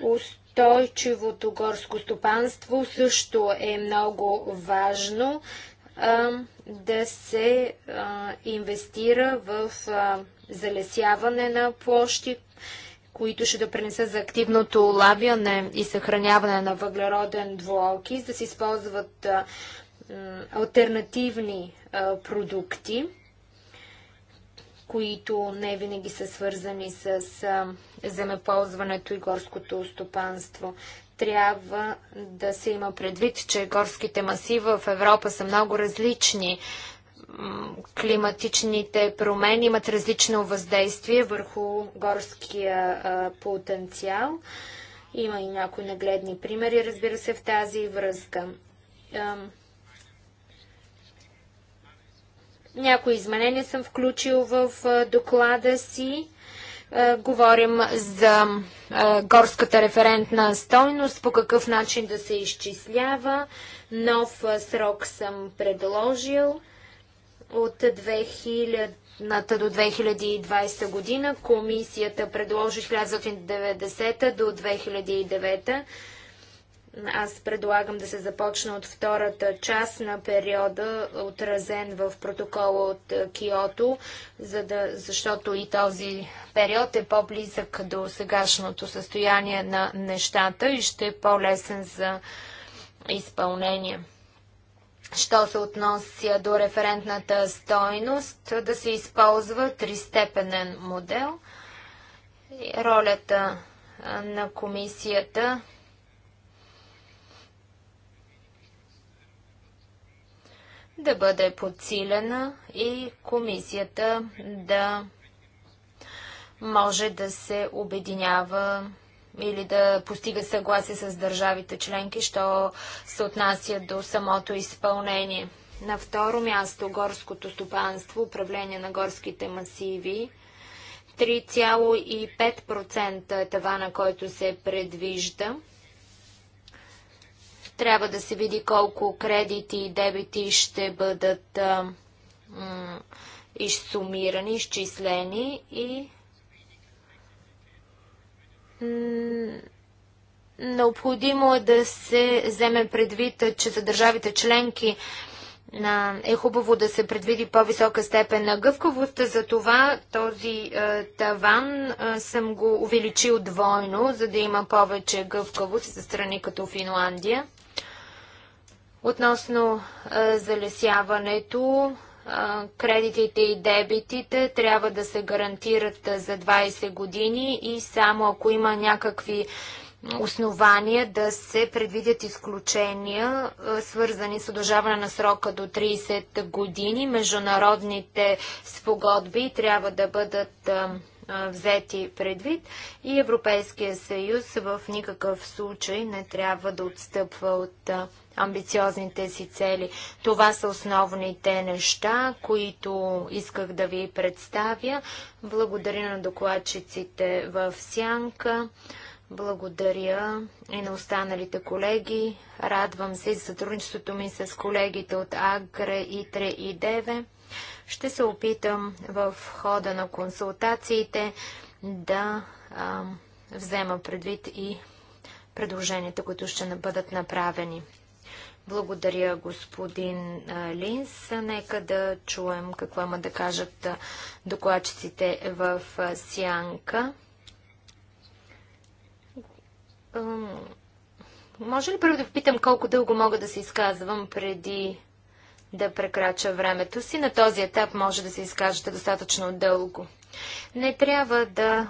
Speaker 1: Уст Устойчивото горско стопанство също е много важно а, да се а, инвестира в а, залесяване на площи, които ще допринесат за активното лавяне и съхраняване на въглероден двуокис, да се използват альтернативни продукти които не винаги са свързани с земеползването и горското стопанство. Трябва да се има предвид, че горските масива в Европа са много различни. Климатичните промени имат различно въздействие върху горския потенциал. Има и някои нагледни примери, разбира се, в тази връзка. Някои изменения съм включил в доклада си. Говорим за горската референтна стойност, по какъв начин да се изчислява. Нов срок съм предложил от 2000 до 2020 година. Комисията предложи 1990 до 2009 аз предлагам да се започне от втората част на периода, отразен в протокола от е, Киото, за да, защото и този период е по-близък до сегашното състояние на нещата и ще е по-лесен за изпълнение. Що се относи до референтната стойност, да се използва тристепенен модел. Ролята на комисията – да бъде подсилена и комисията да може да се обединява или да постига съгласие с държавите членки, що се отнася до самото изпълнение. На второ място горското стопанство, управление на горските масиви. 3,5% е това, на който се предвижда. Трябва да се види колко кредити и дебити ще бъдат а, изсумирани, изчислени и необходимо е да се вземе предвид, че за държавите членки е хубаво да се предвиди по-висока степен на гъвкавост, за това този е, таван съм го увеличил двойно, за да има повече гъвкавост за страни като Финландия. Относно залесяването, кредитите и дебитите трябва да се гарантират за 20 години и само ако има някакви основания да се предвидят изключения, свързани с удължаване на срока до 30 години. Международните спогодби трябва да бъдат взети предвид и Европейския съюз в никакъв случай не трябва да отстъпва от амбициозните си цели. Това са основните неща, които исках да ви представя. Благодаря на докладчиците в Сянка. Благодаря и на останалите колеги. Радвам се и за сътрудничеството ми с колегите от АГРЕ, ИТРЕ и ДЕВЕ. Ще се опитам в хода на консултациите да а, взема предвид и предложенията, които ще бъдат направени. Благодаря, господин Линс. Нека да чуем какво има да кажат докладчиците в Сянка. Може ли първо да попитам колко дълго мога да се изказвам преди да прекрача времето си? На този етап може да се изкажете достатъчно дълго. Не трябва да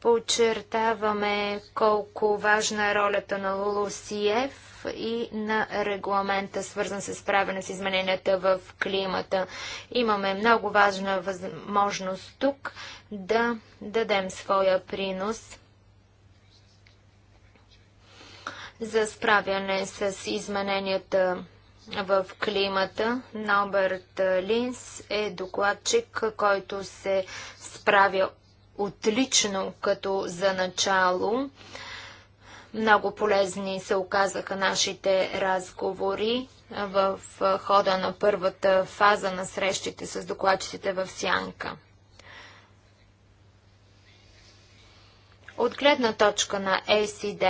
Speaker 1: поочертаваме колко важна е ролята на Лулусиев и на регламента, свързан с правене с измененията в климата. Имаме много важна възможност тук да дадем своя принос за справяне с измененията в климата. Ноберт Линс е докладчик, който се справя отлично като за начало. Много полезни се оказаха нашите разговори в хода на първата фаза на срещите с докладчиците в Сянка. От гледна точка на ЕСИД,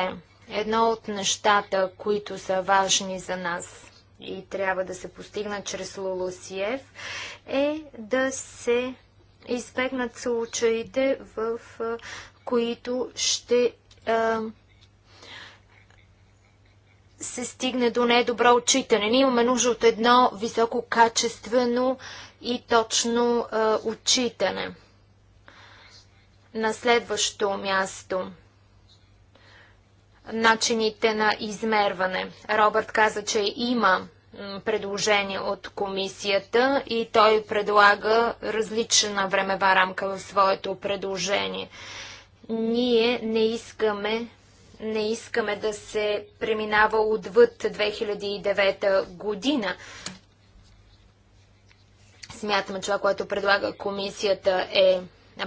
Speaker 1: едно от нещата, които са важни за нас и трябва да се постигнат чрез Лолосиев, е да се избегнат случаите, в които ще а, се стигне до недобро отчитане. Ние имаме нужда от едно висококачествено и точно е, отчитане. На следващо място начините на измерване. Робърт каза, че има предложение от комисията и той предлага различна времева рамка в своето предложение. Ние не искаме не искаме да се преминава отвъд 2009 година. Смятаме, че това, което предлага комисията е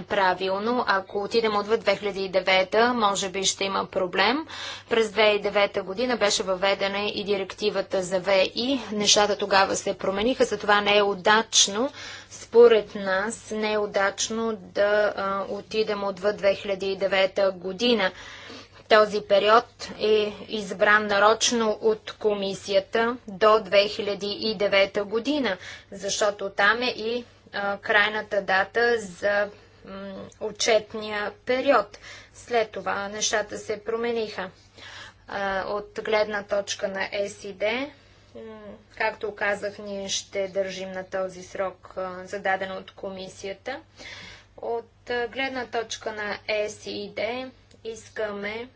Speaker 1: правилно. Ако отидем отвъд 2009, може би ще има проблем. През 2009 година беше въведена и директивата за ВИ. Нещата тогава се промениха, затова не е удачно, според нас, не е удачно да а, отидем отвъд 2009 година. Този период е избран нарочно от комисията до 2009 година, защото там е и а, крайната дата за м, отчетния период. След това нещата се промениха. А, от гледна точка на СИД, както казах, ние ще държим на този срок, а, зададен от комисията. От гледна точка на СИД искаме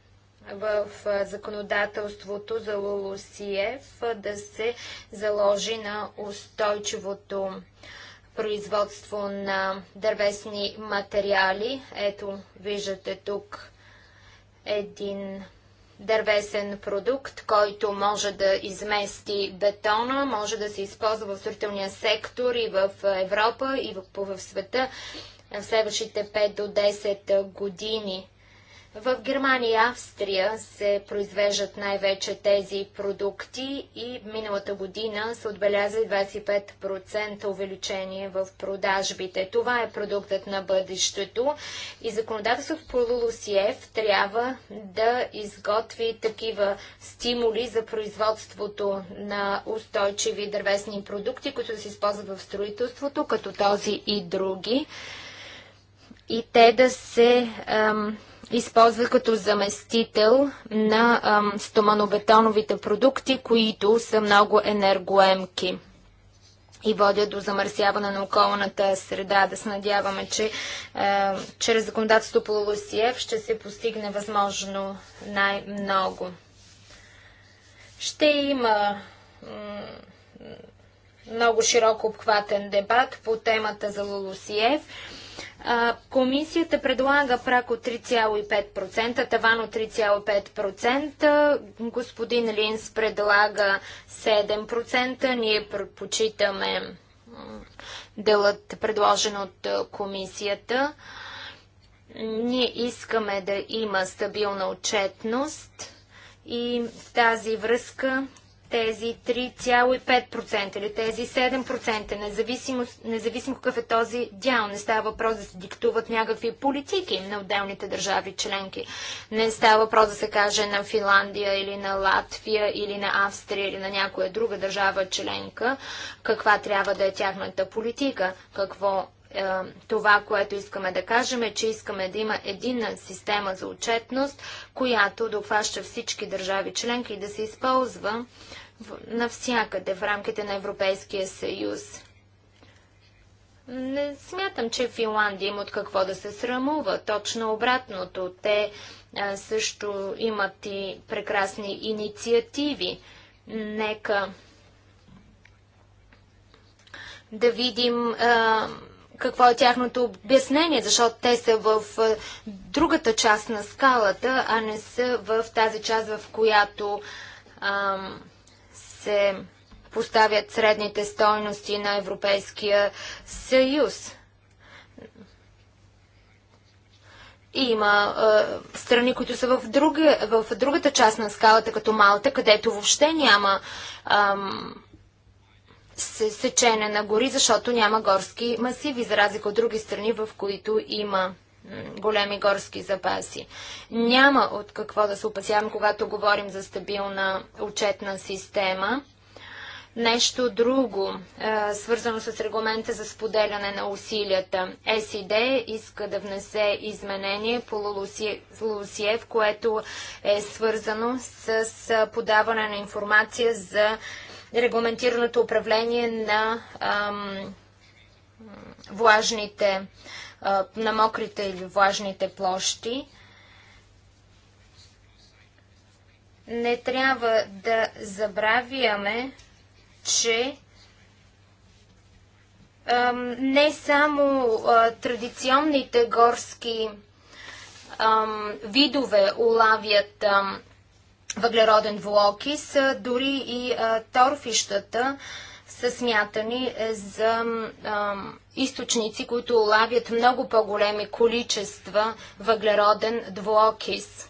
Speaker 1: в законодателството за ЛОЛОСИЕВ да се заложи на устойчивото производство на дървесни материали. Ето, виждате тук един дървесен продукт, който може да измести бетона, може да се използва в строителния сектор и в Европа, и в, в света в следващите 5 до 10 години. В Германия и Австрия се произвеждат най-вече тези продукти и миналата година се отбеляза 25% увеличение в продажбите. Това е продуктът на бъдещето и законодателството по ЛУЛУСИЕВ трябва да изготви такива стимули за производството на устойчиви дървесни продукти, които се използват в строителството, като този и други. И те да се... Ам, използва като заместител на стоманобетоновите продукти, които са много енергоемки и водят до замърсяване на околната среда. Да се надяваме, че е, чрез законодателство по ЛСЕФ ще се постигне възможно най-много. Ще има много широко обхватен дебат по темата за ЛСЕФ. Комисията предлага прак от 3,5%, таван от 3,5%. Господин Линс предлага 7%. Ние предпочитаме делът предложен от комисията. Ние искаме да има стабилна отчетност и в тази връзка тези 3,5% или тези 7%, независимо, независимо какъв е този дял. Не става въпрос да се диктуват някакви политики на отделните държави членки. Не става въпрос да се каже на Финландия или на Латвия или на Австрия или на някоя друга държава членка каква трябва да е тяхната политика, какво е, това, което искаме да кажем е, че искаме да има единна система за отчетност, която да обхваща всички държави членки и да се използва навсякъде в рамките на Европейския съюз. Не смятам, че Финландия има от какво да се срамува. Точно обратното. Те а, също имат и прекрасни инициативи. Нека да видим а, какво е тяхното обяснение, защото те са в а, другата част на скалата, а не са в тази част, в която. А, се поставят средните стойности на Европейския съюз. Има е, страни, които са в, друга, в другата част на скалата, като Малта, където въобще няма е, сечене на гори, защото няма горски масиви, за разлика от други страни, в които има големи горски запаси. Няма от какво да се опасявам, когато говорим за стабилна отчетна система. Нещо друго, свързано с регламента за споделяне на усилията. СИД иска да внесе изменение по в което е свързано с, подаване на информация за регламентираното управление на ам, влажните на мокрите или влажните площи. Не трябва да забравяме, че не само традиционните горски видове улавят въглероден волокис, дори и торфищата са смятани за а, източници, които лавят много по-големи количества въглероден двуокис.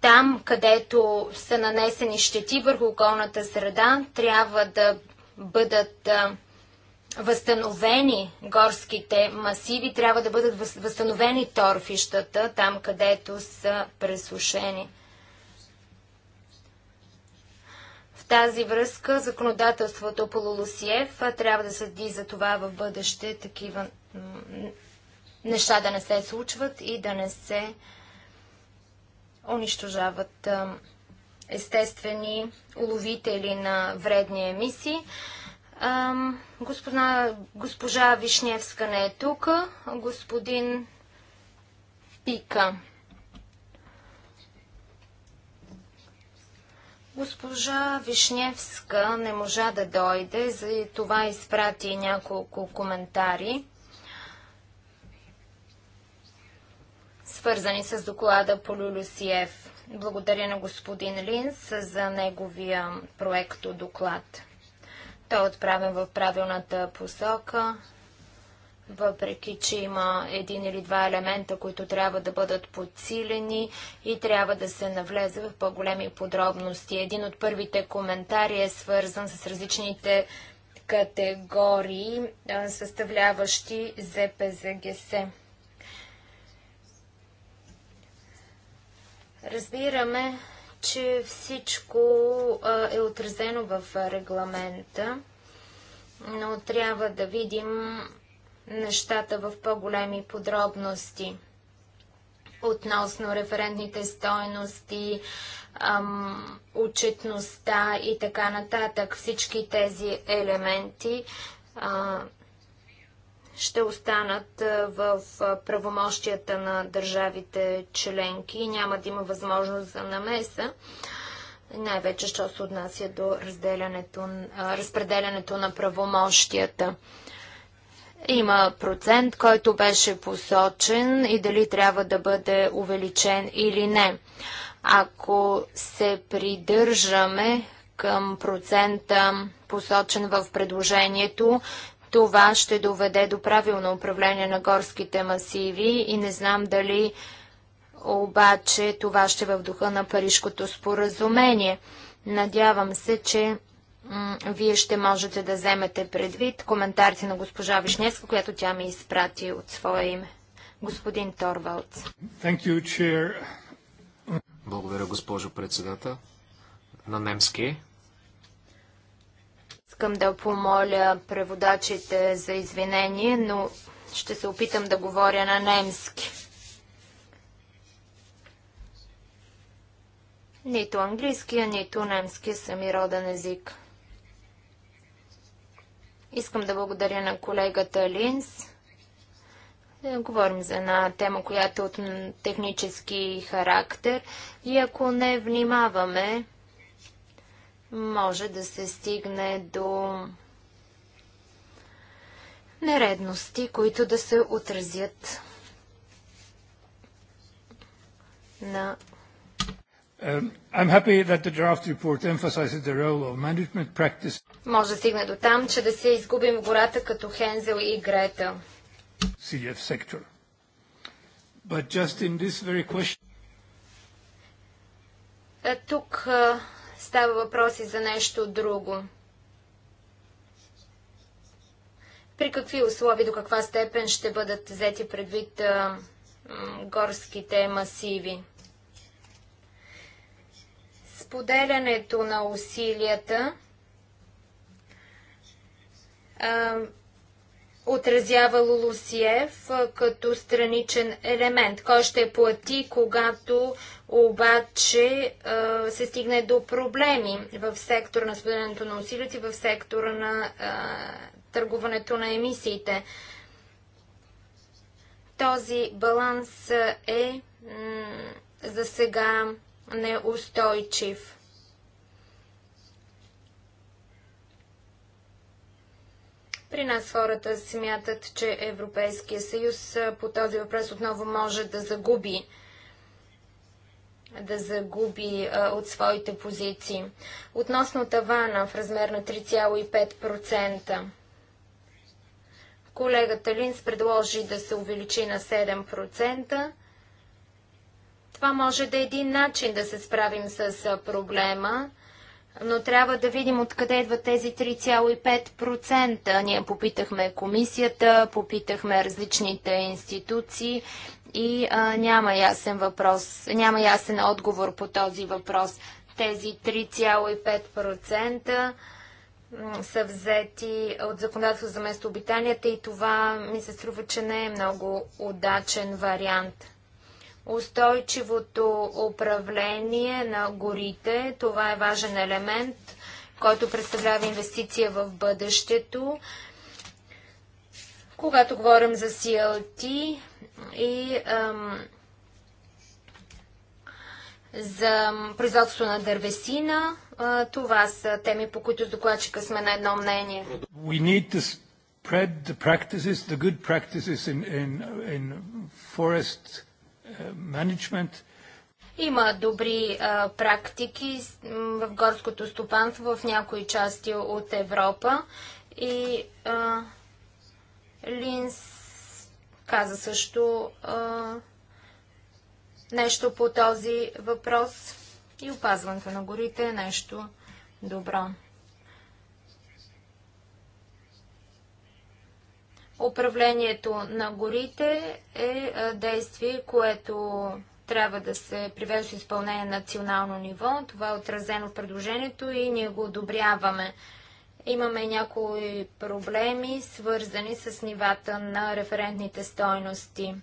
Speaker 1: Там, където са нанесени щети върху околната среда, трябва да бъдат а, възстановени горските масиви, трябва да бъдат възстановени торфищата, там където са пресушени. тази връзка законодателството по Лолосиев трябва да съди за това в бъдеще такива неща да не се случват и да не се унищожават естествени уловители на вредни емисии. госпожа Вишневска не е тук. Господин Пика. Госпожа Вишневска не можа да дойде, за това изпрати няколко коментари, свързани с доклада по Люлюсиев. Благодаря на господин Линс за неговия проекто доклад. Той е отправен в правилната посока въпреки че има един или два елемента, които трябва да бъдат подсилени и трябва да се навлезе в по-големи подробности. Един от първите коментари е свързан с различните категории, съставляващи ЗПЗГС. Разбираме, че всичко е отразено в регламента, но трябва да видим нещата в по-големи подробности относно референтните стойности, отчетността и така нататък. Всички тези елементи ще останат в правомощията на държавите членки и няма да има възможност за намеса, най-вече, що се отнася до разделянето, разпределянето на правомощията. Има процент, който беше посочен и дали трябва да бъде увеличен или не. Ако се придържаме към процента посочен в предложението, това ще доведе до правилно управление на горските масиви и не знам дали обаче това ще е в духа на Парижкото споразумение. Надявам се, че вие ще можете да вземете предвид коментарите на госпожа Вишневска, която тя ми изпрати от своя име. Господин Торвалц.
Speaker 2: Благодаря, госпожо председател. На немски.
Speaker 1: Искам да помоля преводачите за извинение, но ще се опитам да говоря на немски. Нито английския, нито немския са ми роден език. Искам да благодаря на колегата Линс. Е, говорим за една тема, която е от технически характер и ако не внимаваме, може да се стигне до нередности, които да се отразят на
Speaker 2: Um, I'm happy that the draft report emphasizes the role of management practice.
Speaker 1: Може да стигне до там, че да се изгубим в гората като Хензел и Гретел.
Speaker 2: CF sector. But just in this very question...
Speaker 1: тук става въпроси за нещо друго. При какви условия, до каква степен ще бъдат взети предвид горските масиви? Споделянето на усилията а, отразява Лулусиев като страничен елемент. Кой ще плати, когато обаче а, се стигне до проблеми в сектора на споделянето на усилията и в сектора на а, търгуването на емисиите. Този баланс е за сега неустойчив. При нас хората смятат, че Европейския съюз по този въпрос отново може да загуби да загуби а, от своите позиции. Относно тавана в размер на 3,5%, колегата Линс предложи да се увеличи на 7%. Това може да е един начин да се справим с проблема, но трябва да видим откъде идват тези 3,5%. Ние попитахме комисията, попитахме различните институции и а, няма ясен въпрос, няма ясен отговор по този въпрос. Тези 3,5% са взети от законодателство за местообитанията и това ми се струва, че не е много удачен вариант. Устойчивото управление на горите, това е важен елемент, който представлява инвестиция в бъдещето. Когато говорим за CLT и ам, за производство на дървесина, а, това са теми, по които с докладчика сме на едно мнение. We need to spread the practices, the good practices in, in, in management. Има добри а, практики в горското стопанство в някои части от Европа и а, Линс каза също а, нещо по този въпрос и опазването на горите е нещо добро. Управлението на горите е действие, което трябва да се привежда в изпълнение на национално ниво. Това е отразено в предложението и ние го одобряваме. Имаме някои проблеми, свързани с нивата на референтните стойности.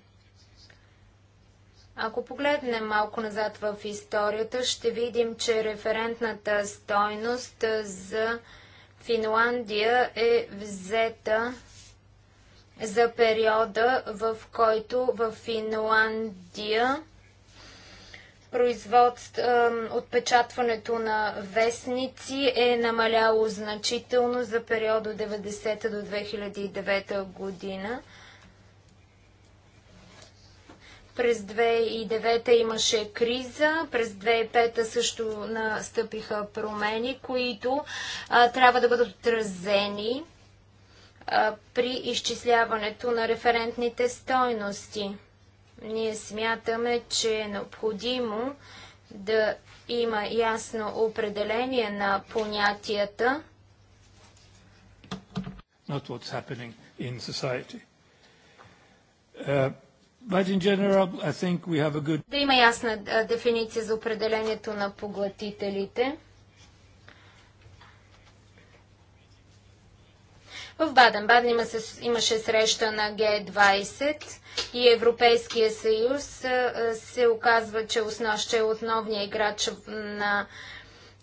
Speaker 1: Ако погледнем малко назад в историята, ще видим, че референтната стойност за Финландия е взета за периода, в който в Финландия производство, отпечатването на вестници е намаляло значително за период от 90 до 2009 година. През 2009 имаше криза, през 2005 също настъпиха промени, които а, трябва да бъдат отразени при изчисляването на референтните стойности. Ние смятаме, че е необходимо да има ясно определение на понятията.
Speaker 2: Not what's happening in society. Uh, but in general, I think we have a good...
Speaker 1: Да има ясна дефиниция за определението на поглътителите. В Баден-Баден има имаше среща на Г-20 и Европейския съюз се оказва, че оснощ е основният играч на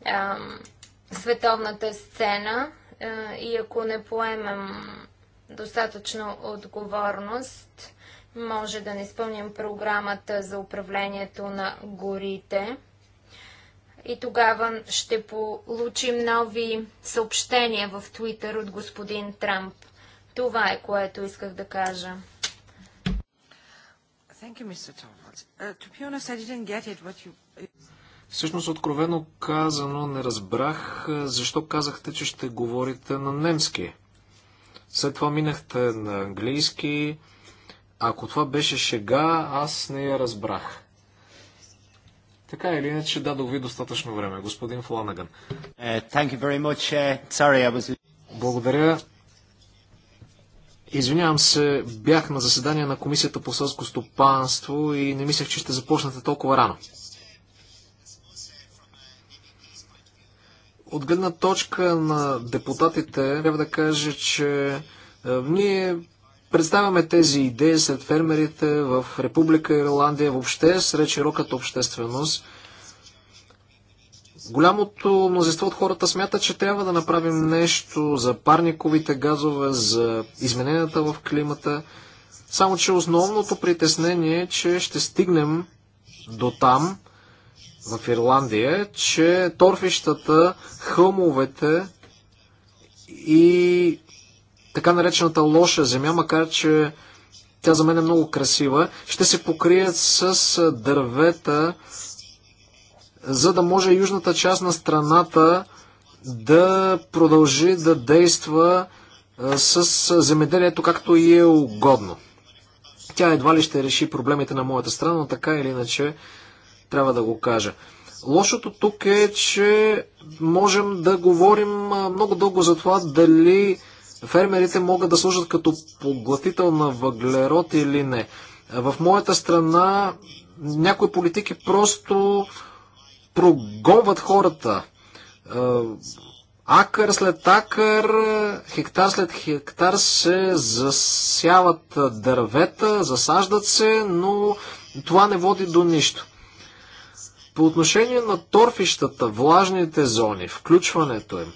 Speaker 1: а, световната сцена а, и ако не поемем достатъчно отговорност, може да не изпълним програмата за управлението на горите – и тогава ще получим нови съобщения в Твитър от господин Трамп. Това е което исках да кажа.
Speaker 2: Uh, Всъщност, откровено казано, не разбрах uh, защо казахте, че ще говорите на немски. След това минахте на английски. Ако това беше шега, аз не я разбрах. Така или иначе дадох ви достатъчно време, господин Фланаган. Е, е, Благодаря. Извинявам се, бях на заседание на Комисията по селско стопанство и не мислех, че ще започнете толкова рано. От гледна точка на депутатите, трябва да кажа, че е, ние Представяме тези идеи сред фермерите в Република Ирландия, въобще сред широката общественост. Голямото мнозинство от хората смята, че трябва да направим нещо за парниковите газове, за измененията в климата. Само, че основното притеснение е, че ще стигнем до там, в Ирландия, че торфищата, хълмовете и така наречената лоша земя, макар че тя за мен е много красива, ще се покрият с дървета, за да може южната част на страната да продължи да действа с земеделието както и е угодно. Тя едва ли ще реши проблемите на моята страна, но така или иначе трябва да го кажа. Лошото тук е, че можем да говорим много дълго за това дали фермерите могат да служат като поглътител на въглерод или не. В моята страна някои политики просто прогонват хората. Е, акър след акър, хектар след хектар се засяват дървета, засаждат се, но това не води до нищо. По отношение на торфищата, влажните зони, включването им, е,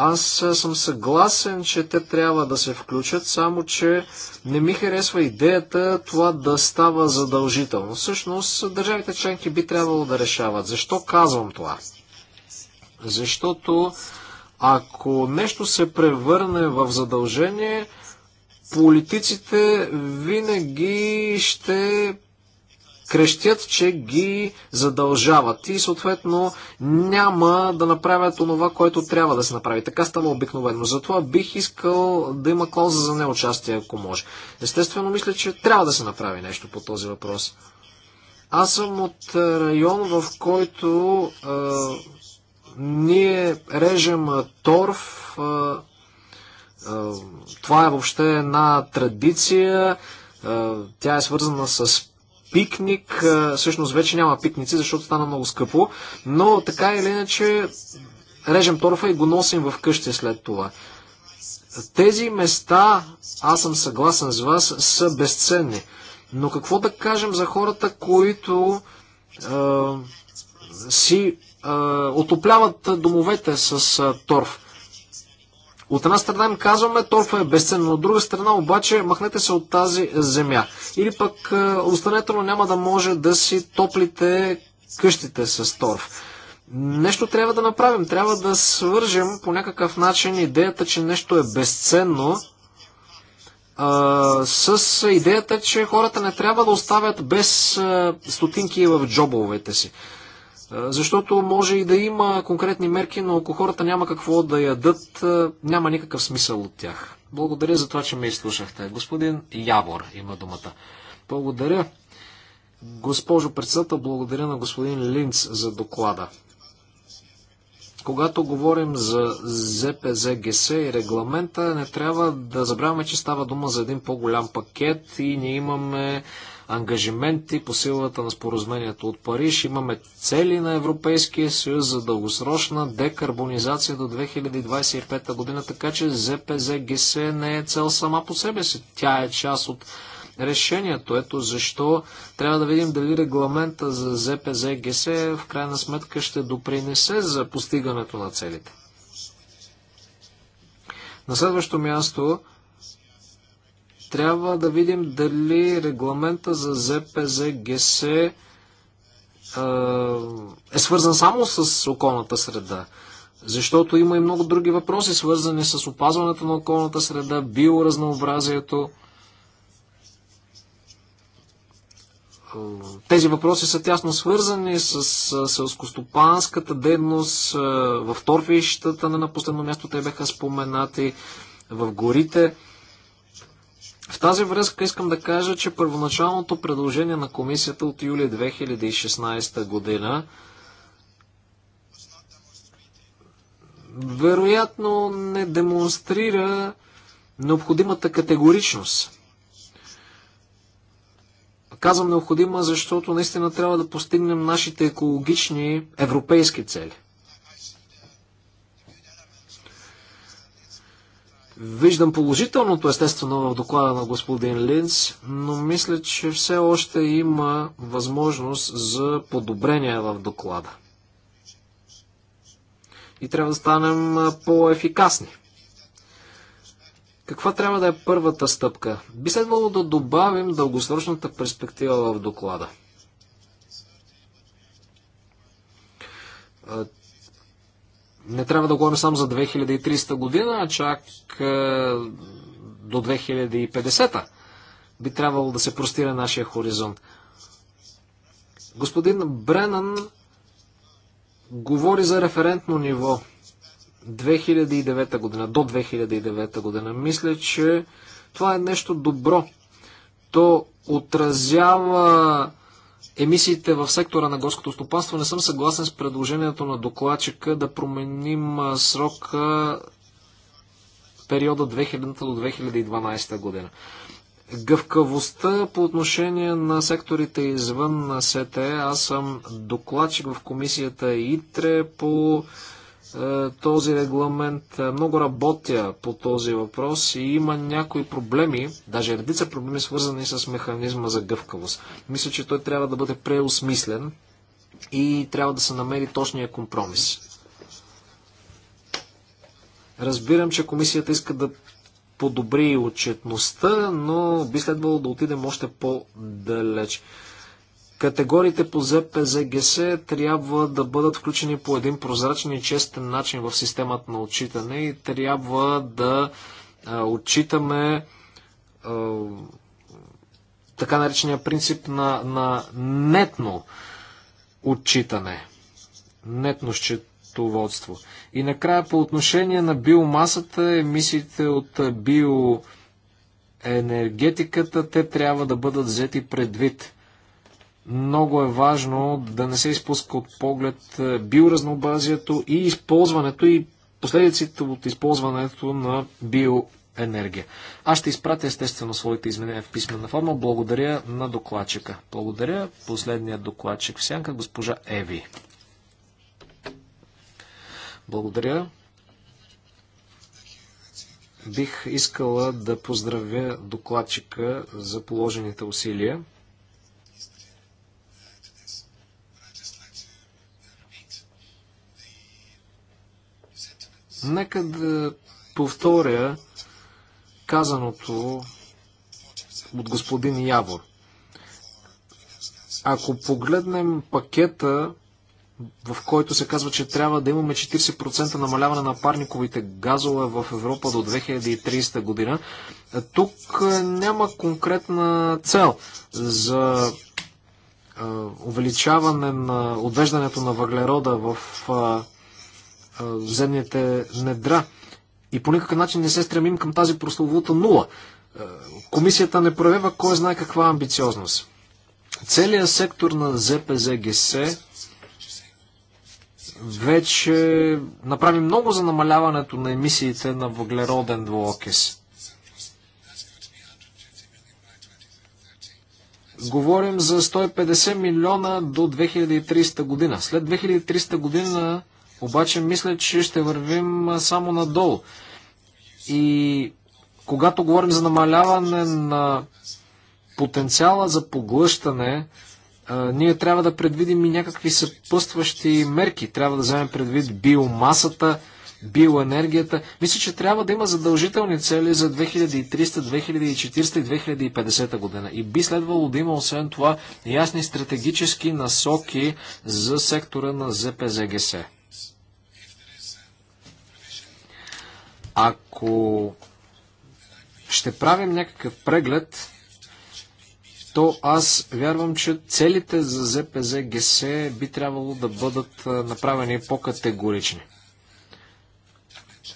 Speaker 2: аз е, съм съгласен, че те трябва да се включат, само че не ми харесва идеята това да става задължително. Всъщност, държавите членки би трябвало да решават. Защо казвам това? Защото ако нещо се превърне в задължение, политиците винаги ще крещят, че ги задължават и съответно няма да направят онова, което трябва да се направи. Така става обикновено. Затова бих искал да има клауза за неучастие, ако може. Естествено, мисля, че трябва да се направи нещо по този въпрос. Аз съм от е, район, в който а, е, ние режем торф. А, е, а, това е въобще една традиция. А, тя е свързана с пикник. Всъщност вече няма пикници, защото стана много скъпо. Но така или иначе режем торфа и го носим в къщи след това. Тези места, аз съм съгласен с вас, са безценни. Но какво да кажем за хората, които е, си е, отопляват домовете с е, торф? От една страна им казваме, торфа е безценно, от друга страна обаче махнете се от тази земя. Или пък е, останете, но няма да може да си топлите къщите с торф. Нещо трябва да направим. Трябва да свържем по някакъв начин идеята, че нещо е безценно а, е, с идеята, че хората не трябва да оставят без а, е, стотинки в джобовете си. Защото може и да има конкретни мерки, но ако хората няма какво да ядат, няма никакъв смисъл от тях. Благодаря за това, че ме изслушахте. Господин Явор има думата. Благодаря. Госпожо председател, благодаря на господин Линц за доклада. Когато говорим за ЗПЗГС и регламента, не трябва да забравяме, че става дума за един по-голям пакет и ние имаме ангажименти по силата на споразумението от Париж. Имаме цели на Европейския съюз за дългосрочна декарбонизация до 2025 година, така че ЗПЗ ГС не е цел сама по себе си. Тя е част от решението. Ето защо трябва да видим дали регламента за ЗПЗ ГС в крайна сметка ще допринесе за постигането на целите. На следващо място трябва да видим дали регламента за ЗПЗГС е, е свързан само с околната среда. Защото има и много други въпроси, свързани с опазването на околната среда, биоразнообразието. Тези въпроси са тясно свързани с селскостопанската дейност, в торфищата на последно място те бяха споменати, в горите. В тази връзка искам да кажа, че първоначалното предложение на комисията от юли 2016 година вероятно не демонстрира необходимата категоричност. Казвам необходима, защото наистина трябва да постигнем нашите екологични европейски цели – Виждам положителното, естествено, в доклада на господин Линц, но мисля, че все още има възможност за подобрение в доклада. И трябва да станем по-ефикасни. Каква трябва да е първата стъпка? Би следвало да добавим дългосрочната перспектива в доклада не трябва да говорим само за 2300 година, а чак е, до 2050. Би трябвало да се простира нашия хоризонт. Господин Бренан говори за референтно ниво 2009 година, до 2009 година. Мисля, че това е нещо добро. То отразява емисиите в сектора на горското стопанство. Не съм съгласен с предложението на докладчика да променим срока периода 2000 до 2012 година. Гъвкавостта по отношение на секторите извън на аз съм докладчик в комисията ИТРЕ по е, този регламент. Е, много работя по този въпрос и има някои проблеми, даже редица проблеми, свързани с механизма за гъвкавост. Мисля, че той трябва да бъде преосмислен и трябва да се намери точния компромис. Разбирам, че комисията иска да подобри отчетността, но би следвало да отидем още по-далеч. Категориите по ЗПЗГС трябва да бъдат включени по един прозрачен и честен начин в системата на отчитане и трябва да отчитаме така наречения принцип на, на нетно отчитане, нетно счетоводство. И накрая по отношение на биомасата, емисиите от биоенергетиката, те трябва да бъдат взети предвид много е важно да не се изпуска от поглед е, биоразнообразието и използването и последиците от използването на биоенергия. Аз ще изпратя естествено своите изменения в писмена форма. Благодаря на докладчика. Благодаря последния докладчик в сянка, госпожа Еви. Благодаря. Бих искала да поздравя докладчика за положените усилия. Нека да повторя казаното от господин Явор. Ако погледнем пакета, в който се казва, че трябва да имаме 40% намаляване на парниковите газове в Европа до 2030 година, тук е, няма конкретна цел за е, увеличаване на отвеждането на въглерода в е, земните недра. И по никакъв начин не се стремим към тази прословута нула. Комисията не проявява кой знае каква амбициозност. Целият сектор на ЗПЗГС вече направи много за намаляването на емисиите на въглероден двуокис. Говорим за 150 милиона до 2300 година. След 2300 година обаче мисля, че ще вървим само надолу. И когато говорим за намаляване на потенциала за поглъщане, ние трябва да предвидим и някакви съпъстващи мерки. Трябва да вземем предвид биомасата, биоенергията. Мисля, че трябва да има задължителни цели за 2300, 2400 и 2050 година. И би следвало да има, освен това, ясни стратегически насоки за сектора на ЗПЗГС. Ако ще правим някакъв преглед, то аз вярвам, че целите за ЗПЗ ГС би трябвало да бъдат направени по-категорични.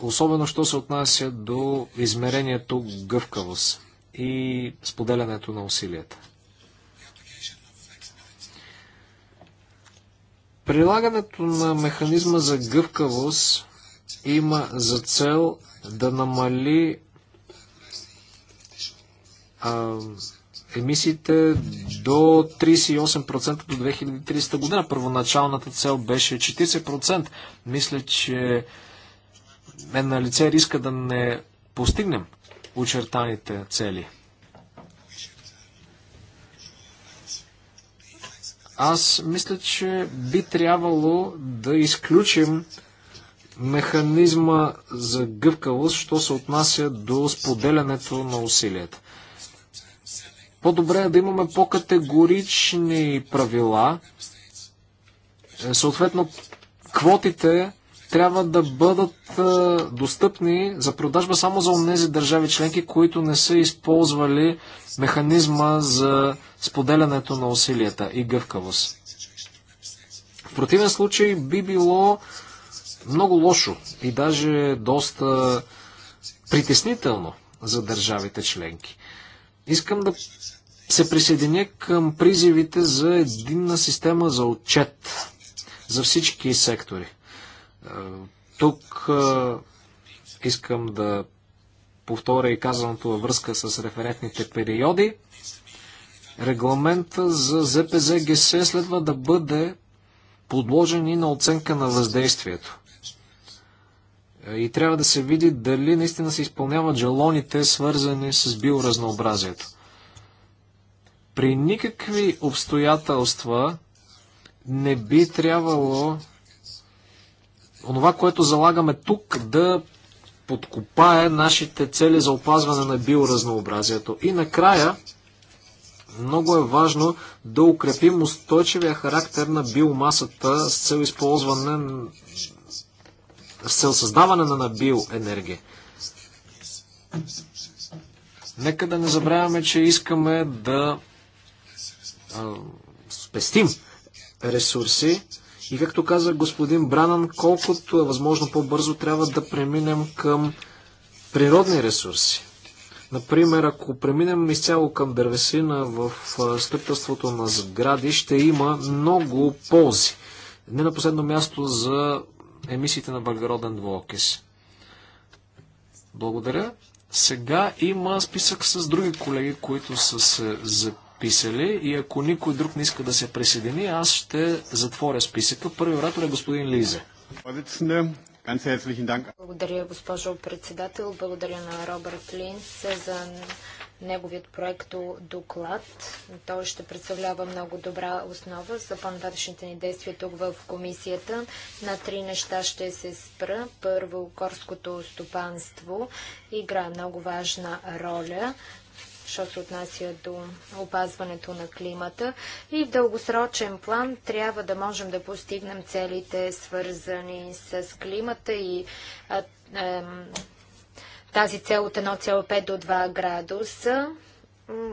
Speaker 2: Особено, що се отнася до измерението гъвкавост и споделянето на усилията. Прилагането на механизма за гъвкавост има за цел да намали а, емисиите до 38% до 2030 година. Първоначалната цел беше 40%. Мисля, че е на лице е риска да не постигнем очертаните цели. Аз мисля, че би трябвало да изключим механизма за гъвкавост, що се отнася до споделянето на усилията. По-добре е да имаме по-категорични правила. Е, съответно, квотите трябва да бъдат е, достъпни за продажба само за тези държави членки, които не са използвали механизма за споделянето на усилията и гъвкавост. В противен случай би било много лошо и даже доста притеснително за държавите членки. Искам да се присъединя към призивите за единна система за отчет за всички сектори. Е, тук е, искам да повторя и казаното във връзка с референтните периоди. Регламента за ЗПЗГС следва да бъде подложен и на оценка на въздействието. И трябва да се види дали наистина се изпълняват жалоните, свързани с биоразнообразието. При никакви обстоятелства не би трябвало онова, което залагаме тук, да подкопае нашите цели за опазване на биоразнообразието. И накрая, много е важно да укрепим устойчивия характер на биомасата с цел използване с цел създаване на биоенергия. Нека да не забравяме, че искаме да а, спестим ресурси и както каза господин Бранан, колкото е възможно по-бързо трябва да преминем към природни ресурси. Например, ако преминем изцяло към дървесина в строителството на сгради, ще има много ползи. Не на последно място за емисиите на въглероден двуокис. Благодаря. Сега има списък с други колеги, които са се записали и ако никой друг не иска да се присъедини, аз ще затворя списъка. Първи оратор е господин Лизе.
Speaker 1: Благодаря, госпожо председател. Благодаря на Робърт Линс за неговият проекто доклад. Той ще представлява много добра основа за по-нататъчните ни действия тук в комисията. На три неща ще се спра. Първо, горското стопанство играе много важна роля що се отнася до опазването на климата. И в дългосрочен план трябва да можем да постигнем целите, свързани с климата и а, тази цел от 1,5 до 2 градуса.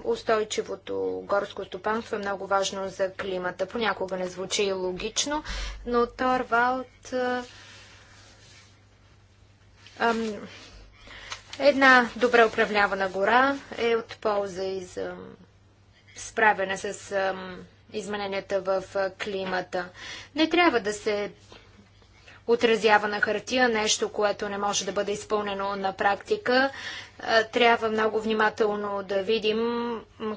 Speaker 1: Устойчивото горско стопанство е много важно за климата. Понякога не звучи и логично, но Торвалд ам, една добре управлявана гора е от полза и за справяне с ам, измененията в климата. Не трябва да се отразява на хартия нещо, което не може да бъде изпълнено на практика. Трябва много внимателно да видим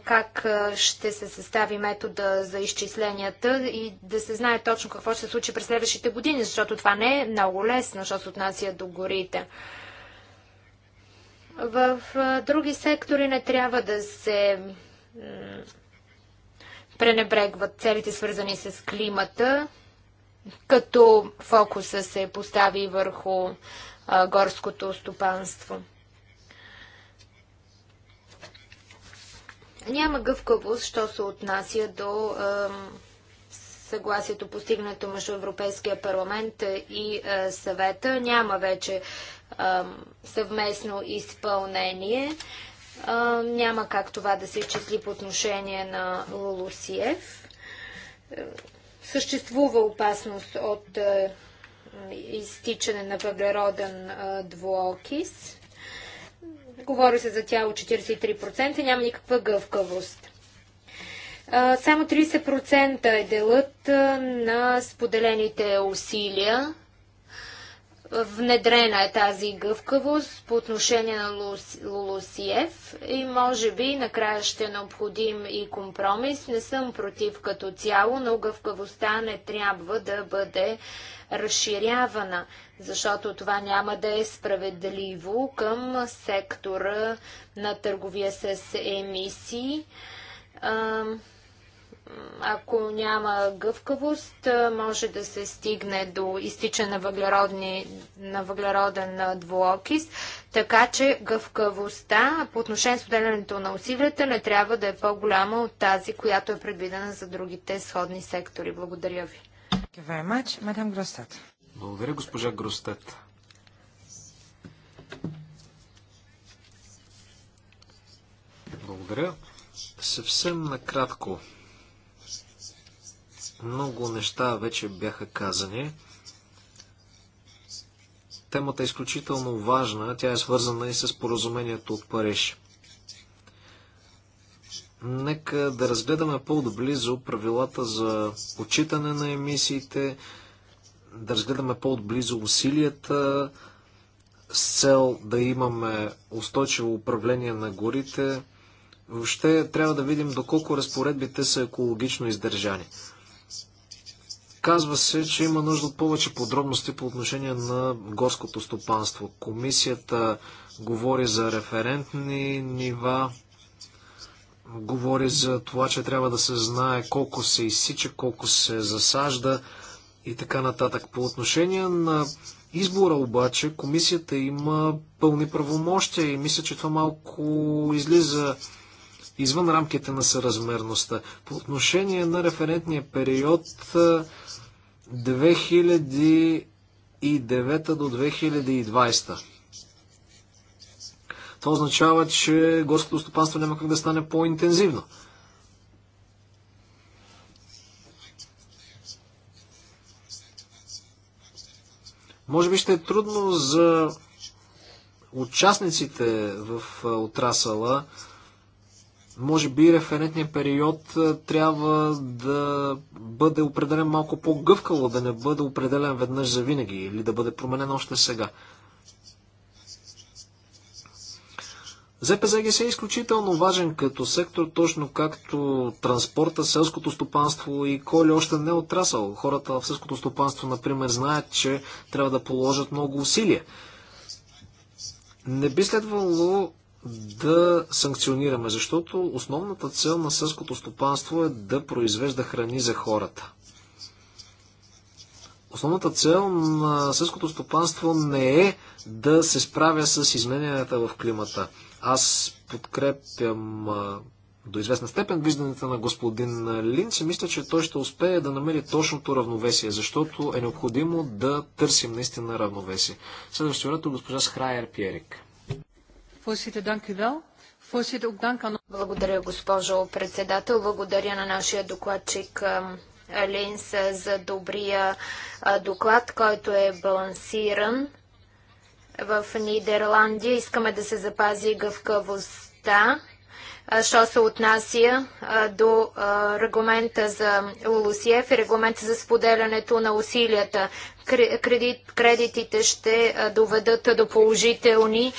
Speaker 1: как ще се състави метода за изчисленията и да се знае точно какво ще се случи през следващите години, защото това не е много лесно, що се отнася до горите. В други сектори не трябва да се пренебрегват целите, свързани с климата като фокуса се постави върху а, горското стопанство. Няма гъвкавост, що се отнася до а, съгласието постигнато между Европейския парламент и а, съвета. Няма вече съвместно изпълнение. Няма как това да се числи по отношение на Лолусиев. Съществува опасност от е, изтичане на въглероден е, двуокис. Говори се за тяло 43%, няма никаква гъвкавост. Е, само 30% е делът на споделените усилия внедрена е тази гъвкавост по отношение на Лулусиев и може би накрая ще е необходим и компромис. Не съм против като цяло, но гъвкавостта не трябва да бъде разширявана, защото това няма да е справедливо към сектора на търговия с емисии ако няма гъвкавост, може да се стигне до изтича на, на въглероден двуокис, така че гъвкавостта по отношение с отделянето на усилията не трябва да е по-голяма от тази, която е предвидена за другите сходни сектори. Благодаря ви.
Speaker 2: Благодаря, госпожа Гростет. Благодаря. Съвсем накратко много неща вече бяха казани. Темата е изключително важна. Тя е свързана и с поразумението от Париж. Нека да разгледаме по-отблизо правилата за отчитане на емисиите, да разгледаме по-отблизо усилията с цел да имаме устойчиво управление на горите. Въобще трябва да видим доколко разпоредбите са екологично издържани. Казва се, че има нужда от повече подробности по отношение на горското стопанство. Комисията говори за референтни нива, говори за това, че трябва да се знае колко се изсича, колко се засажда и така нататък. По отношение на избора обаче, комисията има пълни правомощия и мисля, че това малко излиза извън рамките на съразмерността. По отношение на референтния период 2009 до 2020. Това означава, че горското стопанство няма как да стане по-интензивно. Може би ще е трудно за участниците в отрасала може би референтният период трябва да бъде определен малко по-гъвкаво, да не бъде определен веднъж за винаги или да бъде променен още сега. се е изключително важен като сектор, точно както транспорта, селското стопанство и кой ли още не е отрасъл. Хората в селското стопанство, например, знаят, че трябва да положат много усилия. Не би следвало да санкционираме, защото основната цел на сълското стопанство е да произвежда храни за хората. Основната цел на сълското стопанство не е да се справя с измененията в климата. Аз подкрепям до известна степен виждането на господин Линц и мисля, че той ще успее да намери точното равновесие, защото е необходимо да търсим наистина равновесие. Следващия оратор госпожа Схрайер Пьерик. Voorzitter, dank u wel.
Speaker 1: Voorzitter, ook dank aan... Благодаря, госпожо председател. Благодаря на нашия докладчик Линс за добрия доклад, който е балансиран. В Нидерландия искаме да се запази гъвкавостта, що се отнася до регламента за ЛУСИЕФ и регламента за споделянето на усилията. Кредит, кредитите ще доведат до положителни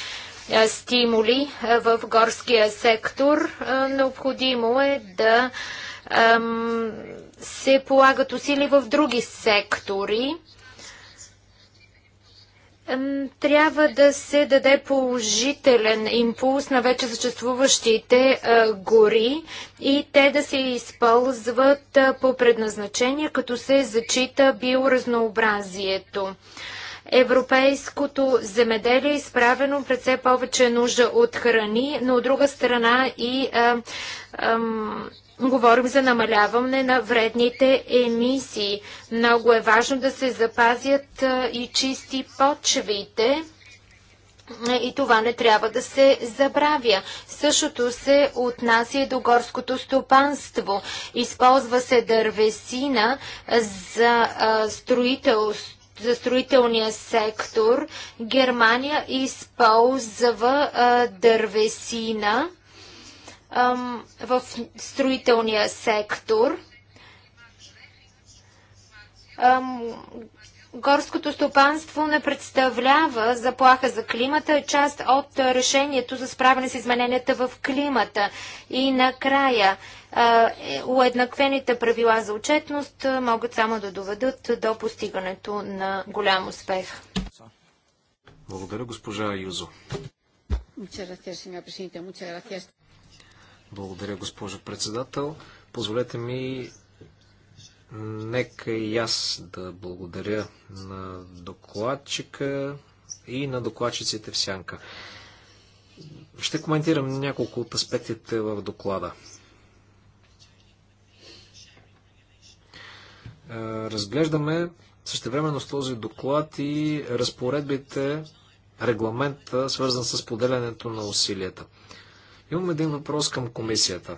Speaker 1: е, стимули е, в горския сектор. Е, необходимо е да се полагат усили в други сектори. Трябва да се даде положителен импулс на вече съществуващите гори и те да се използват по предназначение, като се зачита биоразнообразието. Европейското земеделие е изправено пред все повече нужда от храни, но от друга страна и а, а, Говорим за намаляване на вредните емисии. Много е важно да се запазят а, и чисти почвите. И това не трябва да се забравя. Същото се отнася и до горското стопанство. Използва се дървесина за а, строителство за строителния сектор, Германия използва а, дървесина а, в строителния сектор. А, горското стопанство не представлява заплаха за климата, е част от решението за справяне с измененията в климата. И накрая – е, уеднаквените правила за отчетност могат само да доведат до постигането на голям успех.
Speaker 2: Благодаря, госпожа Юзо. Благодаря, госпожо председател. Позволете ми нека и аз да благодаря на докладчика и на докладчиците в Сянка. Ще коментирам няколко от аспектите в доклада. Е, разглеждаме същевременно с този доклад и разпоредбите, регламента, свързан с поделянето на усилията. Имам един въпрос към комисията.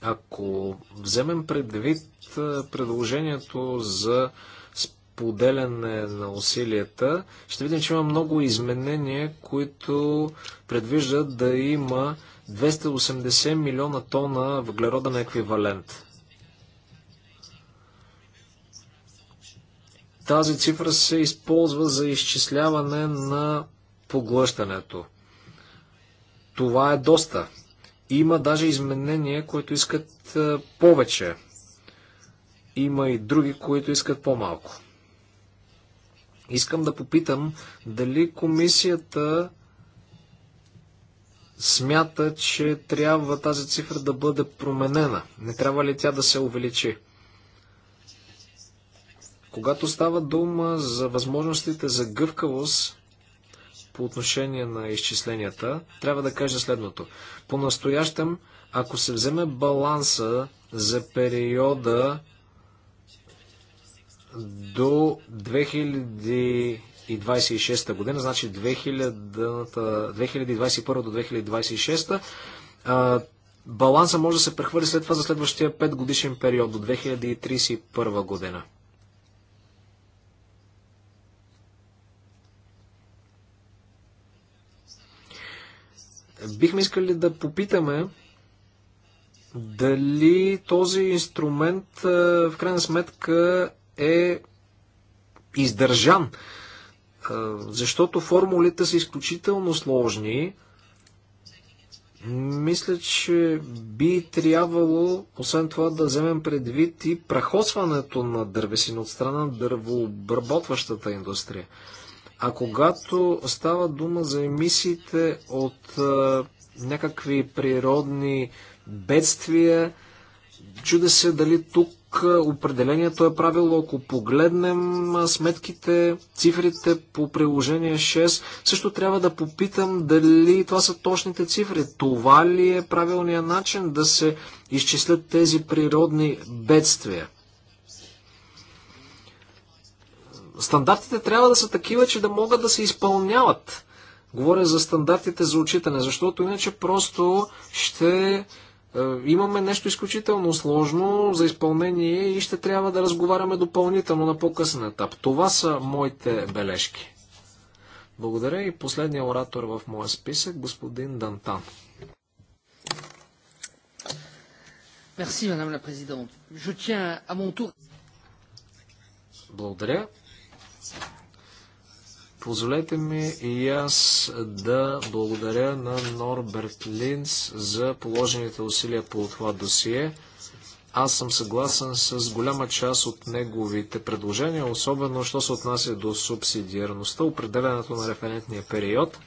Speaker 2: Ако вземем предвид е, предложението за споделяне на усилията, ще видим, че има много изменения, които предвиждат да има 280 милиона тона въглероден еквивалент. Тази цифра се използва за изчисляване на поглъщането. Това е доста. Има даже изменения, които искат е, повече. Има и други, които искат по-малко. Искам да попитам дали комисията смята, че трябва тази цифра да бъде променена. Не трябва ли тя да се увеличи? Когато става дума за възможностите за гъвкавост по отношение на изчисленията, трябва да кажа следното. По-настоящем, ако се вземе баланса за периода до 2026 година, значи 2021 до 2026, баланса може да се прехвърли след това за следващия 5 годишен период до 2031 година. Бихме искали да попитаме дали този инструмент в крайна сметка е издържан, защото формулите са изключително сложни. Мисля, че би трябвало, освен това, да вземем предвид и прахосването на дървесина от страна на дървообработващата индустрия. А когато става дума за емисиите от а, някакви природни бедствия, чуде се дали тук определението е правило, ако погледнем сметките, цифрите по приложение 6, също трябва да попитам дали това са точните цифри. Това ли е правилният начин да се изчислят тези природни бедствия? стандартите трябва да са такива, че да могат да се изпълняват. Говоря за стандартите за отчитане, защото иначе просто ще е, имаме нещо изключително сложно за изпълнение и ще трябва да разговаряме допълнително на по-късен етап. Това са моите бележки. Благодаря и последния оратор в моя списък, господин Дантан. Благодаря. Позволете ми и аз да благодаря на Норберт Линц за положените усилия по това досие. Аз съм съгласен с голяма част от неговите предложения, особено що се отнася до субсидиарността, определенето на референтния период.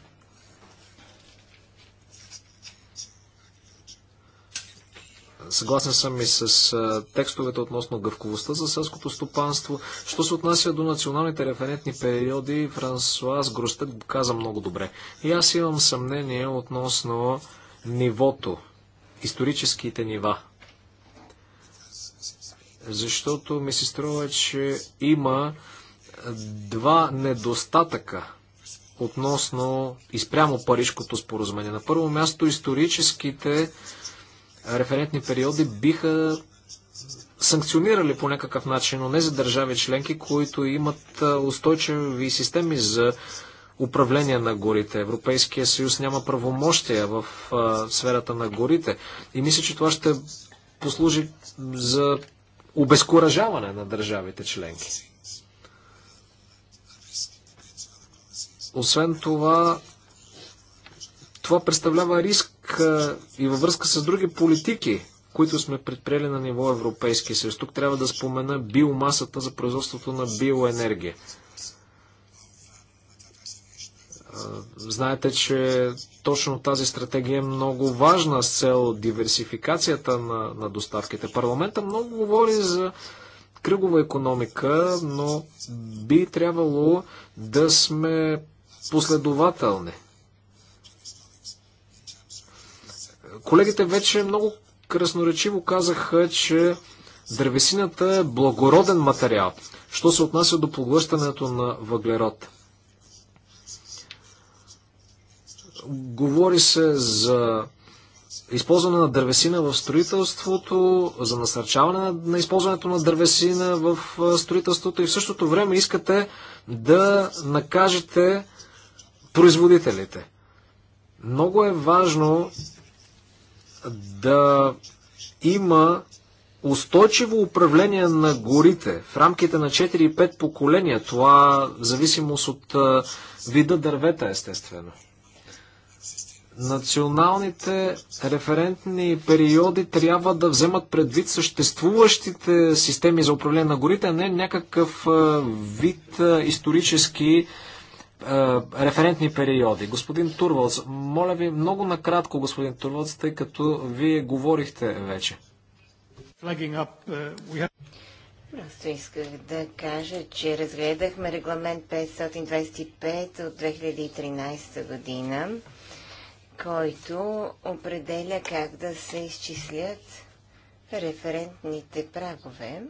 Speaker 2: Съгласен съм и с текстовете относно гъвковостта за селското стопанство. Що се отнася до националните референтни периоди, Франсуаз Гростък каза много добре. И аз имам съмнение относно нивото, историческите нива. Защото ми се струва, че има два недостатъка относно и спрямо Парижкото споразумение. На първо място историческите референтни периоди биха санкционирали по някакъв начин, но не за държави членки, които имат устойчиви системи за управление на горите. Европейския съюз няма правомощия в а, сферата на горите. И мисля, че това ще послужи за обезкуражаване на държавите членки. Освен това, това представлява риск и във връзка с други политики, които сме предприели на ниво Европейски съюз. Тук трябва да спомена биомасата за производството на биоенергия. Знаете, че точно тази стратегия е много важна с цел диверсификацията на, на доставките. Парламента много говори за кръгова економика, но би трябвало да сме последователни Колегите вече много красноречиво казаха, че дървесината е благороден материал, що се отнася до поглъщането на въглерод. Говори се за използване на дървесина в строителството, за насърчаване на, използването на дървесина в строителството и в същото време искате да накажете производителите. Много е важно да има устойчиво управление на горите в рамките на 4-5 поколения. Това в зависимост от вида дървета, естествено. Националните референтни периоди трябва да вземат предвид съществуващите системи за управление на горите, а не някакъв вид исторически е, референтни периоди. Господин Турвалц, моля ви много накратко, господин Турвалц, тъй като вие говорихте вече. Е,
Speaker 3: Просто исках да кажа, че разгледахме регламент 525 от 2013 година, който определя как да се изчислят референтните прагове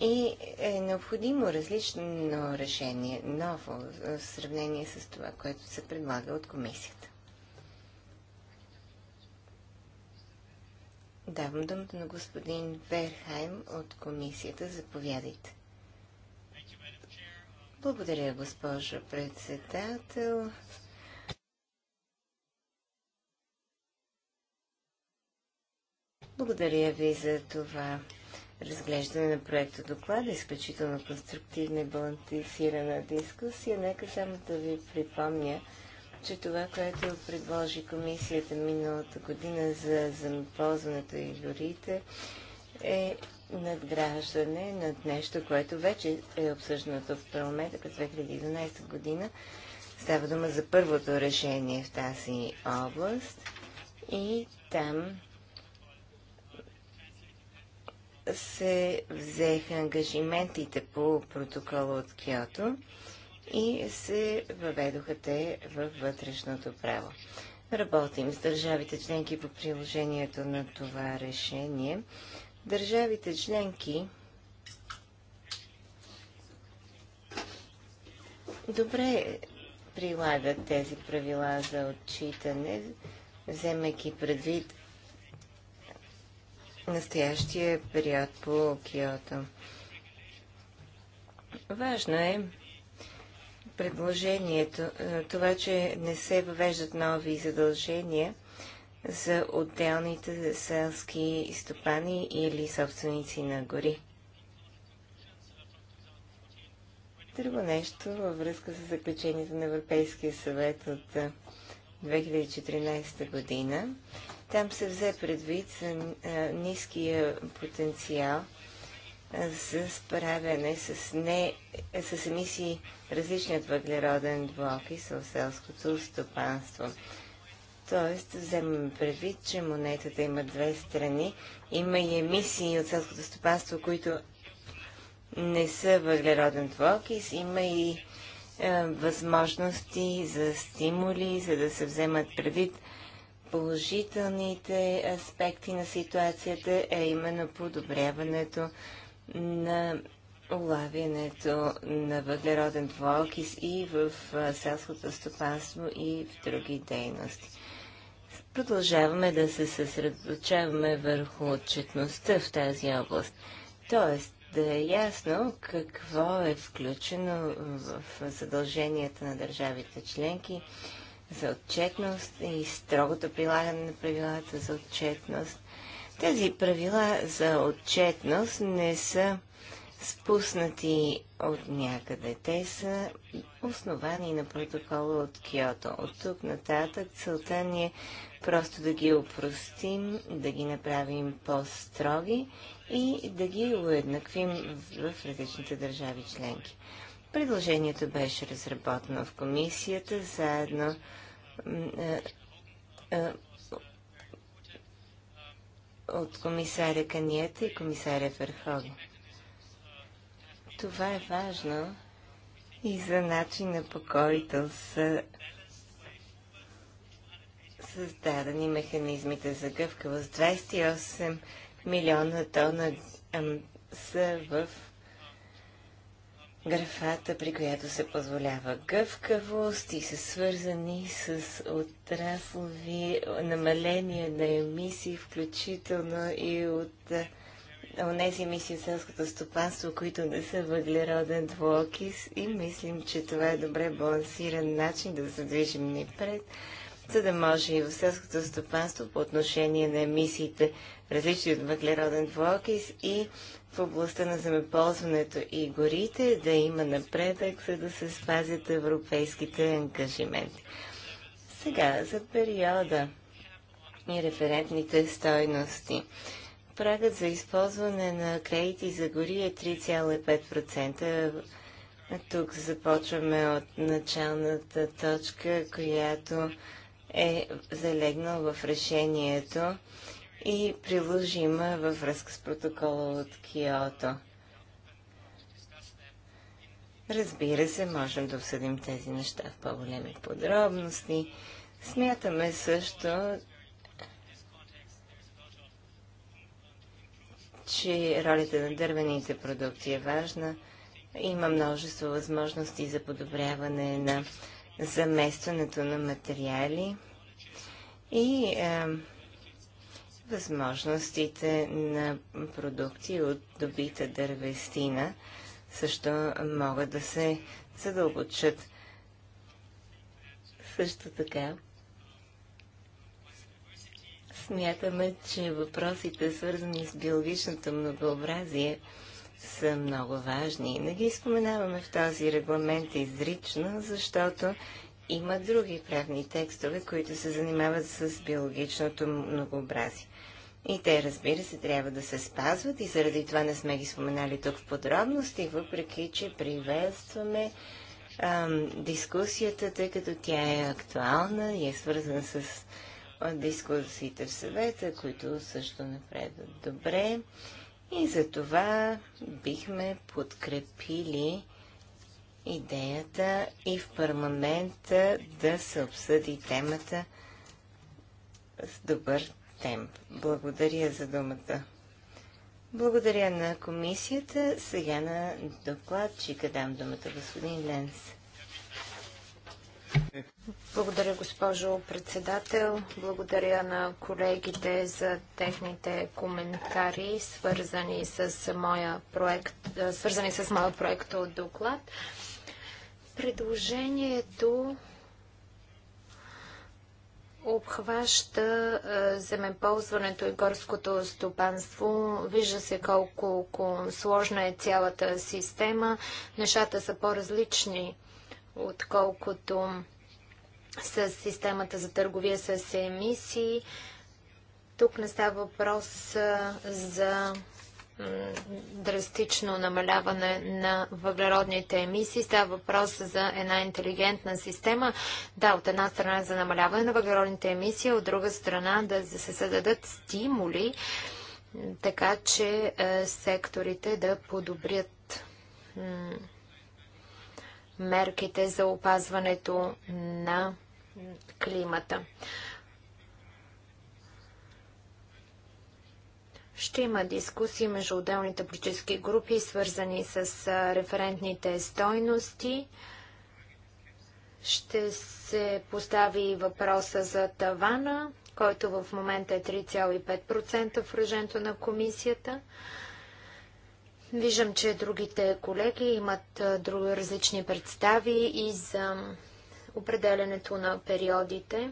Speaker 3: и е необходимо различно решение, ново, в сравнение с това, което се предлага от комисията. Давам думата на господин Верхайм от комисията. Заповядайте. Благодаря, госпожо председател. Благодаря ви за това разглеждане на проекта доклада, изключително конструктивна и балансирана дискусия. Нека само да ви припомня, че това, което предложи комисията миналата година за земеползването и горите, е надграждане над нещо, което вече е обсъждано в парламента през 2011 година. Става дума за първото решение в тази област и там се взеха ангажиментите по протокола от Киото и се въведоха те във вътрешното право. Работим с държавите членки по приложението на това решение. Държавите членки добре прилагат тези правила за отчитане, вземайки предвид настоящия период по Киото. Важно е предложението, е, това, че не се въвеждат нови задължения за отделните селски стопани или собственици на гори. Друго нещо във връзка с заключението на Европейския съвет от 2014 е, година там се взе предвид за ниския потенциал за справяне с, не, с емисии различни от въглероден двуокис и селското стопанство. Тоест, вземаме предвид, че монетата има две страни. Има и емисии от селското стопанство, които не са въглероден и Има и е, възможности за стимули, за да се вземат предвид положителните аспекти на ситуацията е именно подобряването на улавянето на въглероден двуокис и в селското стопанство и в други дейности. Продължаваме да се съсредоточаваме върху отчетността в тази област. Тоест, да е ясно какво е включено в задълженията на държавите членки за отчетност и строгото прилагане на правилата за отчетност. Тези правила за отчетност не са спуснати от някъде. Те са основани на протокола от Киото. От тук нататък целта ни е просто да ги опростим, да ги направим по-строги и да ги уеднаквим в различните държави членки. Предложението беше разработено в комисията заедно е, е, от комисаря Каниета и комисаря Ферхоги. Това е важно и за начина по който са създадени механизмите за гъвкавост. 28 милиона тона са в графата, при която се позволява гъвкавост и са свързани с отраслови намаления на емисии, включително и от тези емисии в селското стопанство, които не са въглероден двуокис и мислим, че това е добре балансиран начин да се движим ни пред за да може и в селското стопанство по отношение на емисиите, различни от въглероден двуокис и в областта на земеползването и горите, да има напредък, за да се спазят европейските ангажименти. Сега, за периода и референтните стойности. Прагът за използване на кредити за гори е 3,5%. Тук започваме от началната точка, която е залегнал в решението и приложима във връзка с протокола от Киото. Разбира се, можем да обсъдим тези неща в по-големи подробности. Смятаме също, че ролята на дървените продукти е важна. Има множество възможности за подобряване на заместването на материали и е, възможностите на продукти от добита дървестина също могат да се задълбочат. Също така, смятаме, че въпросите, свързани с биологичното многообразие, са много важни. Не ги споменаваме в този регламент изрично, защото има други правни текстове, които се занимават с биологичното многообразие. И те, разбира се, трябва да се спазват и заради това не сме ги споменали тук в подробности, въпреки че приветстваме ам, дискусията, тъй като тя е актуална и е свързана с дискусиите в съвета, които също напредват добре. И за това бихме подкрепили идеята и в парламента да се обсъди темата с добър темп. Благодаря за думата. Благодаря на комисията. Сега на докладчика дам думата господин Ленс.
Speaker 1: Благодаря, госпожо председател. Благодаря на колегите за техните коментари, свързани с моя проект, свързани с моя проект от доклад. Предложението обхваща земеползването и горското стопанство. Вижда се колко, колко сложна е цялата система. Нещата са по-различни, отколкото с системата за търговия с емисии. Тук не става въпрос за драстично намаляване на въглеродните емисии. Става въпрос за една интелигентна система. Да, от една страна за намаляване на въглеродните емисии, от друга страна да се създадат стимули, така че е, секторите да подобрят мерките за опазването на климата. Ще има дискусии между отделните политически групи, свързани с референтните стойности. Ще се постави въпроса за тавана, който в момента е 3,5% в ръжението на комисията. Виждам, че другите колеги имат други различни представи и за определенето на периодите.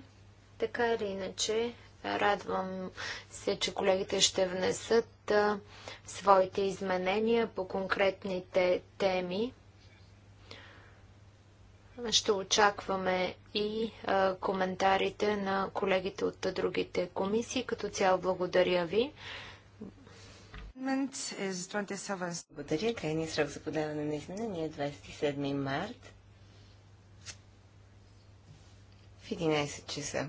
Speaker 1: Така или иначе, Радвам се, че колегите ще внесат а, своите изменения по конкретните теми. Ще очакваме и а, коментарите на колегите от другите комисии. Като цяло благодаря ви.
Speaker 3: Благодаря. Крайният срок за подаване на изменения е 27
Speaker 1: март
Speaker 3: в 11 часа.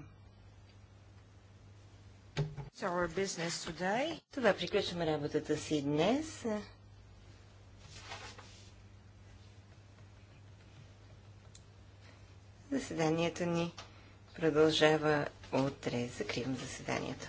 Speaker 3: Това приключваме работата си днес. Заседанието ни продължава утре. Закривам заседанието.